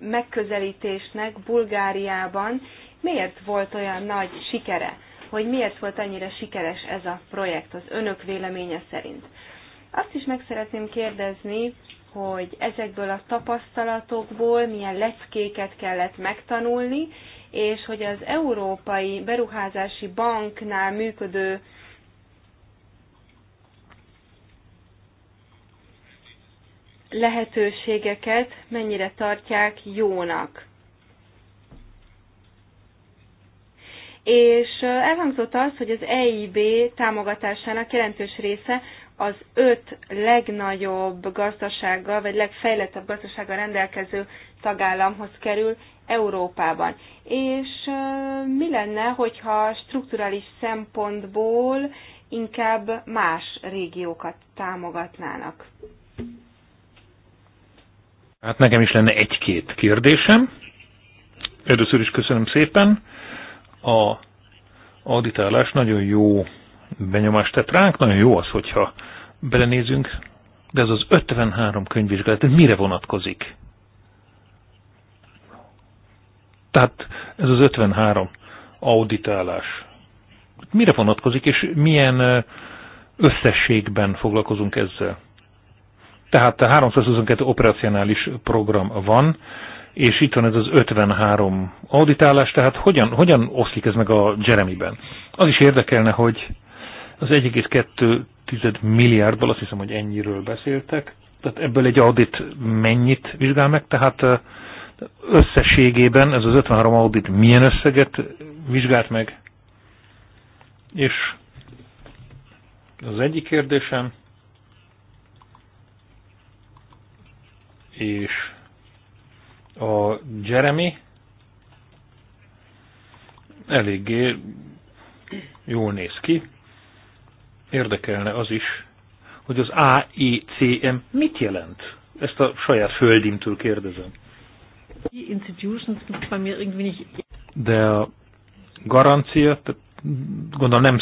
megközelítésnek Bulgáriában miért volt olyan nagy sikere, hogy miért volt annyira sikeres ez a projekt az önök véleménye szerint. Azt is meg szeretném kérdezni, hogy ezekből a tapasztalatokból milyen leckéket kellett megtanulni, és hogy az Európai Beruházási Banknál működő lehetőségeket mennyire tartják jónak. És elhangzott az, hogy az EIB támogatásának jelentős része az öt legnagyobb gazdasággal, vagy legfejlettebb gazdasággal rendelkező tagállamhoz kerül Európában. És mi lenne, hogyha strukturális szempontból inkább más régiókat támogatnának? Hát nekem is lenne egy-két kérdésem. Először is köszönöm szépen. A auditálás nagyon jó benyomást tett ránk, nagyon jó az, hogyha belenézünk, de ez az 53 könyvvizsgálat, ez mire vonatkozik? Tehát ez az 53 auditálás. Mire vonatkozik, és milyen összességben foglalkozunk ezzel? Tehát 322 operacionális program van, és itt van ez az 53 auditálás, tehát hogyan, hogyan oszlik ez meg a Jeremy-ben? Az is érdekelne, hogy az 1,2 milliárdból, azt hiszem, hogy ennyiről beszéltek, tehát ebből egy audit mennyit vizsgál meg, tehát összességében ez az 53 audit milyen összeget vizsgált meg? És az egyik kérdésem, és a Jeremy eléggé jól néz ki. Érdekelne az is, hogy az AECM mit jelent? Ezt a saját földimtől kérdezem. De a garancia, gondolom nem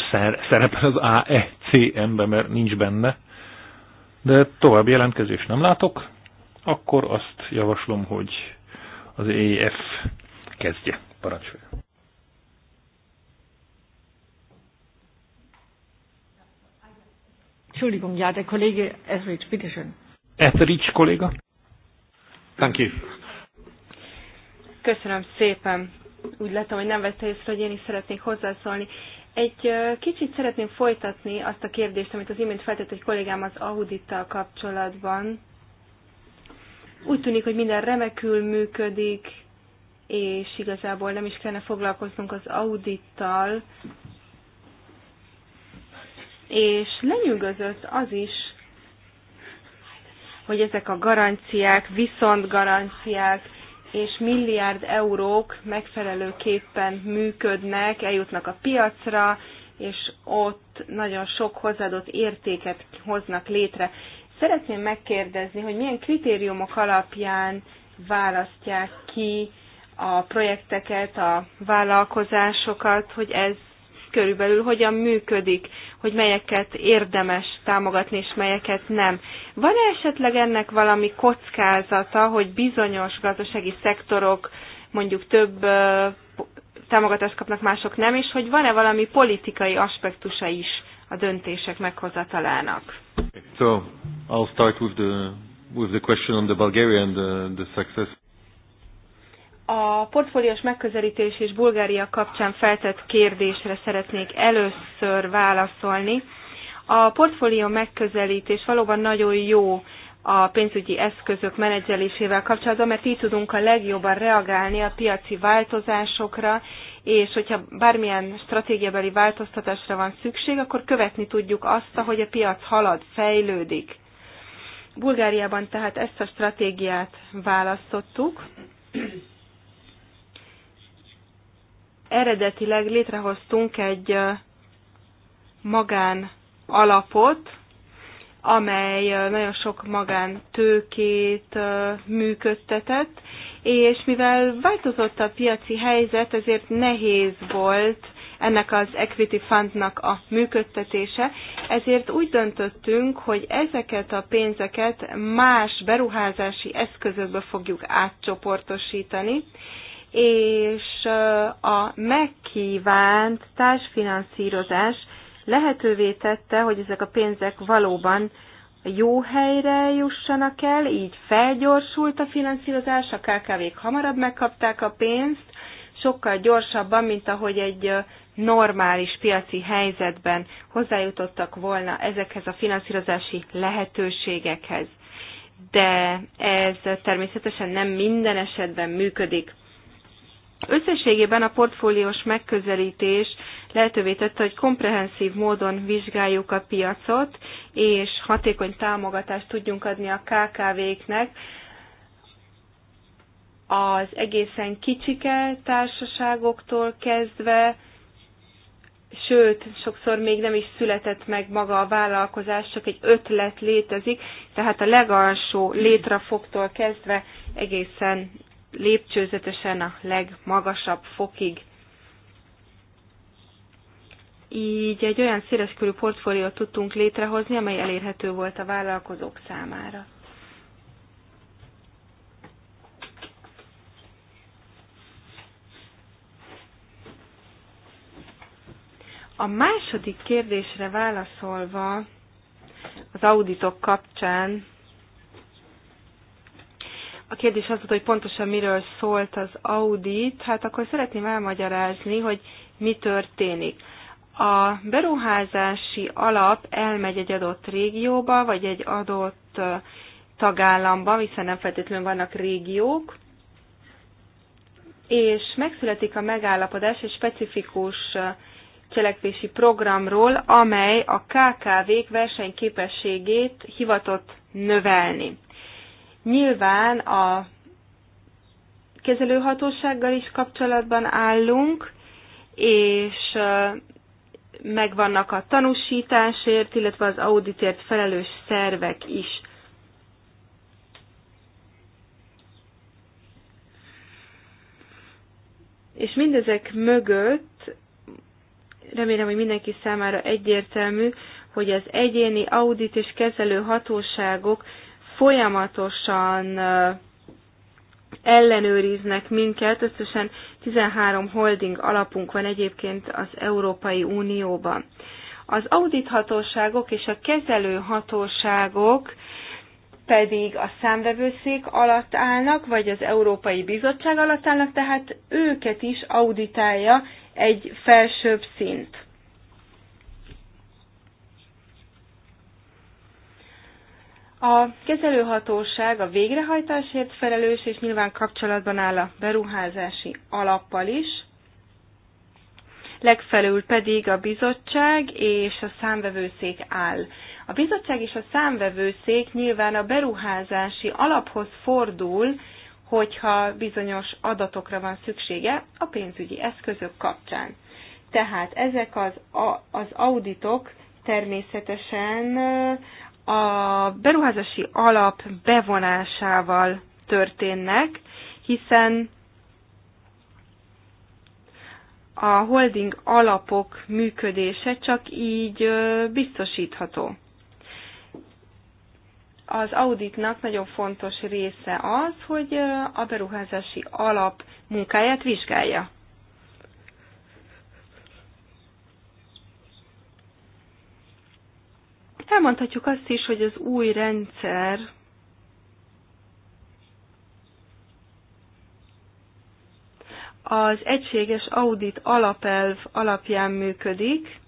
szerepel az AECM-ben, mert nincs benne, de további jelentkezést nem látok akkor azt javaslom, hogy az EF e kezdje. Parancsolja. Entschuldigung, ja, der Kollege Etheridge, bitteschön. Etheridge Kollege. Thank you. Köszönöm szépen. Úgy látom, hogy nem vette észre, hogy én is szeretnék hozzászólni. Egy kicsit szeretném folytatni azt a kérdést, amit az imént feltett egy kollégám az audittal kapcsolatban. Úgy tűnik, hogy minden remekül működik, és igazából nem is kellene foglalkoznunk az audittal, és lenyűgözött az is, hogy ezek a garanciák, viszont garanciák és milliárd eurók megfelelőképpen működnek, eljutnak a piacra, és ott nagyon sok hozzáadott értéket hoznak létre. Szeretném megkérdezni, hogy milyen kritériumok alapján választják ki a projekteket, a vállalkozásokat, hogy ez körülbelül hogyan működik, hogy melyeket érdemes támogatni, és melyeket nem. van -e esetleg ennek valami kockázata, hogy bizonyos gazdasági szektorok mondjuk több támogatást kapnak, mások nem, és hogy van-e valami politikai aspektusa is a döntések meghozatalának. So, I'll start with the, with the question on the Bulgaria and the, the success. A portfóliós megközelítés és Bulgária kapcsán feltett kérdésre szeretnék először válaszolni. A portfólió megközelítés valóban nagyon jó a pénzügyi eszközök menedzselésével kapcsolatban, mert így tudunk a legjobban reagálni a piaci változásokra és hogyha bármilyen stratégiabeli változtatásra van szükség, akkor követni tudjuk azt, hogy a piac halad, fejlődik. Bulgáriában tehát ezt a stratégiát választottuk. Eredetileg létrehoztunk egy magán alapot, amely nagyon sok magán tőkét működtetett, és mivel változott a piaci helyzet, ezért nehéz volt ennek az equity fundnak a működtetése, ezért úgy döntöttünk, hogy ezeket a pénzeket más beruházási eszközökbe fogjuk átcsoportosítani, és a megkívánt társfinanszírozás lehetővé tette, hogy ezek a pénzek valóban jó helyre jussanak el, így felgyorsult a finanszírozás, a KKV-k hamarabb megkapták a pénzt, sokkal gyorsabban, mint ahogy egy normális piaci helyzetben hozzájutottak volna ezekhez a finanszírozási lehetőségekhez. De ez természetesen nem minden esetben működik. Összességében a portfóliós megközelítés lehetővé tette, hogy komprehenszív módon vizsgáljuk a piacot, és hatékony támogatást tudjunk adni a KKV-knek, az egészen kicsike társaságoktól kezdve, sőt, sokszor még nem is született meg maga a vállalkozás, csak egy ötlet létezik, tehát a legalsó létrafoktól kezdve egészen lépcsőzetesen a legmagasabb fokig. Így egy olyan széleskörű portfóliót tudtunk létrehozni, amely elérhető volt a vállalkozók számára. A második kérdésre válaszolva az auditok kapcsán a kérdés az volt, hogy pontosan miről szólt az audit, hát akkor szeretném elmagyarázni, hogy mi történik. A beruházási alap elmegy egy adott régióba, vagy egy adott tagállamba, hiszen nem feltétlenül vannak régiók, és megszületik a megállapodás egy specifikus cselekvési programról, amely a KKV-k versenyképességét hivatott növelni. Nyilván a kezelőhatósággal is kapcsolatban állunk, és megvannak a tanúsításért, illetve az auditért felelős szervek is. És mindezek mögött, remélem, hogy mindenki számára egyértelmű, hogy az egyéni audit és kezelő hatóságok folyamatosan ellenőriznek minket, összesen 13 holding alapunk van egyébként az Európai Unióban. Az hatóságok és a kezelő hatóságok pedig a számvevőszék alatt állnak, vagy az Európai Bizottság alatt állnak, tehát őket is auditálja egy felsőbb szint. A kezelőhatóság a végrehajtásért felelős, és nyilván kapcsolatban áll a beruházási alappal is, legfelül pedig a bizottság és a számvevőszék áll. A bizottság és a számvevőszék nyilván a beruházási alaphoz fordul, hogyha bizonyos adatokra van szüksége a pénzügyi eszközök kapcsán. Tehát ezek az, az auditok természetesen a beruházási alap bevonásával történnek, hiszen a holding alapok működése csak így biztosítható. Az auditnak nagyon fontos része az, hogy a beruházási alap munkáját vizsgálja. Elmondhatjuk azt is, hogy az új rendszer az egységes audit alapelv alapján működik.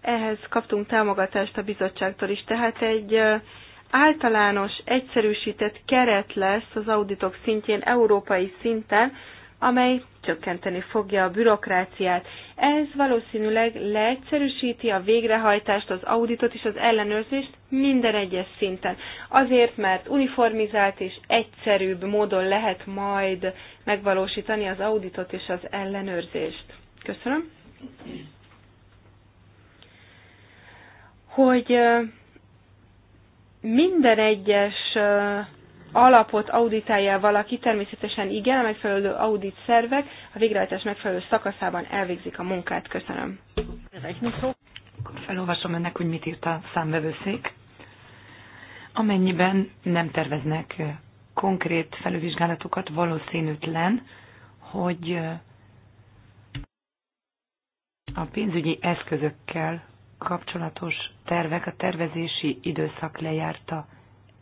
Ehhez kaptunk támogatást a bizottságtól is. Tehát egy általános, egyszerűsített keret lesz az auditok szintjén, európai szinten, amely csökkenteni fogja a bürokráciát. Ez valószínűleg leegyszerűsíti a végrehajtást, az auditot és az ellenőrzést minden egyes szinten. Azért, mert uniformizált és egyszerűbb módon lehet majd megvalósítani az auditot és az ellenőrzést. Köszönöm. Hogy minden egyes alapot auditálja valaki, természetesen igen, a megfelelő audit szervek a végrehajtás megfelelő szakaszában elvégzik a munkát. Köszönöm. felolvasom önnek, hogy mit írt a számvevőszék. Amennyiben nem terveznek konkrét felülvizsgálatokat, valószínűtlen, hogy a pénzügyi eszközökkel kapcsolatos tervek a tervezési időszak lejárta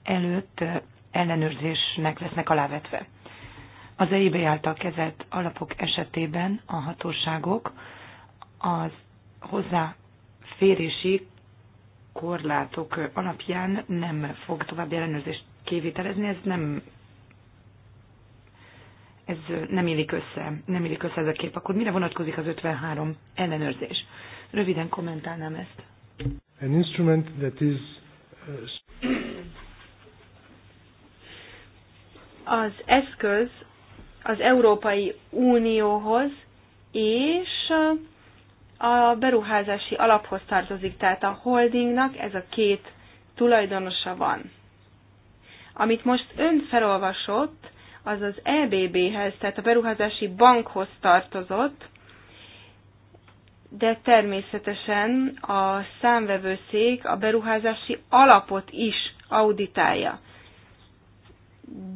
előtt ellenőrzésnek lesznek alávetve. Az EIB által kezelt alapok esetében a hatóságok az hozzáférési korlátok alapján nem fog további ellenőrzést kivitelezni, ez nem ez nem illik össze, nem illik össze ez a kép. Akkor mire vonatkozik az 53 ellenőrzés? Röviden kommentálnám ezt. An instrument that is uh, az eszköz az Európai Unióhoz és a beruházási alaphoz tartozik, tehát a holdingnak ez a két tulajdonosa van. Amit most ön felolvasott, az az EBB-hez, tehát a beruházási bankhoz tartozott, de természetesen a számvevőszék a beruházási alapot is auditálja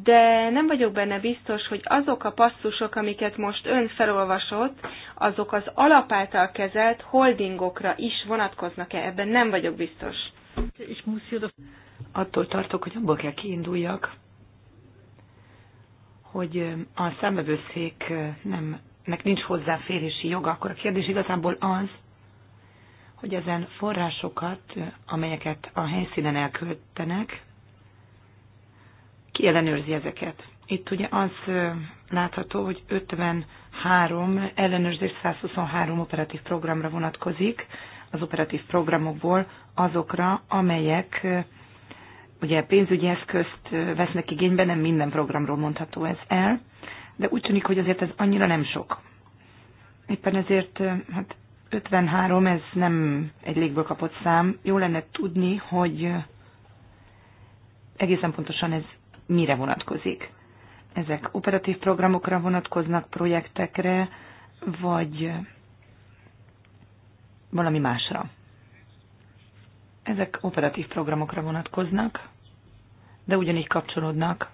de nem vagyok benne biztos, hogy azok a passzusok, amiket most ön felolvasott, azok az alapáltal kezelt holdingokra is vonatkoznak-e, ebben nem vagyok biztos. És Attól tartok, hogy abból kell kiinduljak, hogy a számövőszék nem, nek nincs hozzáférési joga, akkor a kérdés igazából az, hogy ezen forrásokat, amelyeket a helyszínen elköltenek, ki ellenőrzi ezeket? Itt ugye az látható, hogy 53 ellenőrzés 123 operatív programra vonatkozik, az operatív programokból azokra, amelyek ugye pénzügyi eszközt vesznek igénybe, nem minden programról mondható ez el, de úgy tűnik, hogy azért ez annyira nem sok. Éppen ezért hát 53, ez nem egy légből kapott szám. Jó lenne tudni, hogy egészen pontosan ez mire vonatkozik. Ezek operatív programokra vonatkoznak, projektekre, vagy valami másra. Ezek operatív programokra vonatkoznak, de ugyanígy kapcsolódnak,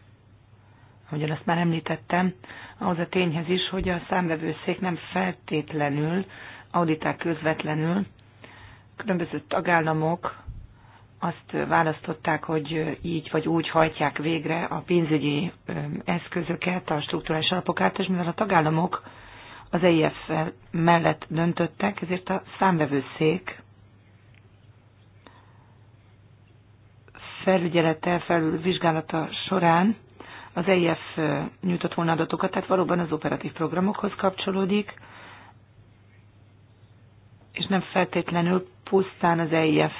ahogyan azt már említettem, ahhoz a tényhez is, hogy a számvevőszék nem feltétlenül auditál közvetlenül, különböző tagállamok azt választották, hogy így vagy úgy hajtják végre a pénzügyi eszközöket, a alapok alapokat, és mivel a tagállamok az EIF mellett döntöttek, ezért a számvevőszék felügyelete, felülvizsgálata során az EIF nyújtott volna adatokat, tehát valóban az operatív programokhoz kapcsolódik, és nem feltétlenül pusztán az EIF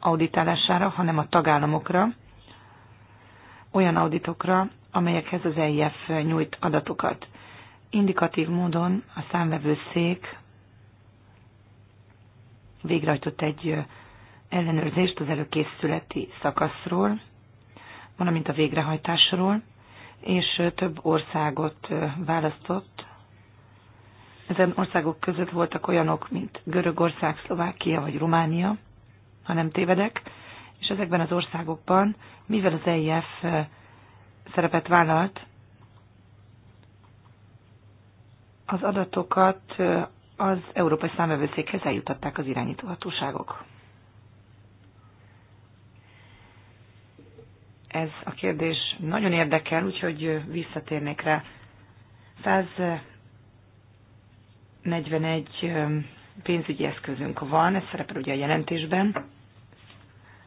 auditálására, hanem a tagállamokra, olyan auditokra, amelyekhez az EIF nyújt adatokat. Indikatív módon a számvevőszék végrehajtott egy ellenőrzést az előkészületi szakaszról, valamint a végrehajtásról, és több országot választott. Ezen országok között voltak olyanok, mint Görögország, Szlovákia vagy Románia, ha nem tévedek, és ezekben az országokban, mivel az EIF szerepet vállalt, az adatokat az Európai Számvevőszékhez eljutatták az irányítóhatóságok. Ez a kérdés nagyon érdekel, úgyhogy visszatérnék rá. 141 pénzügyi eszközünk van, ez szerepel ugye a jelentésben.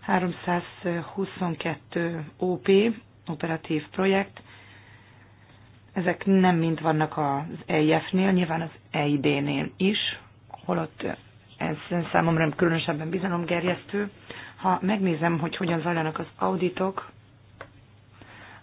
322 OP, operatív projekt, ezek nem mind vannak az EIF-nél, nyilván az eid nél is, holott ez számomra nem különösebben bizalomgerjesztő. Ha megnézem, hogy hogyan zajlanak az auditok,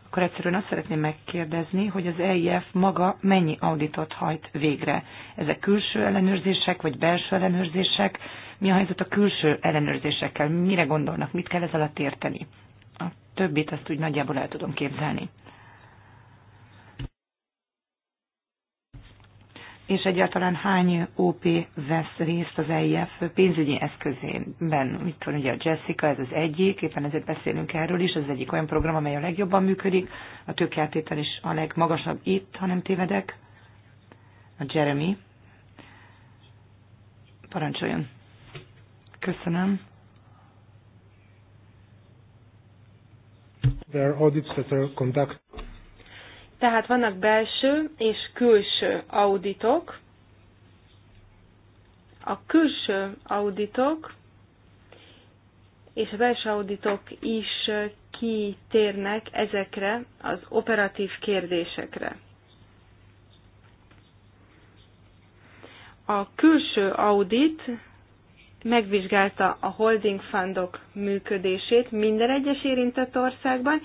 akkor egyszerűen azt szeretném megkérdezni, hogy az EIF maga mennyi auditot hajt végre. Ezek külső ellenőrzések, vagy belső ellenőrzések, mi a helyzet a külső ellenőrzésekkel? Mire gondolnak? Mit kell ez alatt érteni? A többit azt úgy nagyjából el tudom képzelni. és egyáltalán hány OP vesz részt az EIF pénzügyi eszközében? Itt van ugye a Jessica, ez az egyik, éppen ezért beszélünk erről is, ez az egyik olyan program, amely a legjobban működik, a tökéletétel is a legmagasabb itt, ha nem tévedek, a Jeremy. Parancsoljon! Köszönöm. There are audits that are conducted. Tehát vannak belső és külső auditok. A külső auditok és a belső auditok is kitérnek ezekre az operatív kérdésekre. A külső audit megvizsgálta a holding fundok működését minden egyes érintett országban,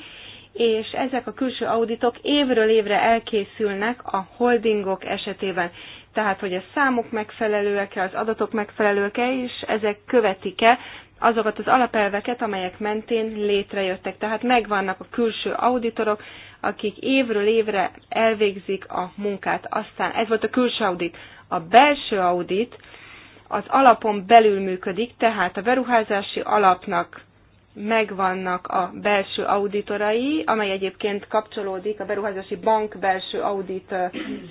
és ezek a külső auditok évről évre elkészülnek a holdingok esetében. Tehát, hogy a számok megfelelőek-e, az adatok megfelelőek-e, és ezek követik-e azokat az alapelveket, amelyek mentén létrejöttek. Tehát megvannak a külső auditorok, akik évről évre elvégzik a munkát. Aztán ez volt a külső audit. A belső audit az alapon belül működik, tehát a beruházási alapnak megvannak a belső auditorai, amely egyébként kapcsolódik a beruházási bank belső audit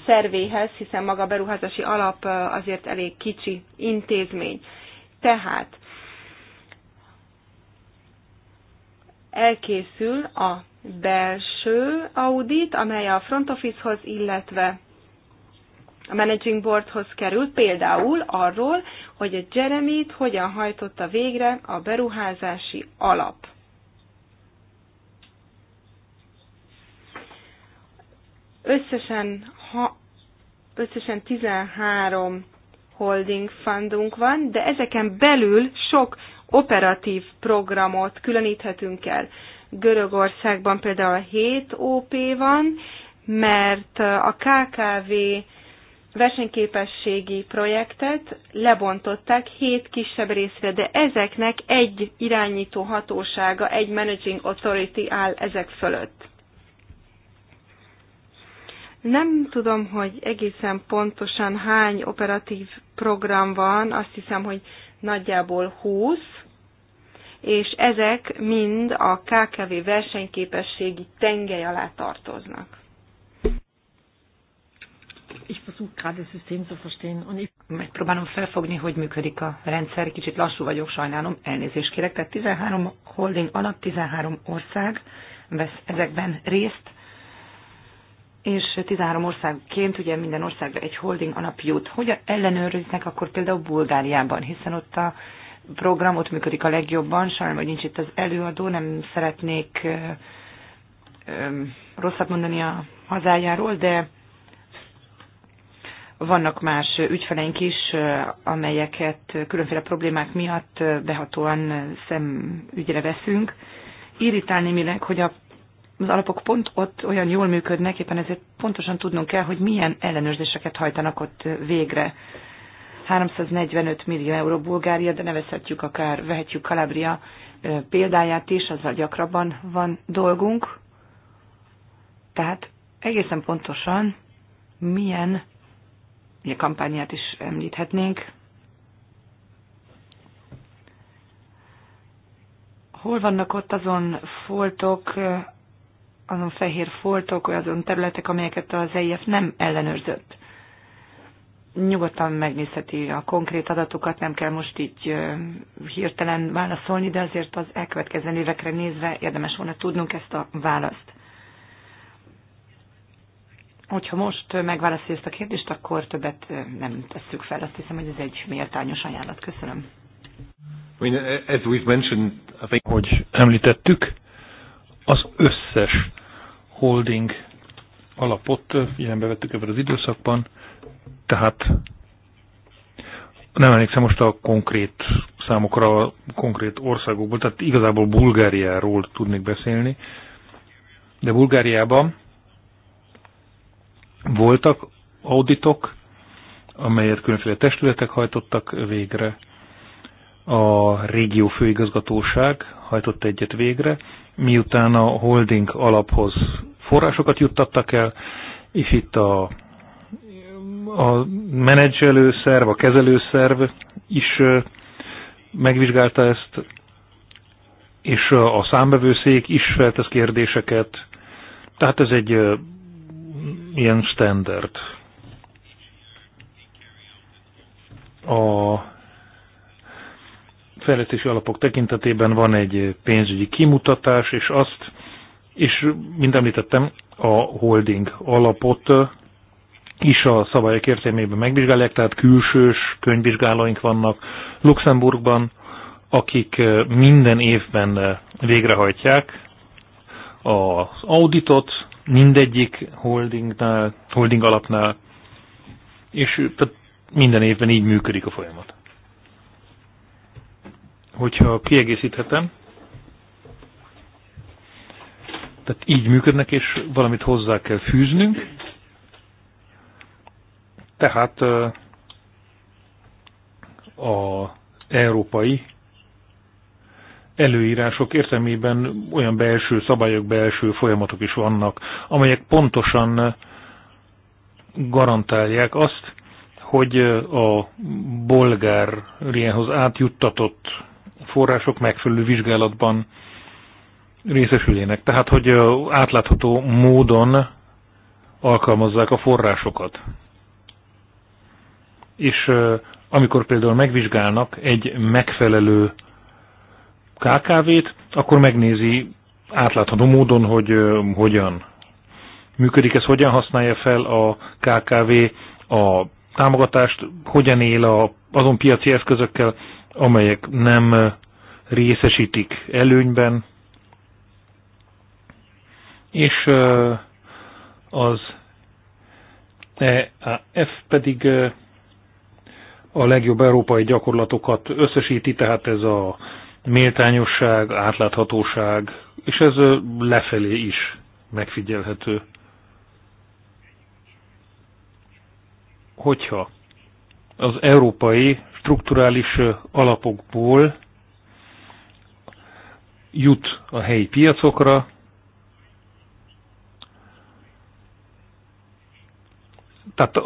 szervéhez, hiszen maga a beruházási alap azért elég kicsi intézmény. Tehát elkészül a belső audit, amely a front office-hoz, illetve a Managing Boardhoz került, például arról, hogy a Jeremy-t hogyan hajtotta végre a beruházási alap. Összesen, ha, összesen 13 holding fundunk van, de ezeken belül sok operatív programot különíthetünk el. Görögországban például 7 OP van, mert a KKV versenyképességi projektet lebontották hét kisebb részre, de ezeknek egy irányító hatósága, egy managing authority áll ezek fölött. Nem tudom, hogy egészen pontosan hány operatív program van, azt hiszem, hogy nagyjából 20, és ezek mind a KKV versenyképességi tengely alá tartoznak ich versuche gerade das System zu verstehen. Und ich Megpróbálom felfogni, hogy működik a rendszer. Kicsit lassú vagyok, sajnálom, elnézést kérek. Tehát 13 holding alatt 13 ország vesz ezekben részt, és 13 országként ugye minden országra egy holding alap jut. Hogy ellenőriznek akkor például Bulgáriában, hiszen ott a program ott működik a legjobban, sajnálom, hogy nincs itt az előadó, nem szeretnék rosszat mondani a hazájáról, de vannak más ügyfeleink is, amelyeket különféle problémák miatt behatóan szemügyre veszünk. Irritálni minek, hogy a az alapok pont ott olyan jól működnek, éppen ezért pontosan tudnunk kell, hogy milyen ellenőrzéseket hajtanak ott végre. 345 millió euró Bulgária, de nevezhetjük akár, vehetjük Calabria példáját is, azzal gyakrabban van dolgunk. Tehát egészen pontosan milyen ugye kampányát is említhetnénk. Hol vannak ott azon foltok, azon fehér foltok, azon területek, amelyeket az EIF nem ellenőrzött? Nyugodtan megnézheti a konkrét adatokat, nem kell most így hirtelen válaszolni, de azért az elkövetkező évekre nézve érdemes volna tudnunk ezt a választ hogyha most megválaszolja ezt a kérdést, akkor többet nem tesszük fel. Azt hiszem, hogy ez egy méltányos ajánlat. Köszönöm. As we've mentioned, I think... Hogy említettük, az összes holding alapot figyelembe vettük ebben az időszakban, tehát nem emlékszem most a konkrét számokra, a konkrét országokból, tehát igazából Bulgáriáról tudnék beszélni, de Bulgáriában voltak auditok, amelyet különféle testületek hajtottak végre. A régió főigazgatóság hajtott egyet végre, miután a holding alaphoz forrásokat juttattak el, és itt a, a menedzselőszerv, a kezelőszerv is megvizsgálta ezt, és a számbevőszék is feltesz kérdéseket. Tehát ez egy ilyen standard. A fejlesztési alapok tekintetében van egy pénzügyi kimutatás, és azt, és mint említettem, a holding alapot is a szabályok értelmében megvizsgálják, tehát külsős könyvvizsgálóink vannak Luxemburgban, akik minden évben végrehajtják az auditot, mindegyik holdingnál, holding alapnál, és tehát minden évben így működik a folyamat. Hogyha kiegészíthetem, tehát így működnek, és valamit hozzá kell fűznünk. Tehát a európai előírások értelmében olyan belső szabályok, belső folyamatok is vannak, amelyek pontosan garantálják azt, hogy a bolgár bolgáriához átjuttatott források megfelelő vizsgálatban részesüljenek. Tehát, hogy átlátható módon alkalmazzák a forrásokat. És eh, amikor például megvizsgálnak egy megfelelő KKV-t, akkor megnézi átlátható módon, hogy hogyan működik ez, hogyan használja fel a KKV a támogatást, hogyan él a, azon piaci eszközökkel, amelyek nem részesítik előnyben, és az EAF pedig a legjobb európai gyakorlatokat összesíti, tehát ez a méltányosság, átláthatóság, és ez lefelé is megfigyelhető. Hogyha az európai strukturális alapokból jut a helyi piacokra, tehát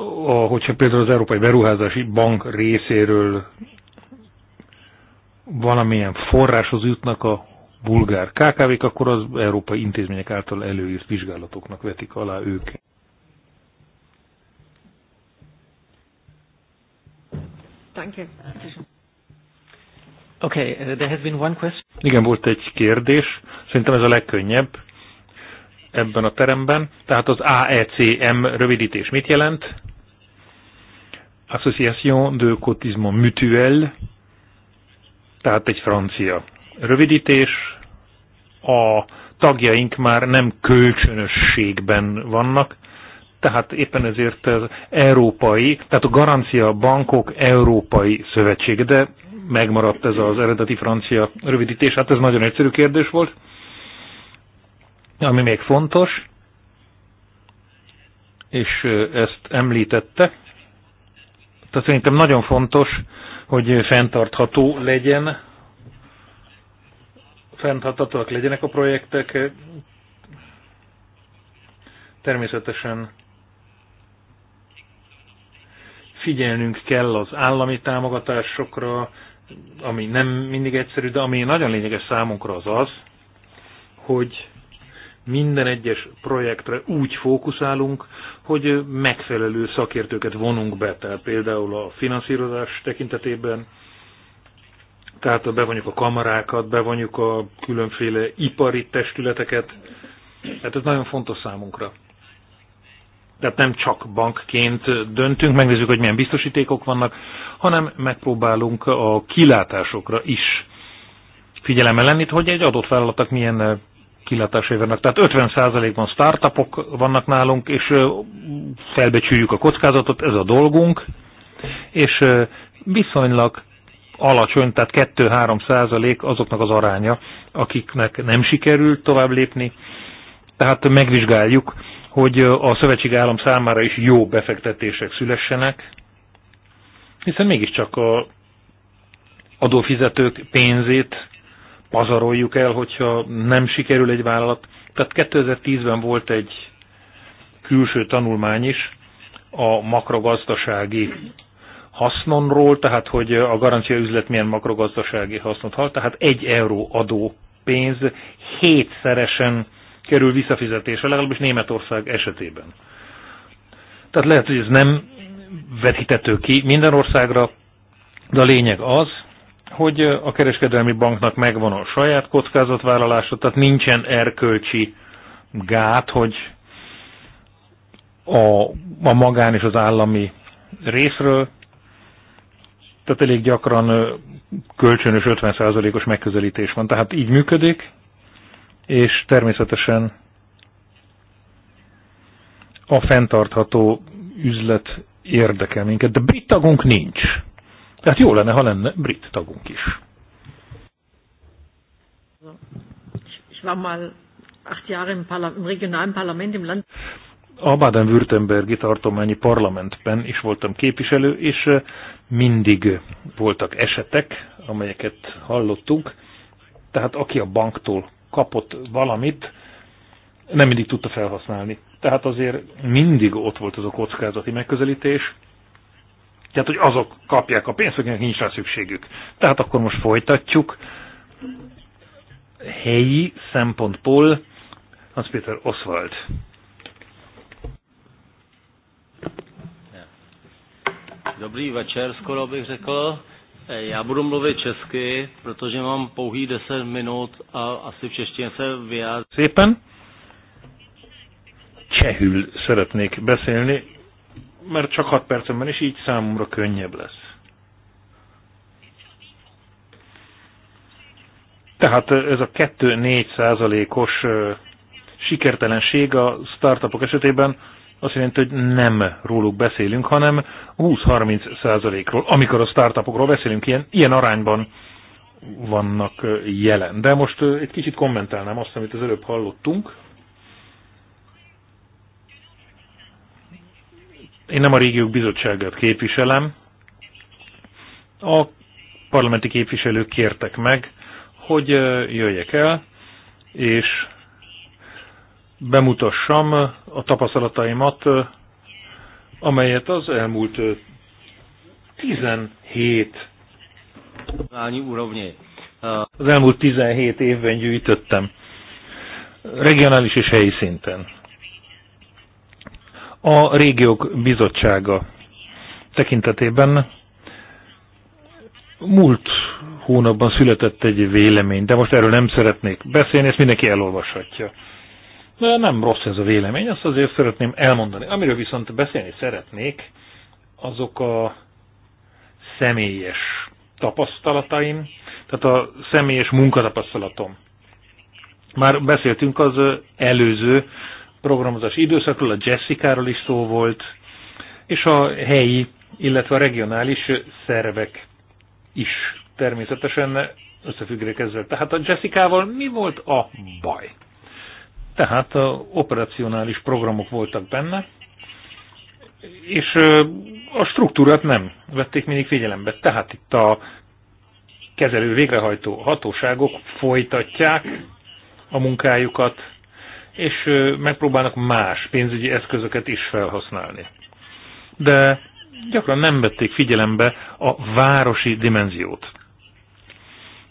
hogyha például az Európai Beruházási Bank részéről valamilyen forráshoz jutnak a bulgár KKV-k, akkor az európai intézmények által előírt vizsgálatoknak vetik alá őket. Okay, uh, there has been one question. Igen, volt egy kérdés. Szerintem ez a legkönnyebb ebben a teremben. Tehát az AECM rövidítés mit jelent? Association de Cotismo Mutuel tehát egy francia rövidítés. A tagjaink már nem kölcsönösségben vannak, tehát éppen ezért az európai, tehát a garancia bankok európai szövetség, de megmaradt ez az eredeti francia rövidítés. Hát ez nagyon egyszerű kérdés volt. Ami még fontos, és ezt említette, tehát szerintem nagyon fontos, hogy fenntartható legyen, fenntarthatóak legyenek a projektek. Természetesen figyelnünk kell az állami támogatásokra, ami nem mindig egyszerű, de ami nagyon lényeges számunkra az az, hogy minden egyes projektre úgy fókuszálunk, hogy megfelelő szakértőket vonunk be, tehát például a finanszírozás tekintetében, tehát bevonjuk a kamarákat, bevonjuk a különféle ipari testületeket, tehát ez nagyon fontos számunkra. Tehát nem csak bankként döntünk, megnézzük, hogy milyen biztosítékok vannak, hanem megpróbálunk a kilátásokra is figyelemmel lenni, hogy egy adott vállalatnak milyen kilátásai vannak. Tehát 50%-ban startupok vannak nálunk, és felbecsüljük a kockázatot, ez a dolgunk, és viszonylag alacsony, tehát 2-3 azoknak az aránya, akiknek nem sikerült tovább lépni. Tehát megvizsgáljuk, hogy a szövetség állam számára is jó befektetések szülessenek, hiszen mégiscsak a adófizetők pénzét pazaroljuk el, hogyha nem sikerül egy vállalat. Tehát 2010-ben volt egy külső tanulmány is a makrogazdasági hasznonról, tehát hogy a garancia üzlet milyen makrogazdasági hasznot hal, tehát egy euró adó pénz hétszeresen kerül visszafizetésre, legalábbis Németország esetében. Tehát lehet, hogy ez nem vetítető ki minden országra, de a lényeg az, hogy a kereskedelmi banknak megvan a saját kockázatvállalása, tehát nincsen erkölcsi gát, hogy a, a magán és az állami részről, tehát elég gyakran kölcsönös 50%-os megközelítés van. Tehát így működik, és természetesen a fenntartható üzlet érdekel minket, de brit tagunk nincs. Tehát jó lenne, ha lenne brit tagunk is. A Baden-Württembergi tartományi parlamentben is voltam képviselő, és eh, mindig voltak esetek, amelyeket hallottunk. Tehát aki a banktól kapott valamit, nem mindig tudta felhasználni. Tehát azért mindig ott volt az a kockázati megközelítés, tehát, hogy azok kapják a pénzt, akinek nincs rá szükségük. Tehát akkor most folytatjuk. Helyi szempontból Hans Peter Oswald. Dobrý večer, skoro bych řekl. Eh, já budu mluvit česky, protože mám pouhý 10 minut a asi v češtině se vyjádřím. Szépen. Csehül szeretnék beszélni, mert csak 6 percem van, és így számomra könnyebb lesz. Tehát ez a 2-4 százalékos sikertelenség a startupok esetében azt jelenti, hogy nem róluk beszélünk, hanem 20-30 százalékról, amikor a startupokról beszélünk, ilyen, ilyen arányban vannak jelen. De most egy kicsit kommentálnám azt, amit az előbb hallottunk. Én nem a régiók bizottságát képviselem. A parlamenti képviselők kértek meg, hogy jöjjek el, és bemutassam a tapasztalataimat, amelyet az elmúlt 17 az elmúlt 17 évben gyűjtöttem regionális és helyi szinten a régiók bizottsága tekintetében múlt hónapban született egy vélemény, de most erről nem szeretnék beszélni, ezt mindenki elolvashatja. De nem rossz ez a vélemény, azt azért szeretném elmondani. Amiről viszont beszélni szeretnék, azok a személyes tapasztalataim, tehát a személyes munkatapasztalatom. Már beszéltünk az előző programozási időszakról, a Jessica-ról is szó volt, és a helyi, illetve a regionális szervek is természetesen összefüggnek ezzel. Tehát a Jessica-val mi volt a baj? Tehát a operacionális programok voltak benne, és a struktúrát nem vették mindig figyelembe. Tehát itt a kezelő végrehajtó hatóságok folytatják a munkájukat, és megpróbálnak más pénzügyi eszközöket is felhasználni. De gyakran nem vették figyelembe a városi dimenziót.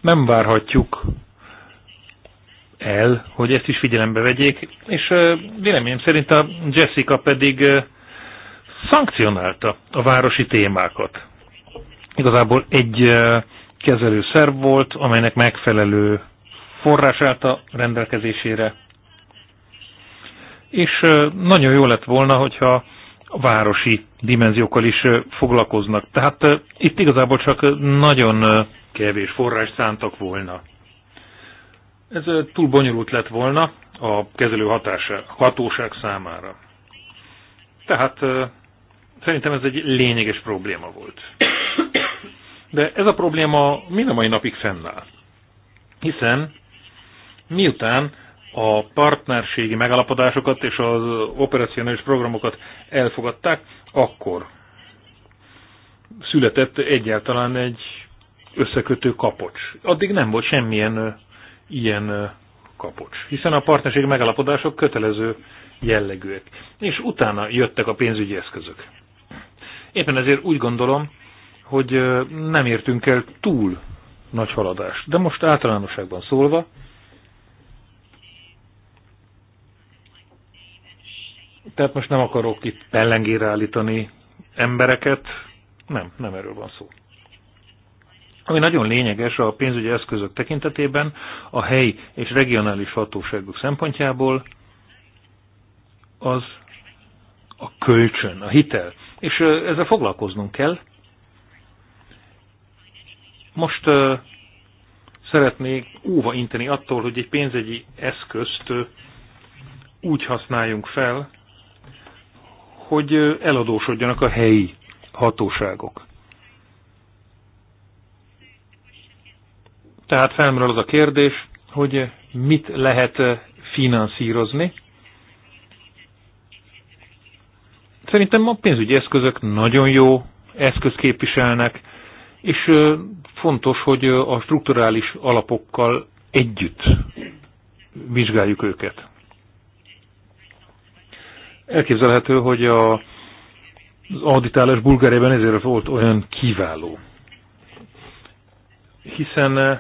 Nem várhatjuk el, hogy ezt is figyelembe vegyék, és véleményem szerint a Jessica pedig szankcionálta a városi témákat. Igazából egy kezelőszerv volt, amelynek megfelelő forrás állt a rendelkezésére, és nagyon jó lett volna, hogyha a városi dimenziókkal is foglalkoznak. Tehát itt igazából csak nagyon kevés forrás szántak volna. Ez túl bonyolult lett volna a kezelő hatása, hatóság számára. Tehát szerintem ez egy lényeges probléma volt. De ez a probléma mind a mai napig fennáll. Hiszen miután a partnerségi megalapodásokat és az operacionális programokat elfogadták, akkor született egyáltalán egy összekötő kapocs. Addig nem volt semmilyen ilyen kapocs, hiszen a partnerségi megalapodások kötelező jellegűek, és utána jöttek a pénzügyi eszközök. Éppen ezért úgy gondolom, hogy nem értünk el túl nagy haladást. De most általánosságban szólva, Tehát most nem akarok itt pellengére állítani embereket, nem, nem erről van szó. Ami nagyon lényeges a pénzügyi eszközök tekintetében, a helyi és regionális hatóságok szempontjából, az a kölcsön, a hitel. És ezzel foglalkoznunk kell. Most uh, szeretnék óva inteni attól, hogy egy pénzügyi eszközt uh, úgy használjunk fel, hogy eladósodjanak a helyi hatóságok. Tehát felmerül az a kérdés, hogy mit lehet finanszírozni. Szerintem a pénzügyi eszközök nagyon jó eszköz képviselnek, és fontos, hogy a strukturális alapokkal együtt vizsgáljuk őket. Elképzelhető, hogy a, az auditálás Bulgáriában ezért volt olyan kiváló. Hiszen eh,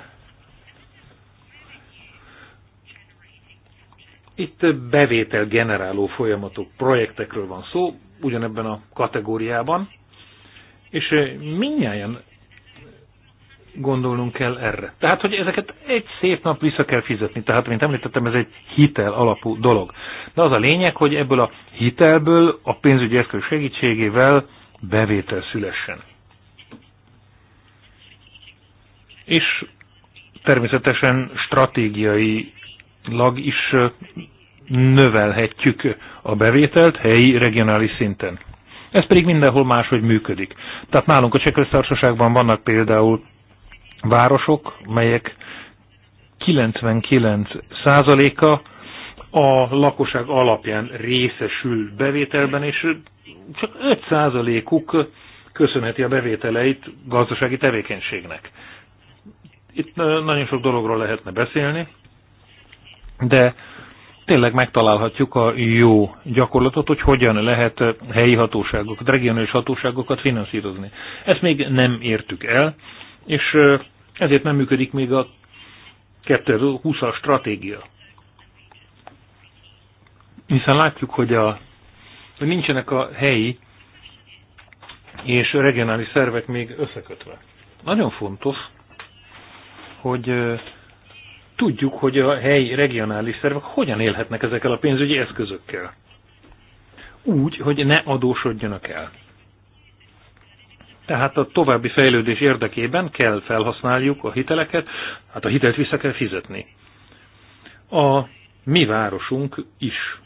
itt bevétel generáló folyamatok, projektekről van szó, ugyanebben a kategóriában, és eh, minnyáján gondolnunk kell erre. Tehát, hogy ezeket egy szép nap vissza kell fizetni. Tehát, mint említettem, ez egy hitel alapú dolog. De az a lényeg, hogy ebből a hitelből a pénzügyi eszköz segítségével bevétel szülessen. És természetesen stratégiai lag is növelhetjük a bevételt helyi, regionális szinten. Ez pedig mindenhol máshogy működik. Tehát nálunk a Csehköztársaságban vannak például városok, melyek 99%-a a lakosság alapján részesül bevételben, és csak 5%-uk köszönheti a bevételeit gazdasági tevékenységnek. Itt nagyon sok dologról lehetne beszélni, de tényleg megtalálhatjuk a jó gyakorlatot, hogy hogyan lehet helyi hatóságokat, regionális hatóságokat finanszírozni. Ezt még nem értük el, és ezért nem működik még a 2020-as stratégia. Hiszen látjuk, hogy, a, hogy nincsenek a helyi és regionális szervek még összekötve. Nagyon fontos, hogy tudjuk, hogy a helyi regionális szervek hogyan élhetnek ezekkel a pénzügyi eszközökkel. Úgy, hogy ne adósodjanak el. Tehát a további fejlődés érdekében kell felhasználjuk a hiteleket, hát a hitelt vissza kell fizetni. A mi városunk is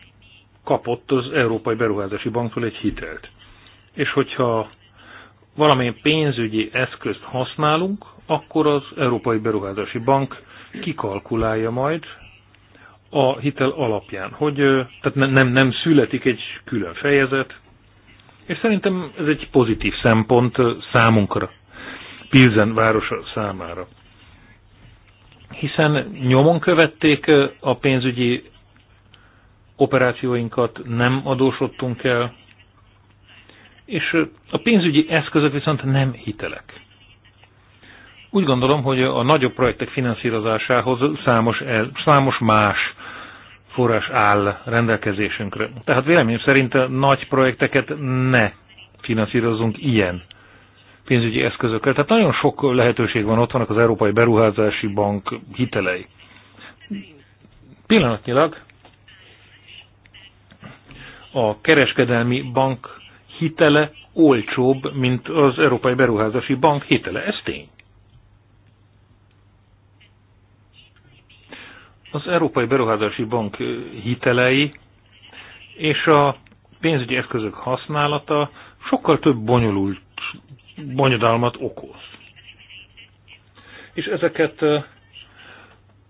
kapott az Európai Beruházási Banktól egy hitelt. És hogyha valamilyen pénzügyi eszközt használunk, akkor az Európai Beruházási Bank kikalkulálja majd a hitel alapján, hogy tehát nem, nem születik egy külön fejezet, és szerintem ez egy pozitív szempont számunkra, Pilzen városa számára. Hiszen nyomon követték a pénzügyi operációinkat, nem adósodtunk el, és a pénzügyi eszközök viszont nem hitelek. Úgy gondolom, hogy a nagyobb projektek finanszírozásához számos, el, számos más forrás áll rendelkezésünkre. Tehát véleményem szerint nagy projekteket ne finanszírozunk ilyen pénzügyi eszközökkel. Tehát nagyon sok lehetőség van, ott vannak az Európai Beruházási Bank hitelei. Pillanatnyilag a kereskedelmi bank hitele olcsóbb, mint az Európai Beruházási Bank hitele. Ez tény. Az Európai Beruházási Bank hitelei és a pénzügyi eszközök használata sokkal több bonyolult, bonyodalmat okoz. És ezeket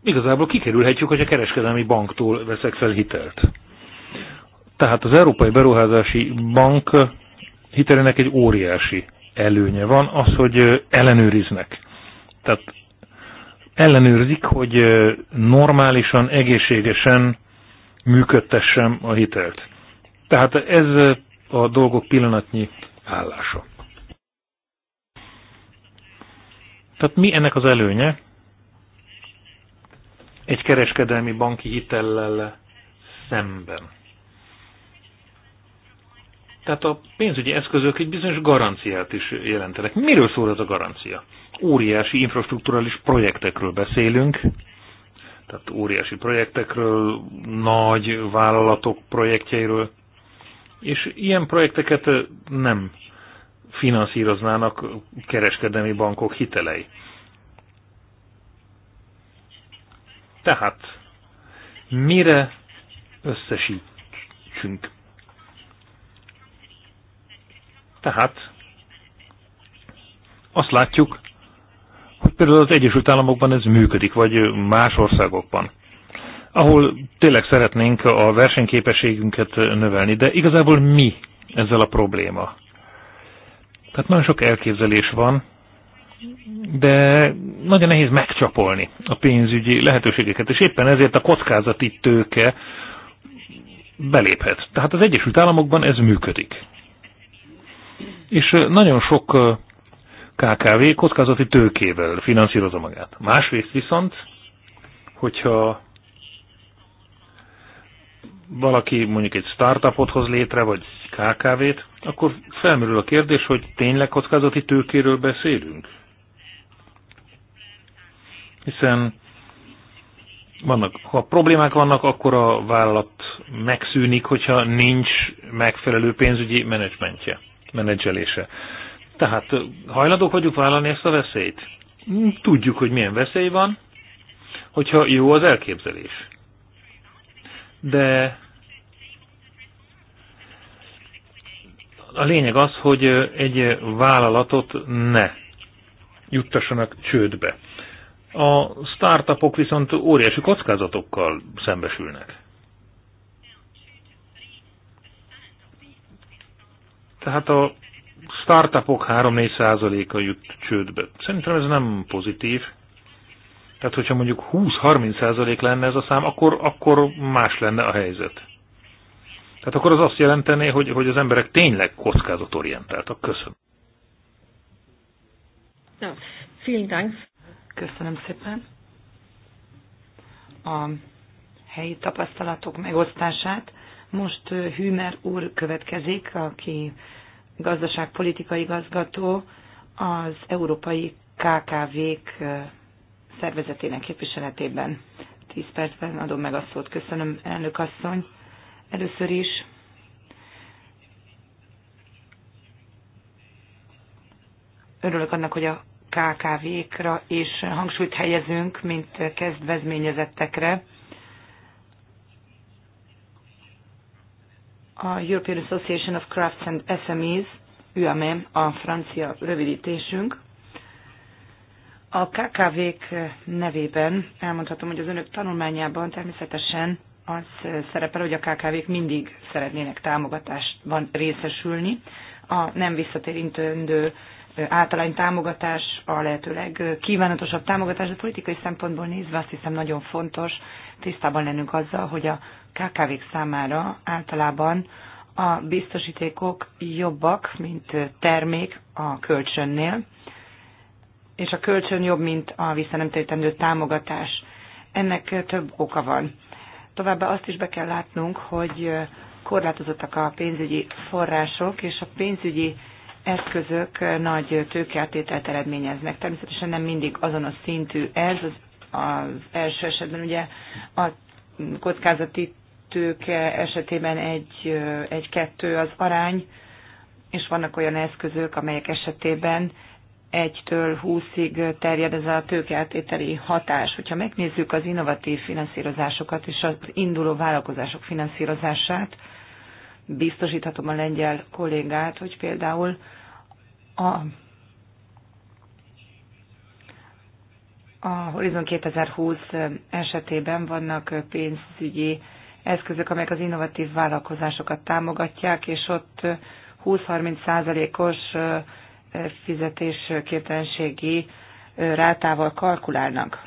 igazából kikerülhetjük, hogy a kereskedelmi banktól veszek fel hitelt. Tehát az Európai Beruházási Bank hitelének egy óriási előnye van, az, hogy ellenőriznek. Tehát ellenőrzik, hogy normálisan, egészségesen működtessem a hitelt. Tehát ez a dolgok pillanatnyi állása. Tehát mi ennek az előnye? Egy kereskedelmi banki hitellel szemben. Tehát a pénzügyi eszközök egy bizonyos garanciát is jelentenek. Miről szól ez a garancia? óriási infrastruktúrális projektekről beszélünk, tehát óriási projektekről, nagy vállalatok projektjeiről, és ilyen projekteket nem finanszíroznának kereskedelmi bankok hitelei. Tehát mire összesítsünk? Tehát azt látjuk, Például az Egyesült Államokban ez működik, vagy más országokban, ahol tényleg szeretnénk a versenyképességünket növelni, de igazából mi ezzel a probléma? Tehát nagyon sok elképzelés van, de nagyon nehéz megcsapolni a pénzügyi lehetőségeket, és éppen ezért a kockázati tőke beléphet. Tehát az Egyesült Államokban ez működik. És nagyon sok KKV kockázati tőkével finanszírozza magát. Másrészt viszont, hogyha valaki mondjuk egy startupot hoz létre, vagy KKV-t, akkor felmerül a kérdés, hogy tényleg kockázati tőkéről beszélünk? Hiszen vannak, ha problémák vannak, akkor a vállalat megszűnik, hogyha nincs megfelelő pénzügyi menedzsmentje, menedzselése. Tehát hajlandók vagyunk vállalni ezt a veszélyt? Hm, tudjuk, hogy milyen veszély van, hogyha jó az elképzelés. De a lényeg az, hogy egy vállalatot ne juttassanak csődbe. A startupok viszont óriási kockázatokkal szembesülnek. Tehát a startupok 3-4 százaléka jut csődbe. Szerintem ez nem pozitív. Tehát, hogyha mondjuk 20-30 százalék lenne ez a szám, akkor, akkor más lenne a helyzet. Tehát akkor az azt jelentené, hogy, hogy az emberek tényleg kockázatorientáltak. Köszönöm. Ja, vielen Dank. Köszönöm szépen. A helyi tapasztalatok megosztását most eh, Hümer úr következik, aki gazdaságpolitikai igazgató az Európai KKV-k szervezetének képviseletében. Tíz percben adom meg a szót. Köszönöm, elnök asszony. Először is örülök annak, hogy a KKV-kra és hangsúlyt helyezünk, mint kezdvezményezettekre a European Association of Crafts and SMEs, UAME a francia rövidítésünk. A KKV-k nevében elmondhatom, hogy az önök tanulmányában természetesen az szerepel, hogy a KKV-k mindig szeretnének támogatásban részesülni. A nem visszatérintő általány támogatás a lehetőleg kívánatosabb támogatás, de politikai szempontból nézve azt hiszem nagyon fontos tisztában lennünk azzal, hogy a KKV-k számára általában a biztosítékok jobbak, mint termék a kölcsönnél, és a kölcsön jobb, mint a visszanemtérítendő támogatás. Ennek több oka van. Továbbá azt is be kell látnunk, hogy korlátozottak a pénzügyi források, és a pénzügyi eszközök nagy tőkeáttételt eredményeznek. Természetesen nem mindig azonos szintű ez, az, az első esetben ugye a kockázati tőke esetében egy, egy-kettő az arány, és vannak olyan eszközök, amelyek esetében egytől húszig terjed ez a tőkeáttételi hatás. Hogyha megnézzük az innovatív finanszírozásokat és az induló vállalkozások finanszírozását, biztosíthatom a lengyel kollégát, hogy például a, a Horizon 2020 esetében vannak pénzügyi eszközök, amelyek az innovatív vállalkozásokat támogatják, és ott 20-30 százalékos fizetésképtelenségi rátával kalkulálnak.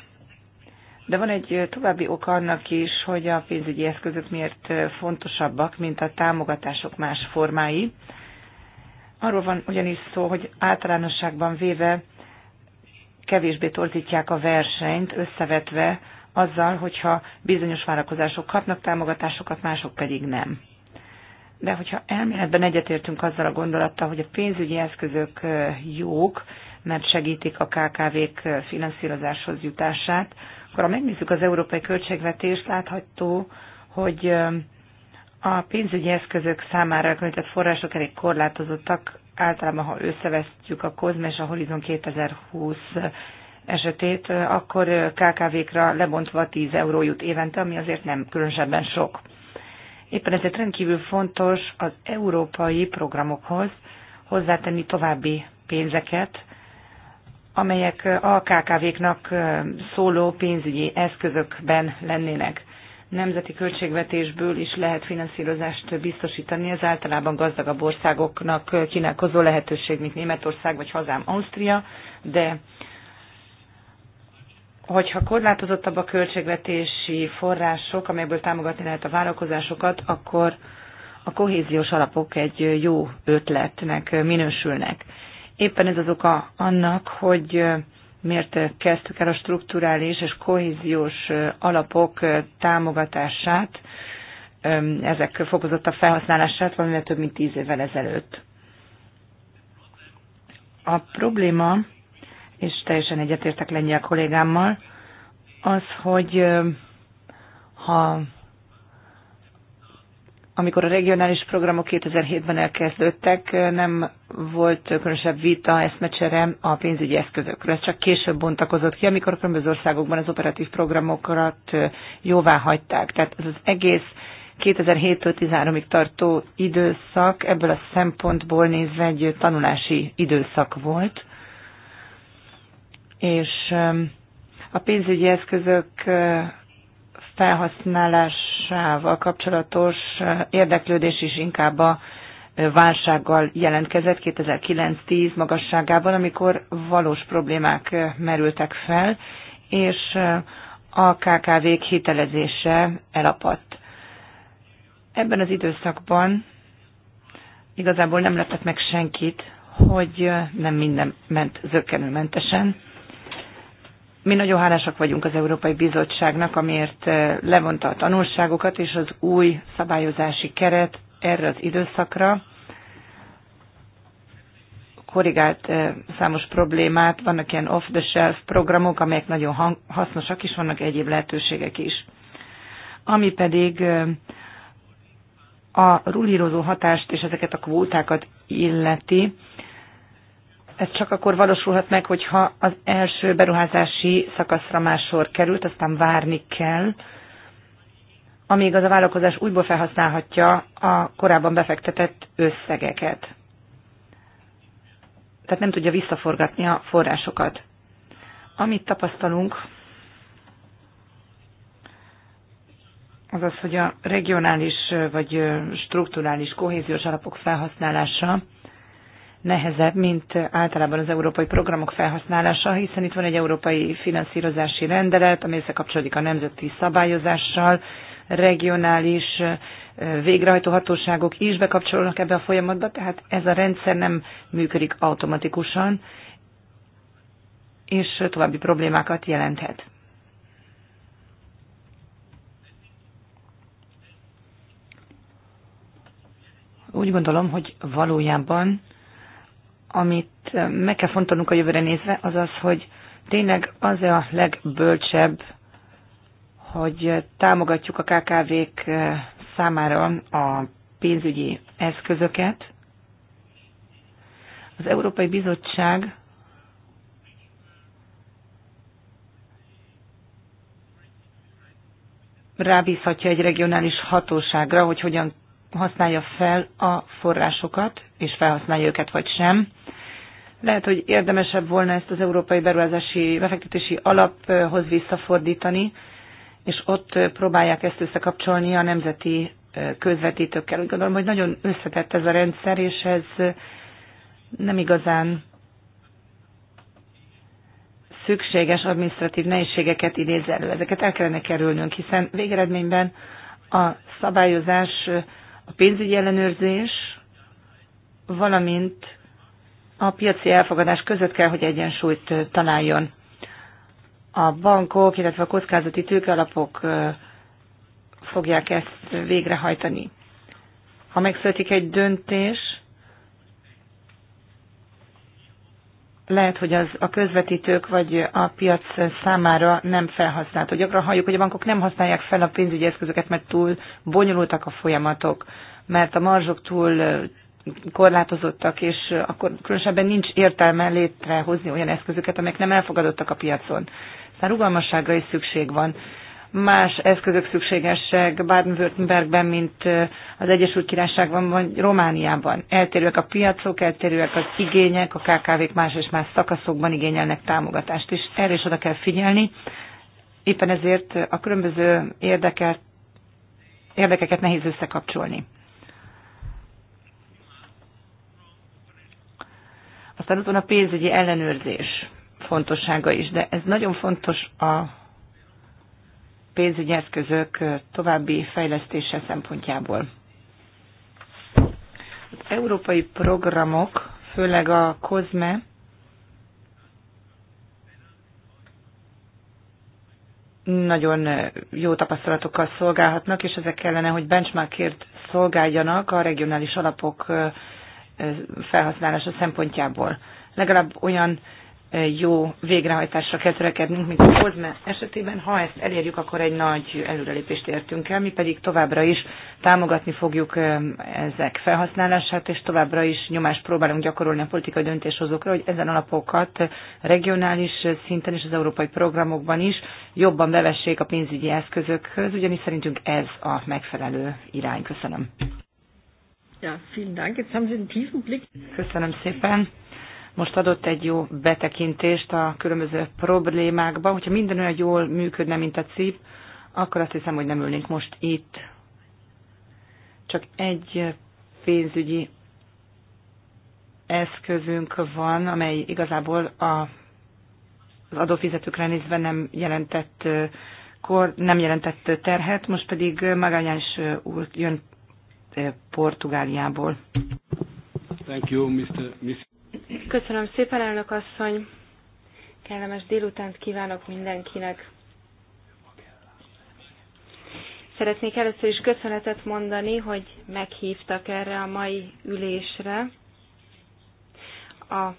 De van egy további ok annak is, hogy a pénzügyi eszközök miért fontosabbak, mint a támogatások más formái. Arról van ugyanis szó, hogy általánosságban véve kevésbé torzítják a versenyt, összevetve azzal, hogyha bizonyos vállalkozások kapnak támogatásokat, mások pedig nem. De hogyha elméletben egyetértünk azzal a gondolattal, hogy a pénzügyi eszközök jók, mert segítik a KKV-k finanszírozáshoz jutását, akkor ha megnézzük az európai költségvetést, látható, hogy a pénzügyi eszközök számára elkülönített források elég korlátozottak, általában ha összevesztjük a COSME és a Horizon 2020 esetét, akkor KKV-kra lebontva 10 euró jut évente, ami azért nem különösebben sok. Éppen ezért rendkívül fontos az európai programokhoz hozzátenni további pénzeket, amelyek a KKV-knak szóló pénzügyi eszközökben lennének. Nemzeti költségvetésből is lehet finanszírozást biztosítani, az általában gazdagabb országoknak kínálkozó lehetőség, mint Németország vagy hazám Ausztria, de hogyha korlátozottabb a költségvetési források, amelyből támogatni lehet a vállalkozásokat, akkor a kohéziós alapok egy jó ötletnek minősülnek. Éppen ez az oka annak, hogy miért kezdtük el a strukturális és kohéziós alapok támogatását, ezek fokozottabb felhasználását valamivel több mint tíz évvel ezelőtt. A probléma, és teljesen egyetértek lengyel kollégámmal, az, hogy ha amikor a regionális programok 2007-ben elkezdődtek, nem volt különösebb vita, eszmecsere a pénzügyi eszközökről. Ez csak később bontakozott ki, amikor a különböző országokban az operatív programokat jóvá hagyták. Tehát ez az egész 2007-től 13-ig tartó időszak ebből a szempontból nézve egy tanulási időszak volt. És a pénzügyi eszközök felhasználás hatásával kapcsolatos érdeklődés is inkább a válsággal jelentkezett 2009-10 magasságában, amikor valós problémák merültek fel, és a KKV-k hitelezése elapadt. Ebben az időszakban igazából nem lepett meg senkit, hogy nem minden ment zökkenőmentesen, mi nagyon hálásak vagyunk az Európai Bizottságnak, amiért eh, levonta a tanulságokat, és az új szabályozási keret erre az időszakra korrigált eh, számos problémát, vannak ilyen off-the-shelf programok, amelyek nagyon hasznosak is, vannak egyéb lehetőségek is. Ami pedig eh, a rulírozó hatást és ezeket a kvótákat illeti, ez csak akkor valósulhat meg, hogyha az első beruházási szakaszra már sor került, aztán várni kell, amíg az a vállalkozás újból felhasználhatja a korábban befektetett összegeket. Tehát nem tudja visszaforgatni a forrásokat. Amit tapasztalunk, az az, hogy a regionális vagy strukturális kohéziós alapok felhasználása nehezebb, mint általában az európai programok felhasználása, hiszen itt van egy európai finanszírozási rendelet, ami összekapcsolódik a nemzeti szabályozással, regionális végrehajtó hatóságok is bekapcsolódnak ebbe a folyamatba, tehát ez a rendszer nem működik automatikusan, és további problémákat jelenthet. Úgy gondolom, hogy valójában amit meg kell fontolnunk a jövőre nézve, az az, hogy tényleg az a legbölcsebb, hogy támogatjuk a KKV-k számára a pénzügyi eszközöket. Az Európai Bizottság rábízhatja egy regionális hatóságra, hogy hogyan használja fel a forrásokat, és felhasználja őket vagy sem. Lehet, hogy érdemesebb volna ezt az Európai Beruházási Befektetési Alaphoz visszafordítani, és ott próbálják ezt összekapcsolni a nemzeti közvetítőkkel. Úgy gondolom, hogy nagyon összetett ez a rendszer, és ez nem igazán szükséges administratív nehézségeket idéz elő. Ezeket el kellene kerülnünk, hiszen végeredményben a szabályozás, a pénzügyi ellenőrzés, valamint a piaci elfogadás között kell, hogy egyensúlyt találjon. A bankok, illetve a kockázati tőkealapok fogják ezt végrehajtani. Ha megszületik egy döntés, lehet, hogy az a közvetítők vagy a piac számára nem Hogy Gyakran halljuk, hogy a bankok nem használják fel a pénzügyi eszközöket, mert túl bonyolultak a folyamatok, mert a marzsok túl korlátozottak, és akkor különösebben nincs értelme létrehozni olyan eszközöket, amelyek nem elfogadottak a piacon. Szóval rugalmasságra is szükség van. Más eszközök szükségesek Baden-Württembergben, mint az Egyesült Királyságban vagy Romániában. Eltérőek a piacok, eltérőek az igények, a KKV-k más és más szakaszokban igényelnek támogatást, és erre is oda kell figyelni. Éppen ezért a különböző érdeket, érdekeket nehéz összekapcsolni. Aztán ott van a pénzügyi ellenőrzés fontossága is, de ez nagyon fontos a pénzügyi eszközök további fejlesztése szempontjából. Az európai programok, főleg a COSME, nagyon jó tapasztalatokkal szolgálhatnak, és ezek kellene, hogy benchmarkért szolgáljanak a regionális alapok felhasználása szempontjából. Legalább olyan jó végrehajtásra kell törekednünk, mint a Kozme esetében. Ha ezt elérjük, akkor egy nagy előrelépést értünk el, mi pedig továbbra is támogatni fogjuk ezek felhasználását, és továbbra is nyomást próbálunk gyakorolni a politikai döntéshozókra, hogy ezen alapokat regionális szinten és az európai programokban is jobban bevessék a pénzügyi eszközökhöz, ugyanis szerintünk ez a megfelelő irány. Köszönöm. Ja, vielen Dank. Jetzt haben Sie einen tiefen Blick. Köszönöm szépen. Most adott egy jó betekintést a különböző problémákba. Hogyha minden olyan jól működne, mint a CIP, akkor azt hiszem, hogy nem ülnénk most itt. Csak egy pénzügyi eszközünk van, amely igazából a, az adófizetőkre nézve nem jelentett, kor, nem jelentett terhet, most pedig Magányás úr jön Portugáliából. Thank you, Mr. Mr. Köszönöm szépen, elnök asszony. Kellemes délutánt kívánok mindenkinek. Szeretnék először is köszönetet mondani, hogy meghívtak erre a mai ülésre. A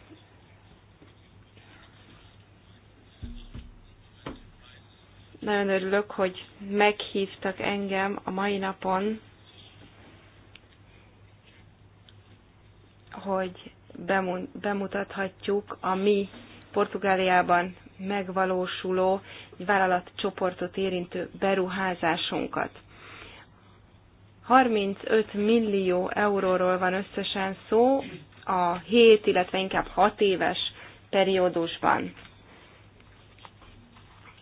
Nagyon örülök, hogy meghívtak engem a mai napon hogy bemutathatjuk a mi Portugáliában megvalósuló egy vállalatcsoportot érintő beruházásunkat. 35 millió euróról van összesen szó a 7, illetve inkább 6 éves periódusban.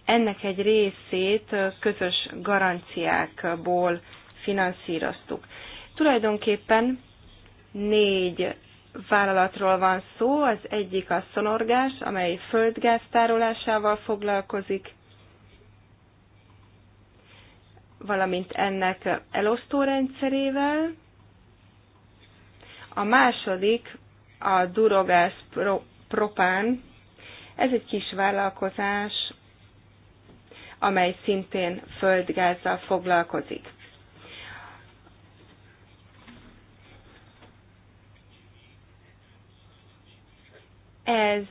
Ennek egy részét közös garanciákból finanszíroztuk. Tulajdonképpen négy vállalatról van szó, az egyik a Szonorgás, amely földgáz tárolásával foglalkozik, valamint ennek elosztórendszerével. A második a durogás Propán, ez egy kis vállalkozás, amely szintén földgázzal foglalkozik. Ez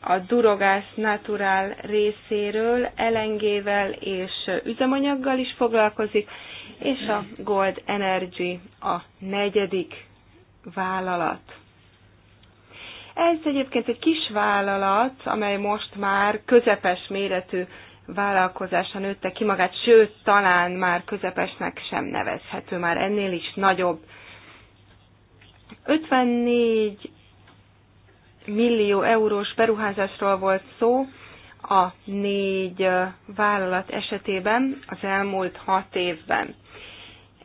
a durogás Natural részéről elengével és üzemanyaggal is foglalkozik, és a Gold Energy a negyedik vállalat. Ez egyébként egy kis vállalat, amely most már közepes méretű vállalkozása nőtte ki magát, sőt, talán már közepesnek sem nevezhető, már ennél is nagyobb 54 millió eurós beruházásról volt szó a négy vállalat esetében az elmúlt hat évben.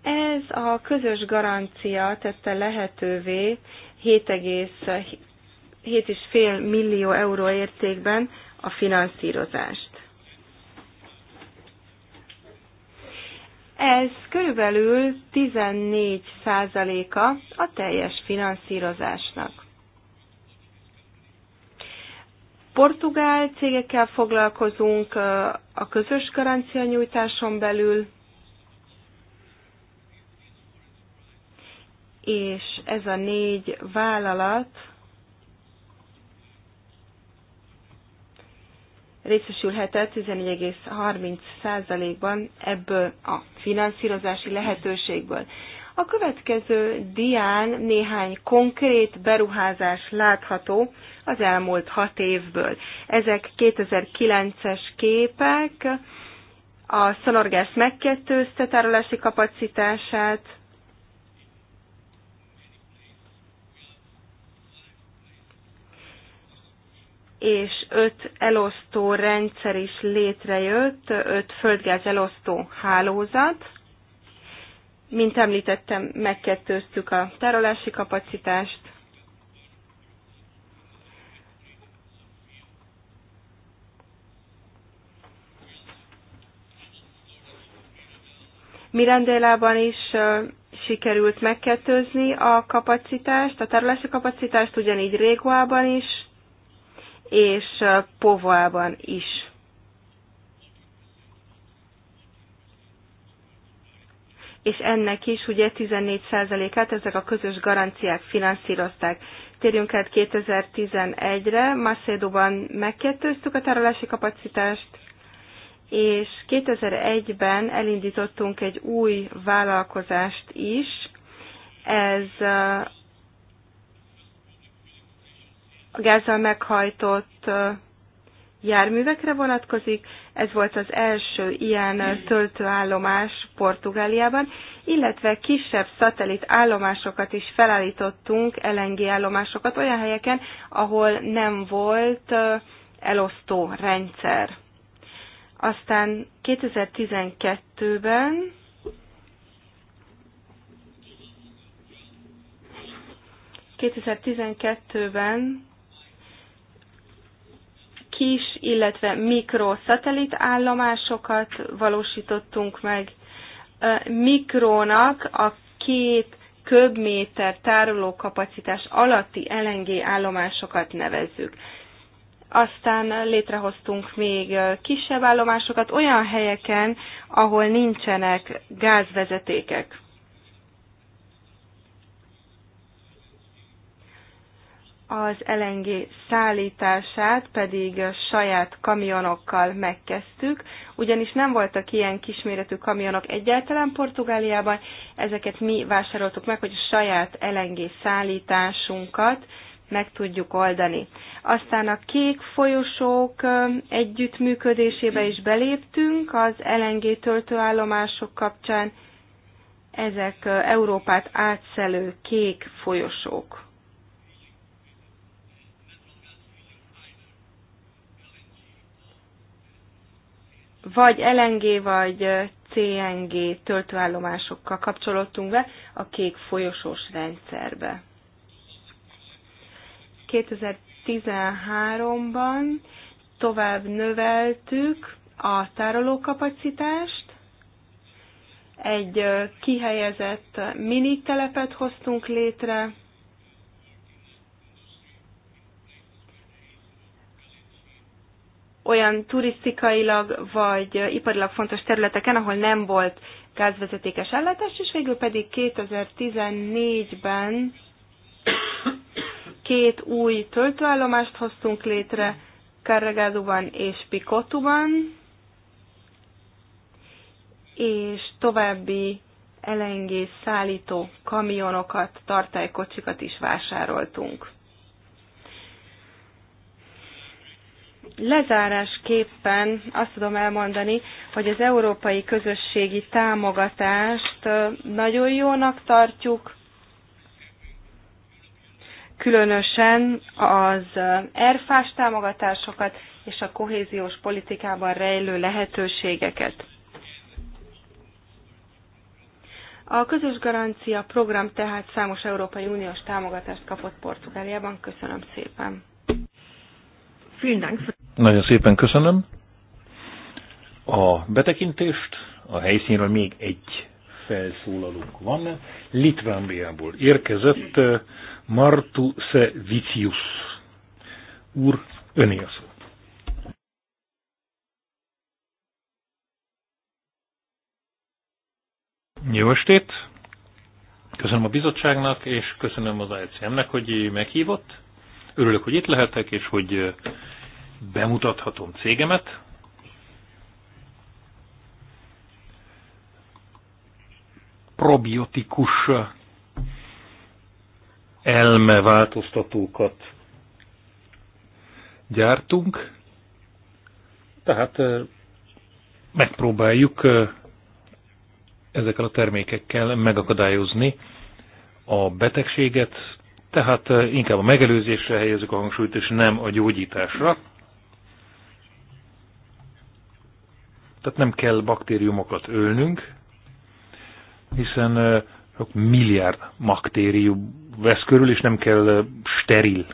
Ez a közös garancia tette lehetővé 7,5 millió euró értékben a finanszírozást. Ez körülbelül 14%-a a teljes finanszírozásnak. Portugál cégekkel foglalkozunk a közös garancia nyújtáson belül, és ez a négy vállalat részesülhetett 11,30%-ban ebből a finanszírozási lehetőségből. A következő dián néhány konkrét beruházás látható az elmúlt hat évből. Ezek 2009-es képek, a megkettőzte tárolási kapacitását, és öt elosztó rendszer is létrejött, öt földgáz elosztó hálózat. Mint említettem, megkettőztük a tárolási kapacitást, Mirandélában is sikerült megkettőzni a kapacitást, a tárolási kapacitást, ugyanígy Réguában is, és Povoában is. És ennek is ugye 14%-át ezek a közös garanciák finanszírozták. Térjünk át 2011-re, Macedóban megkettőztük a tárolási kapacitást, és 2001-ben elindítottunk egy új vállalkozást is, ez a gázzal meghajtott járművekre vonatkozik. Ez volt az első ilyen töltőállomás Portugáliában, illetve kisebb szatellit állomásokat is felállítottunk, LNG állomásokat olyan helyeken, ahol nem volt elosztó rendszer. Aztán 2012-ben ...2012-ben kis, illetve mikroszatellit állomásokat valósítottunk meg. Mikrónak a két köbméter tárolókapacitás alatti LNG állomásokat nevezzük. Aztán létrehoztunk még kisebb állomásokat olyan helyeken, ahol nincsenek gázvezetékek. az LNG szállítását pedig saját kamionokkal megkezdtük, ugyanis nem voltak ilyen kisméretű kamionok egyáltalán Portugáliában, ezeket mi vásároltuk meg, hogy a saját LNG szállításunkat meg tudjuk oldani. Aztán a kék folyosók együttműködésébe is beléptünk az LNG töltőállomások kapcsán. Ezek Európát átszelő kék folyosók. vagy LNG, vagy CNG töltőállomásokkal kapcsolódtunk be a kék folyosós rendszerbe. 2013-ban tovább növeltük a tárolókapacitást, egy kihelyezett mini telepet hoztunk létre, olyan turisztikailag vagy iparilag fontos területeken, ahol nem volt gázvezetékes ellátás, és végül pedig 2014-ben két új töltőállomást hoztunk létre, Carregaduban és Picotuban, és további elengész szállító kamionokat, tartálykocsikat is vásároltunk. Lezárásképpen azt tudom elmondani, hogy az európai közösségi támogatást nagyon jónak tartjuk, különösen az erfás támogatásokat és a kohéziós politikában rejlő lehetőségeket. A közös garancia program tehát számos Európai Uniós támogatást kapott Portugáliában. Köszönöm szépen! Nagyon szépen köszönöm a betekintést. A helyszínről még egy felszólalunk van. Litvánbiából érkezett eh, Martu Vicius. Úr, öné a szó. Jó estét! Köszönöm a bizottságnak, és köszönöm az ICM-nek, hogy meghívott. Örülök, hogy itt lehetek, és hogy bemutathatom cégemet. Probiotikus elmeváltoztatókat gyártunk, tehát megpróbáljuk ezekkel a termékekkel megakadályozni a betegséget, tehát inkább a megelőzésre helyezzük a hangsúlyt, és nem a gyógyításra. Tehát nem kell baktériumokat ölnünk, hiszen sok milliárd baktérium vesz körül, és nem kell steril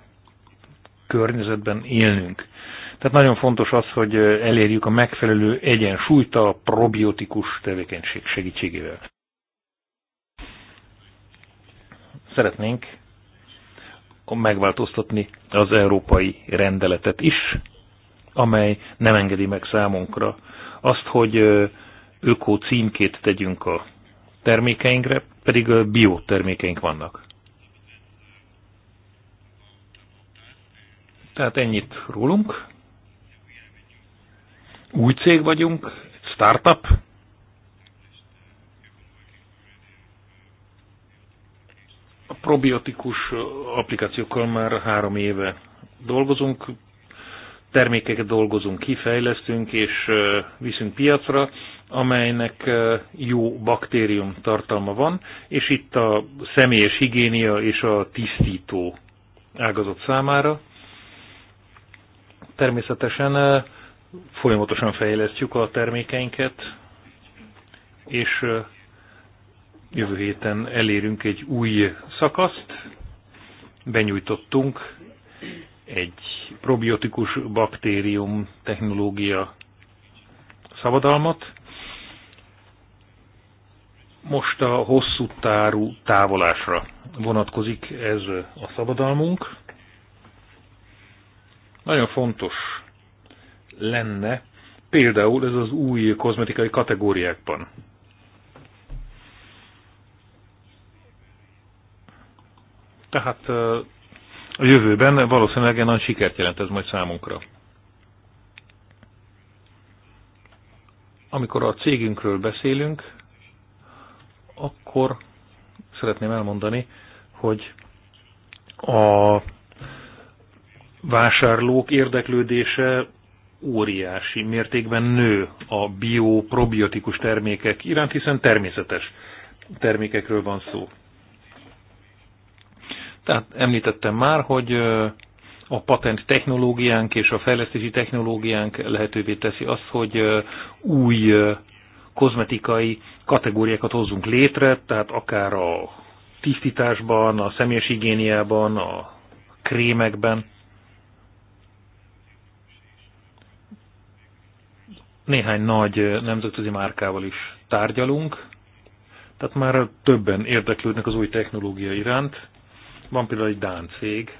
környezetben élnünk. Tehát nagyon fontos az, hogy elérjük a megfelelő egyensúlyt a probiotikus tevékenység segítségével. Szeretnénk megváltoztatni az európai rendeletet is, amely nem engedi meg számunkra azt, hogy öko címkét tegyünk a termékeinkre, pedig bio termékeink vannak. Tehát ennyit rólunk. Új cég vagyunk, startup, probiotikus applikációkkal már három éve dolgozunk, termékeket dolgozunk, kifejlesztünk és viszünk piacra, amelynek jó baktérium tartalma van, és itt a személyes higiénia és a tisztító ágazat számára. Természetesen folyamatosan fejlesztjük a termékeinket, és jövő héten elérünk egy új szakaszt. Benyújtottunk egy probiotikus baktérium technológia szabadalmat. Most a hosszú tárú távolásra vonatkozik ez a szabadalmunk. Nagyon fontos lenne például ez az új kozmetikai kategóriákban Tehát a jövőben valószínűleg egy nagy sikert jelent ez majd számunkra. Amikor a cégünkről beszélünk, akkor szeretném elmondani, hogy a vásárlók érdeklődése óriási mértékben nő a bioprobiotikus termékek iránt, hiszen természetes termékekről van szó. Tehát említettem már, hogy a patent technológiánk és a fejlesztési technológiánk lehetővé teszi azt, hogy új kozmetikai kategóriákat hozzunk létre, tehát akár a tisztításban, a személyes higiéniában, a krémekben. Néhány nagy nemzetközi márkával is tárgyalunk, tehát már többen érdeklődnek az új technológia iránt, van például egy Dán cég,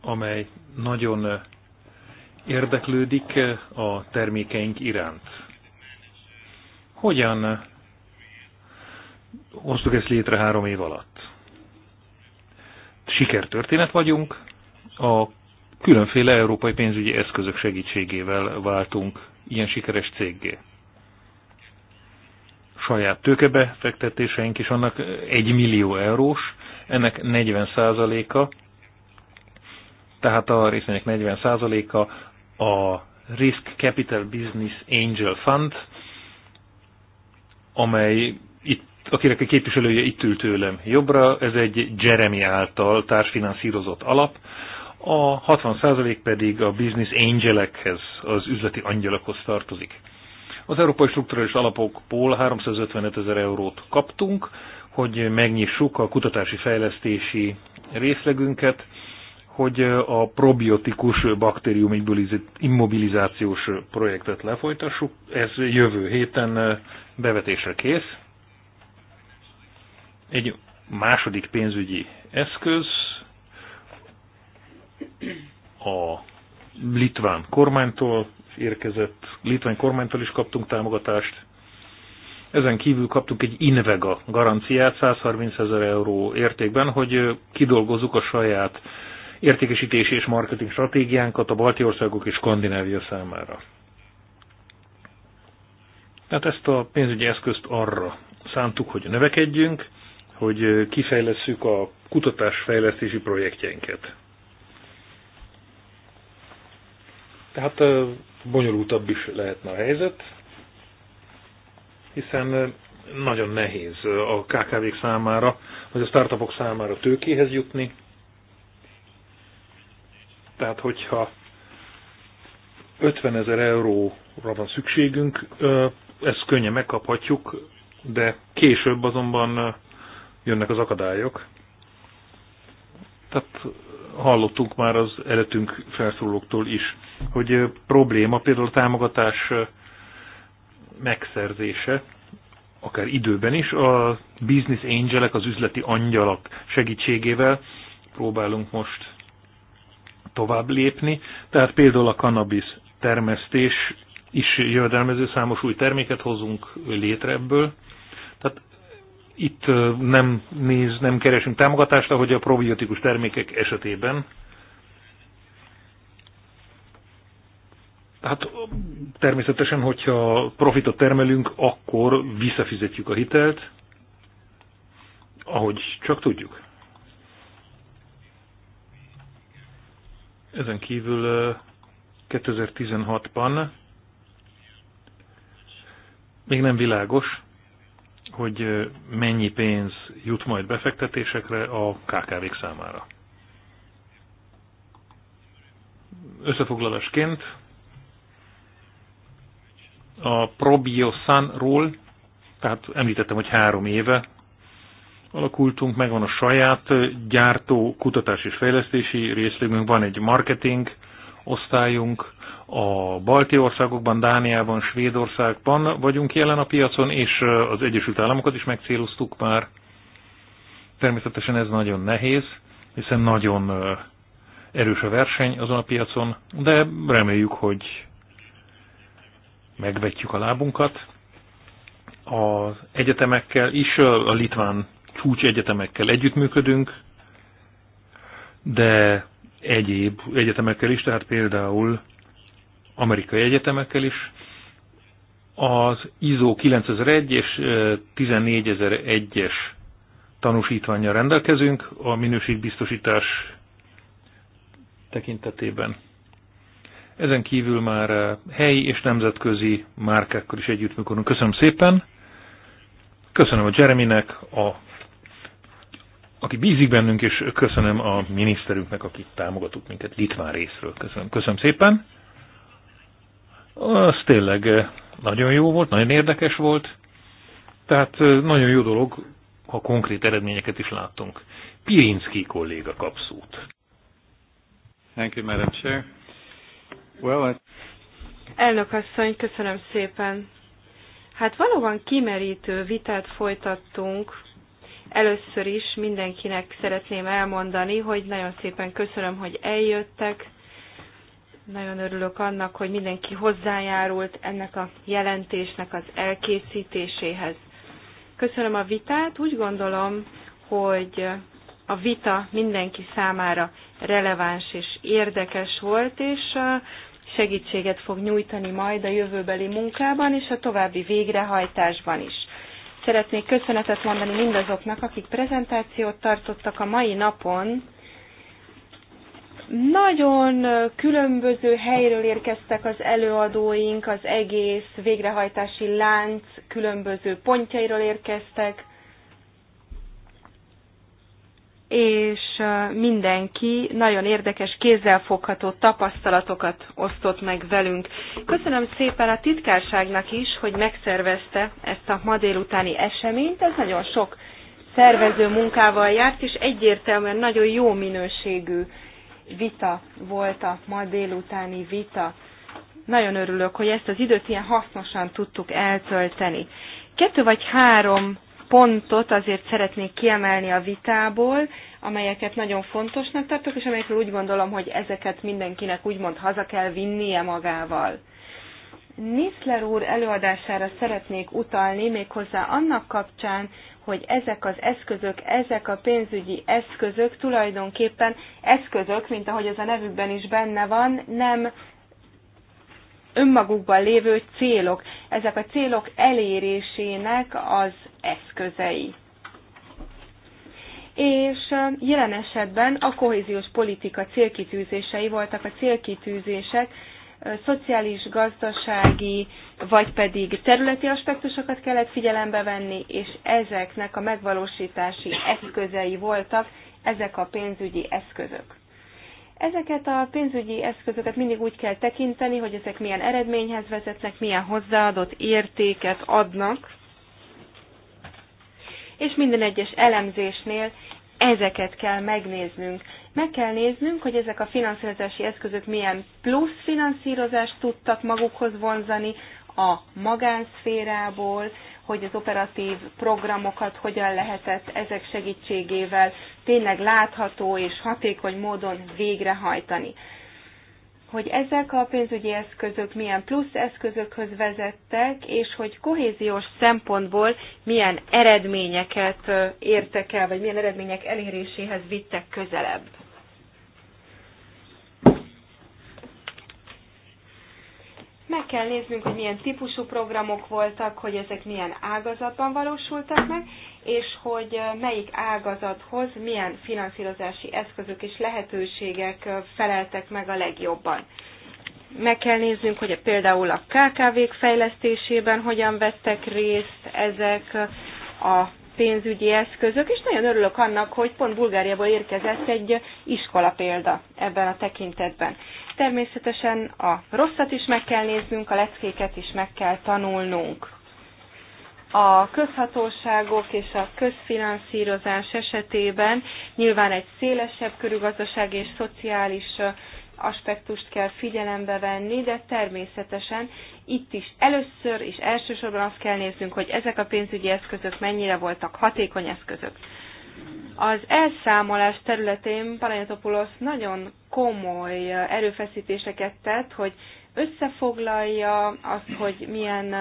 amely nagyon érdeklődik a termékeink iránt. Hogyan hoztuk ezt létre három év alatt? Sikertörténet vagyunk, a különféle európai pénzügyi eszközök segítségével váltunk ilyen sikeres céggé. Saját tőkebefektetéseink is annak egy millió eurós, ennek 40%-a, tehát a részvények 40%-a a Risk Capital Business Angel Fund, amely itt, akinek a képviselője itt ül tőlem jobbra, ez egy Jeremy által társfinanszírozott alap, a 60% pedig a business angelekhez, az üzleti angyalokhoz tartozik. Az európai strukturális alapokból 355 ezer eurót kaptunk, hogy megnyissuk a kutatási fejlesztési részlegünket, hogy a probiotikus baktérium immobilizációs projektet lefolytassuk. Ez jövő héten bevetésre kész. Egy második pénzügyi eszköz a litván kormánytól érkezett, litván kormánytól is kaptunk támogatást, ezen kívül kaptuk egy Invega garanciát 130 ezer euró értékben, hogy kidolgozzuk a saját értékesítési és marketing stratégiánkat a balti országok és Skandinávia számára. Tehát ezt a pénzügyi eszközt arra szántuk, hogy növekedjünk, hogy kifejlesszük a kutatásfejlesztési projektjeinket. Tehát bonyolultabb is lehetne a helyzet, hiszen nagyon nehéz a KKV-k számára, vagy a startupok számára tőkéhez jutni. Tehát, hogyha 50 ezer euróra van szükségünk, ezt könnyen megkaphatjuk, de később azonban jönnek az akadályok. Tehát hallottunk már az előttünk felszólóktól is, hogy probléma például a támogatás megszerzése, akár időben is, a business angelek, az üzleti angyalak segítségével próbálunk most tovább lépni. Tehát például a cannabis termesztés is jövedelmező, számos új terméket hozunk létre ebből. Tehát itt nem néz, nem keresünk támogatást, ahogy a probiotikus termékek esetében Hát természetesen, hogyha profitot termelünk, akkor visszafizetjük a hitelt, ahogy csak tudjuk. Ezen kívül 2016-ban még nem világos, hogy mennyi pénz jut majd befektetésekre a KKV-k számára. Összefoglalásként a Probiosanról, tehát említettem, hogy három éve alakultunk, megvan a saját gyártó, kutatás és fejlesztési részlegünk, van egy marketing osztályunk, a balti országokban, Dániában, Svédországban vagyunk jelen a piacon, és az Egyesült Államokat is megcéloztuk már. Természetesen ez nagyon nehéz, hiszen nagyon erős a verseny azon a piacon, de reméljük, hogy megvetjük a lábunkat. Az egyetemekkel is, a litván csúcs egyetemekkel együttműködünk, de egyéb egyetemekkel is, tehát például amerikai egyetemekkel is. Az ISO 9001 és 14001-es tanúsítványra rendelkezünk a minőségbiztosítás tekintetében. Ezen kívül már eh, helyi és nemzetközi márkákkal is együttműködünk. Köszönöm szépen. Köszönöm a Jeremynek, a, aki bízik bennünk, és köszönöm a miniszterünknek, aki támogatott minket Litván részről. Köszönöm, köszönöm szépen. Az tényleg eh, nagyon jó volt, nagyon érdekes volt. Tehát eh, nagyon jó dolog, ha konkrét eredményeket is láttunk. Pirinski kolléga kapszút. Thank you, Madam Chair. Well, I... Elnök asszony, köszönöm szépen. Hát valóban kimerítő vitát folytattunk. Először is mindenkinek szeretném elmondani, hogy nagyon szépen köszönöm, hogy eljöttek. Nagyon örülök annak, hogy mindenki hozzájárult ennek a jelentésnek az elkészítéséhez. Köszönöm a vitát. Úgy gondolom, hogy a vita mindenki számára releváns és érdekes volt, és segítséget fog nyújtani majd a jövőbeli munkában és a további végrehajtásban is. Szeretnék köszönetet mondani mindazoknak, akik prezentációt tartottak a mai napon. Nagyon különböző helyről érkeztek az előadóink, az egész végrehajtási lánc különböző pontjairól érkeztek, és mindenki nagyon érdekes, kézzelfogható tapasztalatokat osztott meg velünk. Köszönöm szépen a titkárságnak is, hogy megszervezte ezt a ma délutáni eseményt. Ez nagyon sok szervező munkával járt, és egyértelműen nagyon jó minőségű vita volt a ma délutáni vita. Nagyon örülök, hogy ezt az időt ilyen hasznosan tudtuk eltölteni. Kettő vagy három pontot azért szeretnék kiemelni a vitából, amelyeket nagyon fontosnak tartok, és amelyekről úgy gondolom, hogy ezeket mindenkinek úgymond haza kell vinnie magával. Nisler úr előadására szeretnék utalni méghozzá annak kapcsán, hogy ezek az eszközök, ezek a pénzügyi eszközök tulajdonképpen eszközök, mint ahogy ez a nevükben is benne van, nem önmagukban lévő célok. Ezek a célok elérésének az eszközei. És jelen esetben a kohéziós politika célkitűzései voltak a célkitűzések, szociális, gazdasági, vagy pedig területi aspektusokat kellett figyelembe venni, és ezeknek a megvalósítási eszközei voltak ezek a pénzügyi eszközök. Ezeket a pénzügyi eszközöket mindig úgy kell tekinteni, hogy ezek milyen eredményhez vezetnek, milyen hozzáadott értéket adnak és minden egyes elemzésnél ezeket kell megnéznünk. Meg kell néznünk, hogy ezek a finanszírozási eszközök milyen plusz finanszírozást tudtak magukhoz vonzani a magánszférából, hogy az operatív programokat hogyan lehetett ezek segítségével tényleg látható és hatékony módon végrehajtani hogy ezek a pénzügyi eszközök milyen plusz eszközökhöz vezettek, és hogy kohéziós szempontból milyen eredményeket értek el, vagy milyen eredmények eléréséhez vittek közelebb. Meg kell néznünk, hogy milyen típusú programok voltak, hogy ezek milyen ágazatban valósultak meg, és hogy melyik ágazathoz milyen finanszírozási eszközök és lehetőségek feleltek meg a legjobban. Meg kell néznünk, hogy például a KKV-k fejlesztésében hogyan vettek részt ezek a pénzügyi eszközök, és nagyon örülök annak, hogy pont Bulgáriából érkezett egy iskola példa ebben a tekintetben természetesen a rosszat is meg kell néznünk, a leckéket is meg kell tanulnunk. A közhatóságok és a közfinanszírozás esetében nyilván egy szélesebb körű gazdaság és szociális aspektust kell figyelembe venni, de természetesen itt is először és elsősorban azt kell néznünk, hogy ezek a pénzügyi eszközök mennyire voltak hatékony eszközök. Az elszámolás területén Panayotopoulos nagyon komoly erőfeszítéseket tett, hogy összefoglalja azt, hogy milyen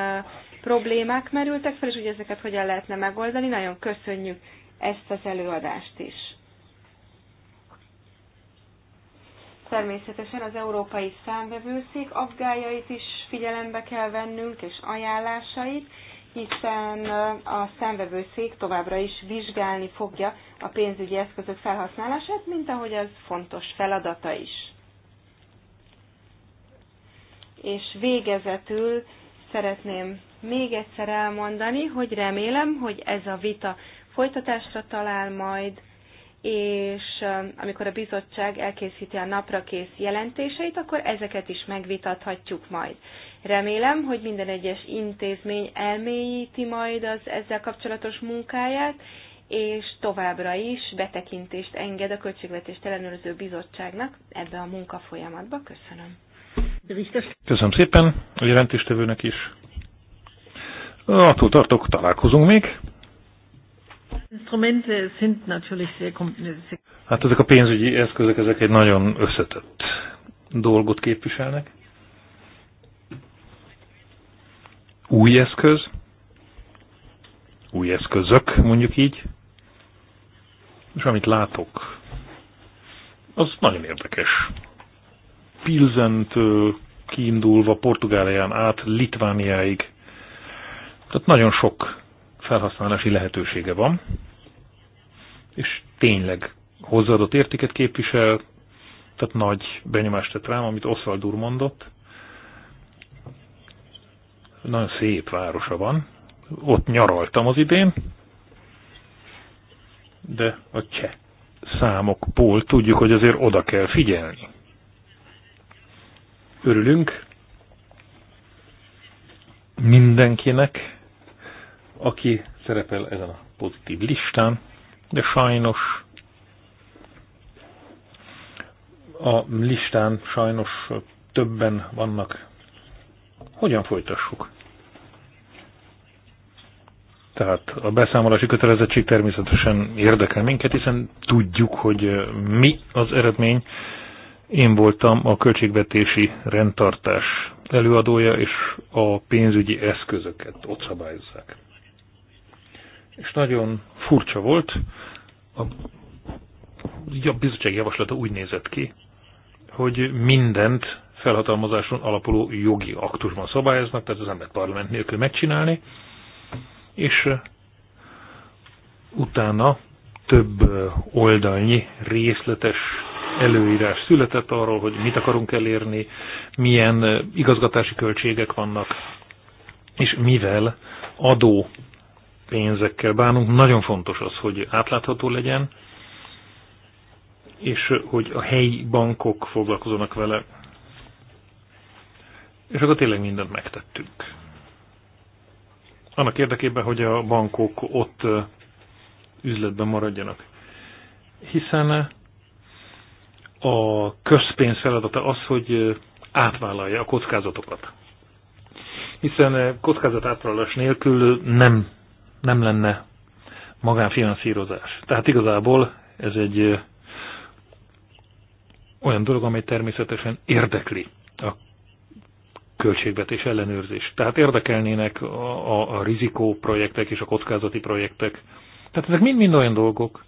problémák merültek fel, és hogy ezeket hogyan lehetne megoldani. Nagyon köszönjük ezt az előadást is. Természetesen az Európai Számvevőszék aggájait is figyelembe kell vennünk, és ajánlásait, hiszen a számvevőszék továbbra is vizsgálni fogja a pénzügyi eszközök felhasználását, mint ahogy az fontos feladata is. És végezetül szeretném még egyszer elmondani, hogy remélem, hogy ez a vita folytatásra talál majd, és um, amikor a bizottság elkészíti a napra kész jelentéseit, akkor ezeket is megvitathatjuk majd. Remélem, hogy minden egyes intézmény elmélyíti majd az ezzel kapcsolatos munkáját, és továbbra is betekintést enged a Költségvetés Ellenőrző Bizottságnak ebbe a munkafolyamatba. Köszönöm. Köszönöm szépen a jelentéstevőnek is. Attól tartok, találkozunk még. Hát ezek a pénzügyi eszközök, ezek egy nagyon összetett dolgot képviselnek. Új eszköz, új eszközök, mondjuk így. És amit látok, az nagyon érdekes. Pilzentől kiindulva Portugálián át Litvániáig. Tehát nagyon sok felhasználási lehetősége van, és tényleg hozzáadott értéket képvisel, tehát nagy benyomást tett rám, amit Oswald úr mondott. Nagyon szép városa van. Ott nyaraltam az idén, de a cseh számokból tudjuk, hogy azért oda kell figyelni. Örülünk mindenkinek, aki szerepel ezen a pozitív listán, de sajnos a listán sajnos többen vannak. Hogyan folytassuk? Tehát a beszámolási kötelezettség természetesen érdekel minket, hiszen tudjuk, hogy mi az eredmény. Én voltam a költségvetési rendtartás előadója, és a pénzügyi eszközöket ott szabályozzák és nagyon furcsa volt. A ja, bizottság javaslata úgy nézett ki, hogy mindent felhatalmazáson alapuló jogi aktusban szabályoznak, tehát az ember parlament nélkül megcsinálni, és utána több oldalnyi részletes előírás született arról, hogy mit akarunk elérni, milyen igazgatási költségek vannak, és mivel adó pénzekkel bánunk. Nagyon fontos az, hogy átlátható legyen, és hogy a helyi bankok foglalkozanak vele. És akkor tényleg mindent megtettünk. Annak érdekében, hogy a bankok ott üzletben maradjanak. Hiszen a közpénz feladata az, hogy átvállalja a kockázatokat. Hiszen kockázat átvállalás nélkül nem nem lenne magánfinanszírozás. Tehát igazából ez egy olyan dolog, amely természetesen érdekli a költségvetés ellenőrzés. Tehát érdekelnének a, a, a rizikó projektek és a kockázati projektek. Tehát ezek mind-mind olyan dolgok,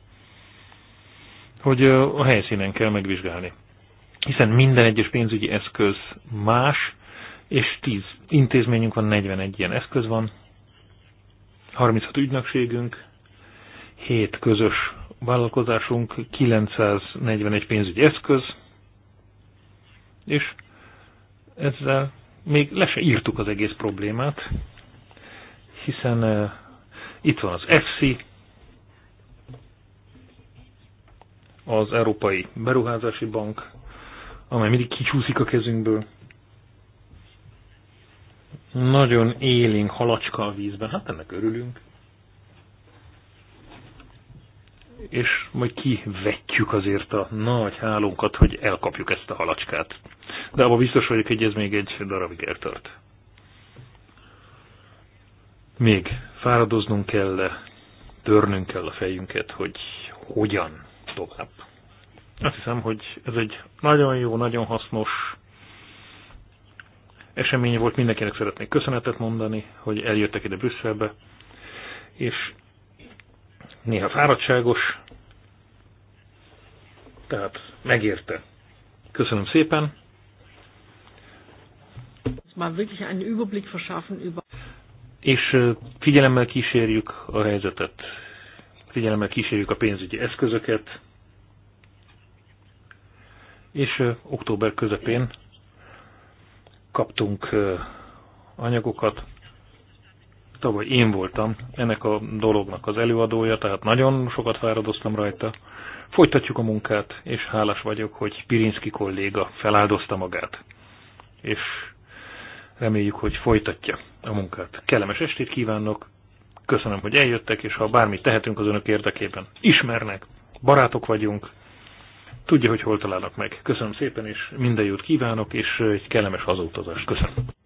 hogy a helyszínen kell megvizsgálni. Hiszen minden egyes pénzügyi eszköz más, és 10 intézményünk van, 41 ilyen eszköz van, 36 ügynökségünk, 7 közös vállalkozásunk, 941 pénzügyi eszköz, és ezzel még le se írtuk az egész problémát, hiszen uh, itt van az EFSI, az Európai Beruházási Bank, amely mindig kicsúszik a kezünkből, nagyon élénk halacska a vízben, hát ennek örülünk. És majd kivetjük azért a nagy hálónkat, hogy elkapjuk ezt a halacskát. De abban biztos vagyok, hogy ez még egy darabig eltart. Még fáradoznunk kell, -e, törnünk kell a fejünket, hogy hogyan tovább. Azt hiszem, hogy ez egy nagyon jó, nagyon hasznos eseménye volt, mindenkinek szeretnék köszönetet mondani, hogy eljöttek ide Brüsszelbe, és néha fáradtságos, tehát megérte. Köszönöm szépen. És figyelemmel kísérjük a helyzetet, figyelemmel kísérjük a pénzügyi eszközöket, és október közepén kaptunk anyagokat. Tavaly én voltam ennek a dolognak az előadója, tehát nagyon sokat fáradoztam rajta. Folytatjuk a munkát, és hálás vagyok, hogy Pirinski kolléga feláldozta magát. És reméljük, hogy folytatja a munkát. Kellemes estét kívánok, köszönöm, hogy eljöttek, és ha bármit tehetünk az önök érdekében, ismernek, barátok vagyunk, tudja, hogy hol találnak meg. Köszönöm szépen, és minden jót kívánok, és egy kellemes hazautazást. Köszönöm.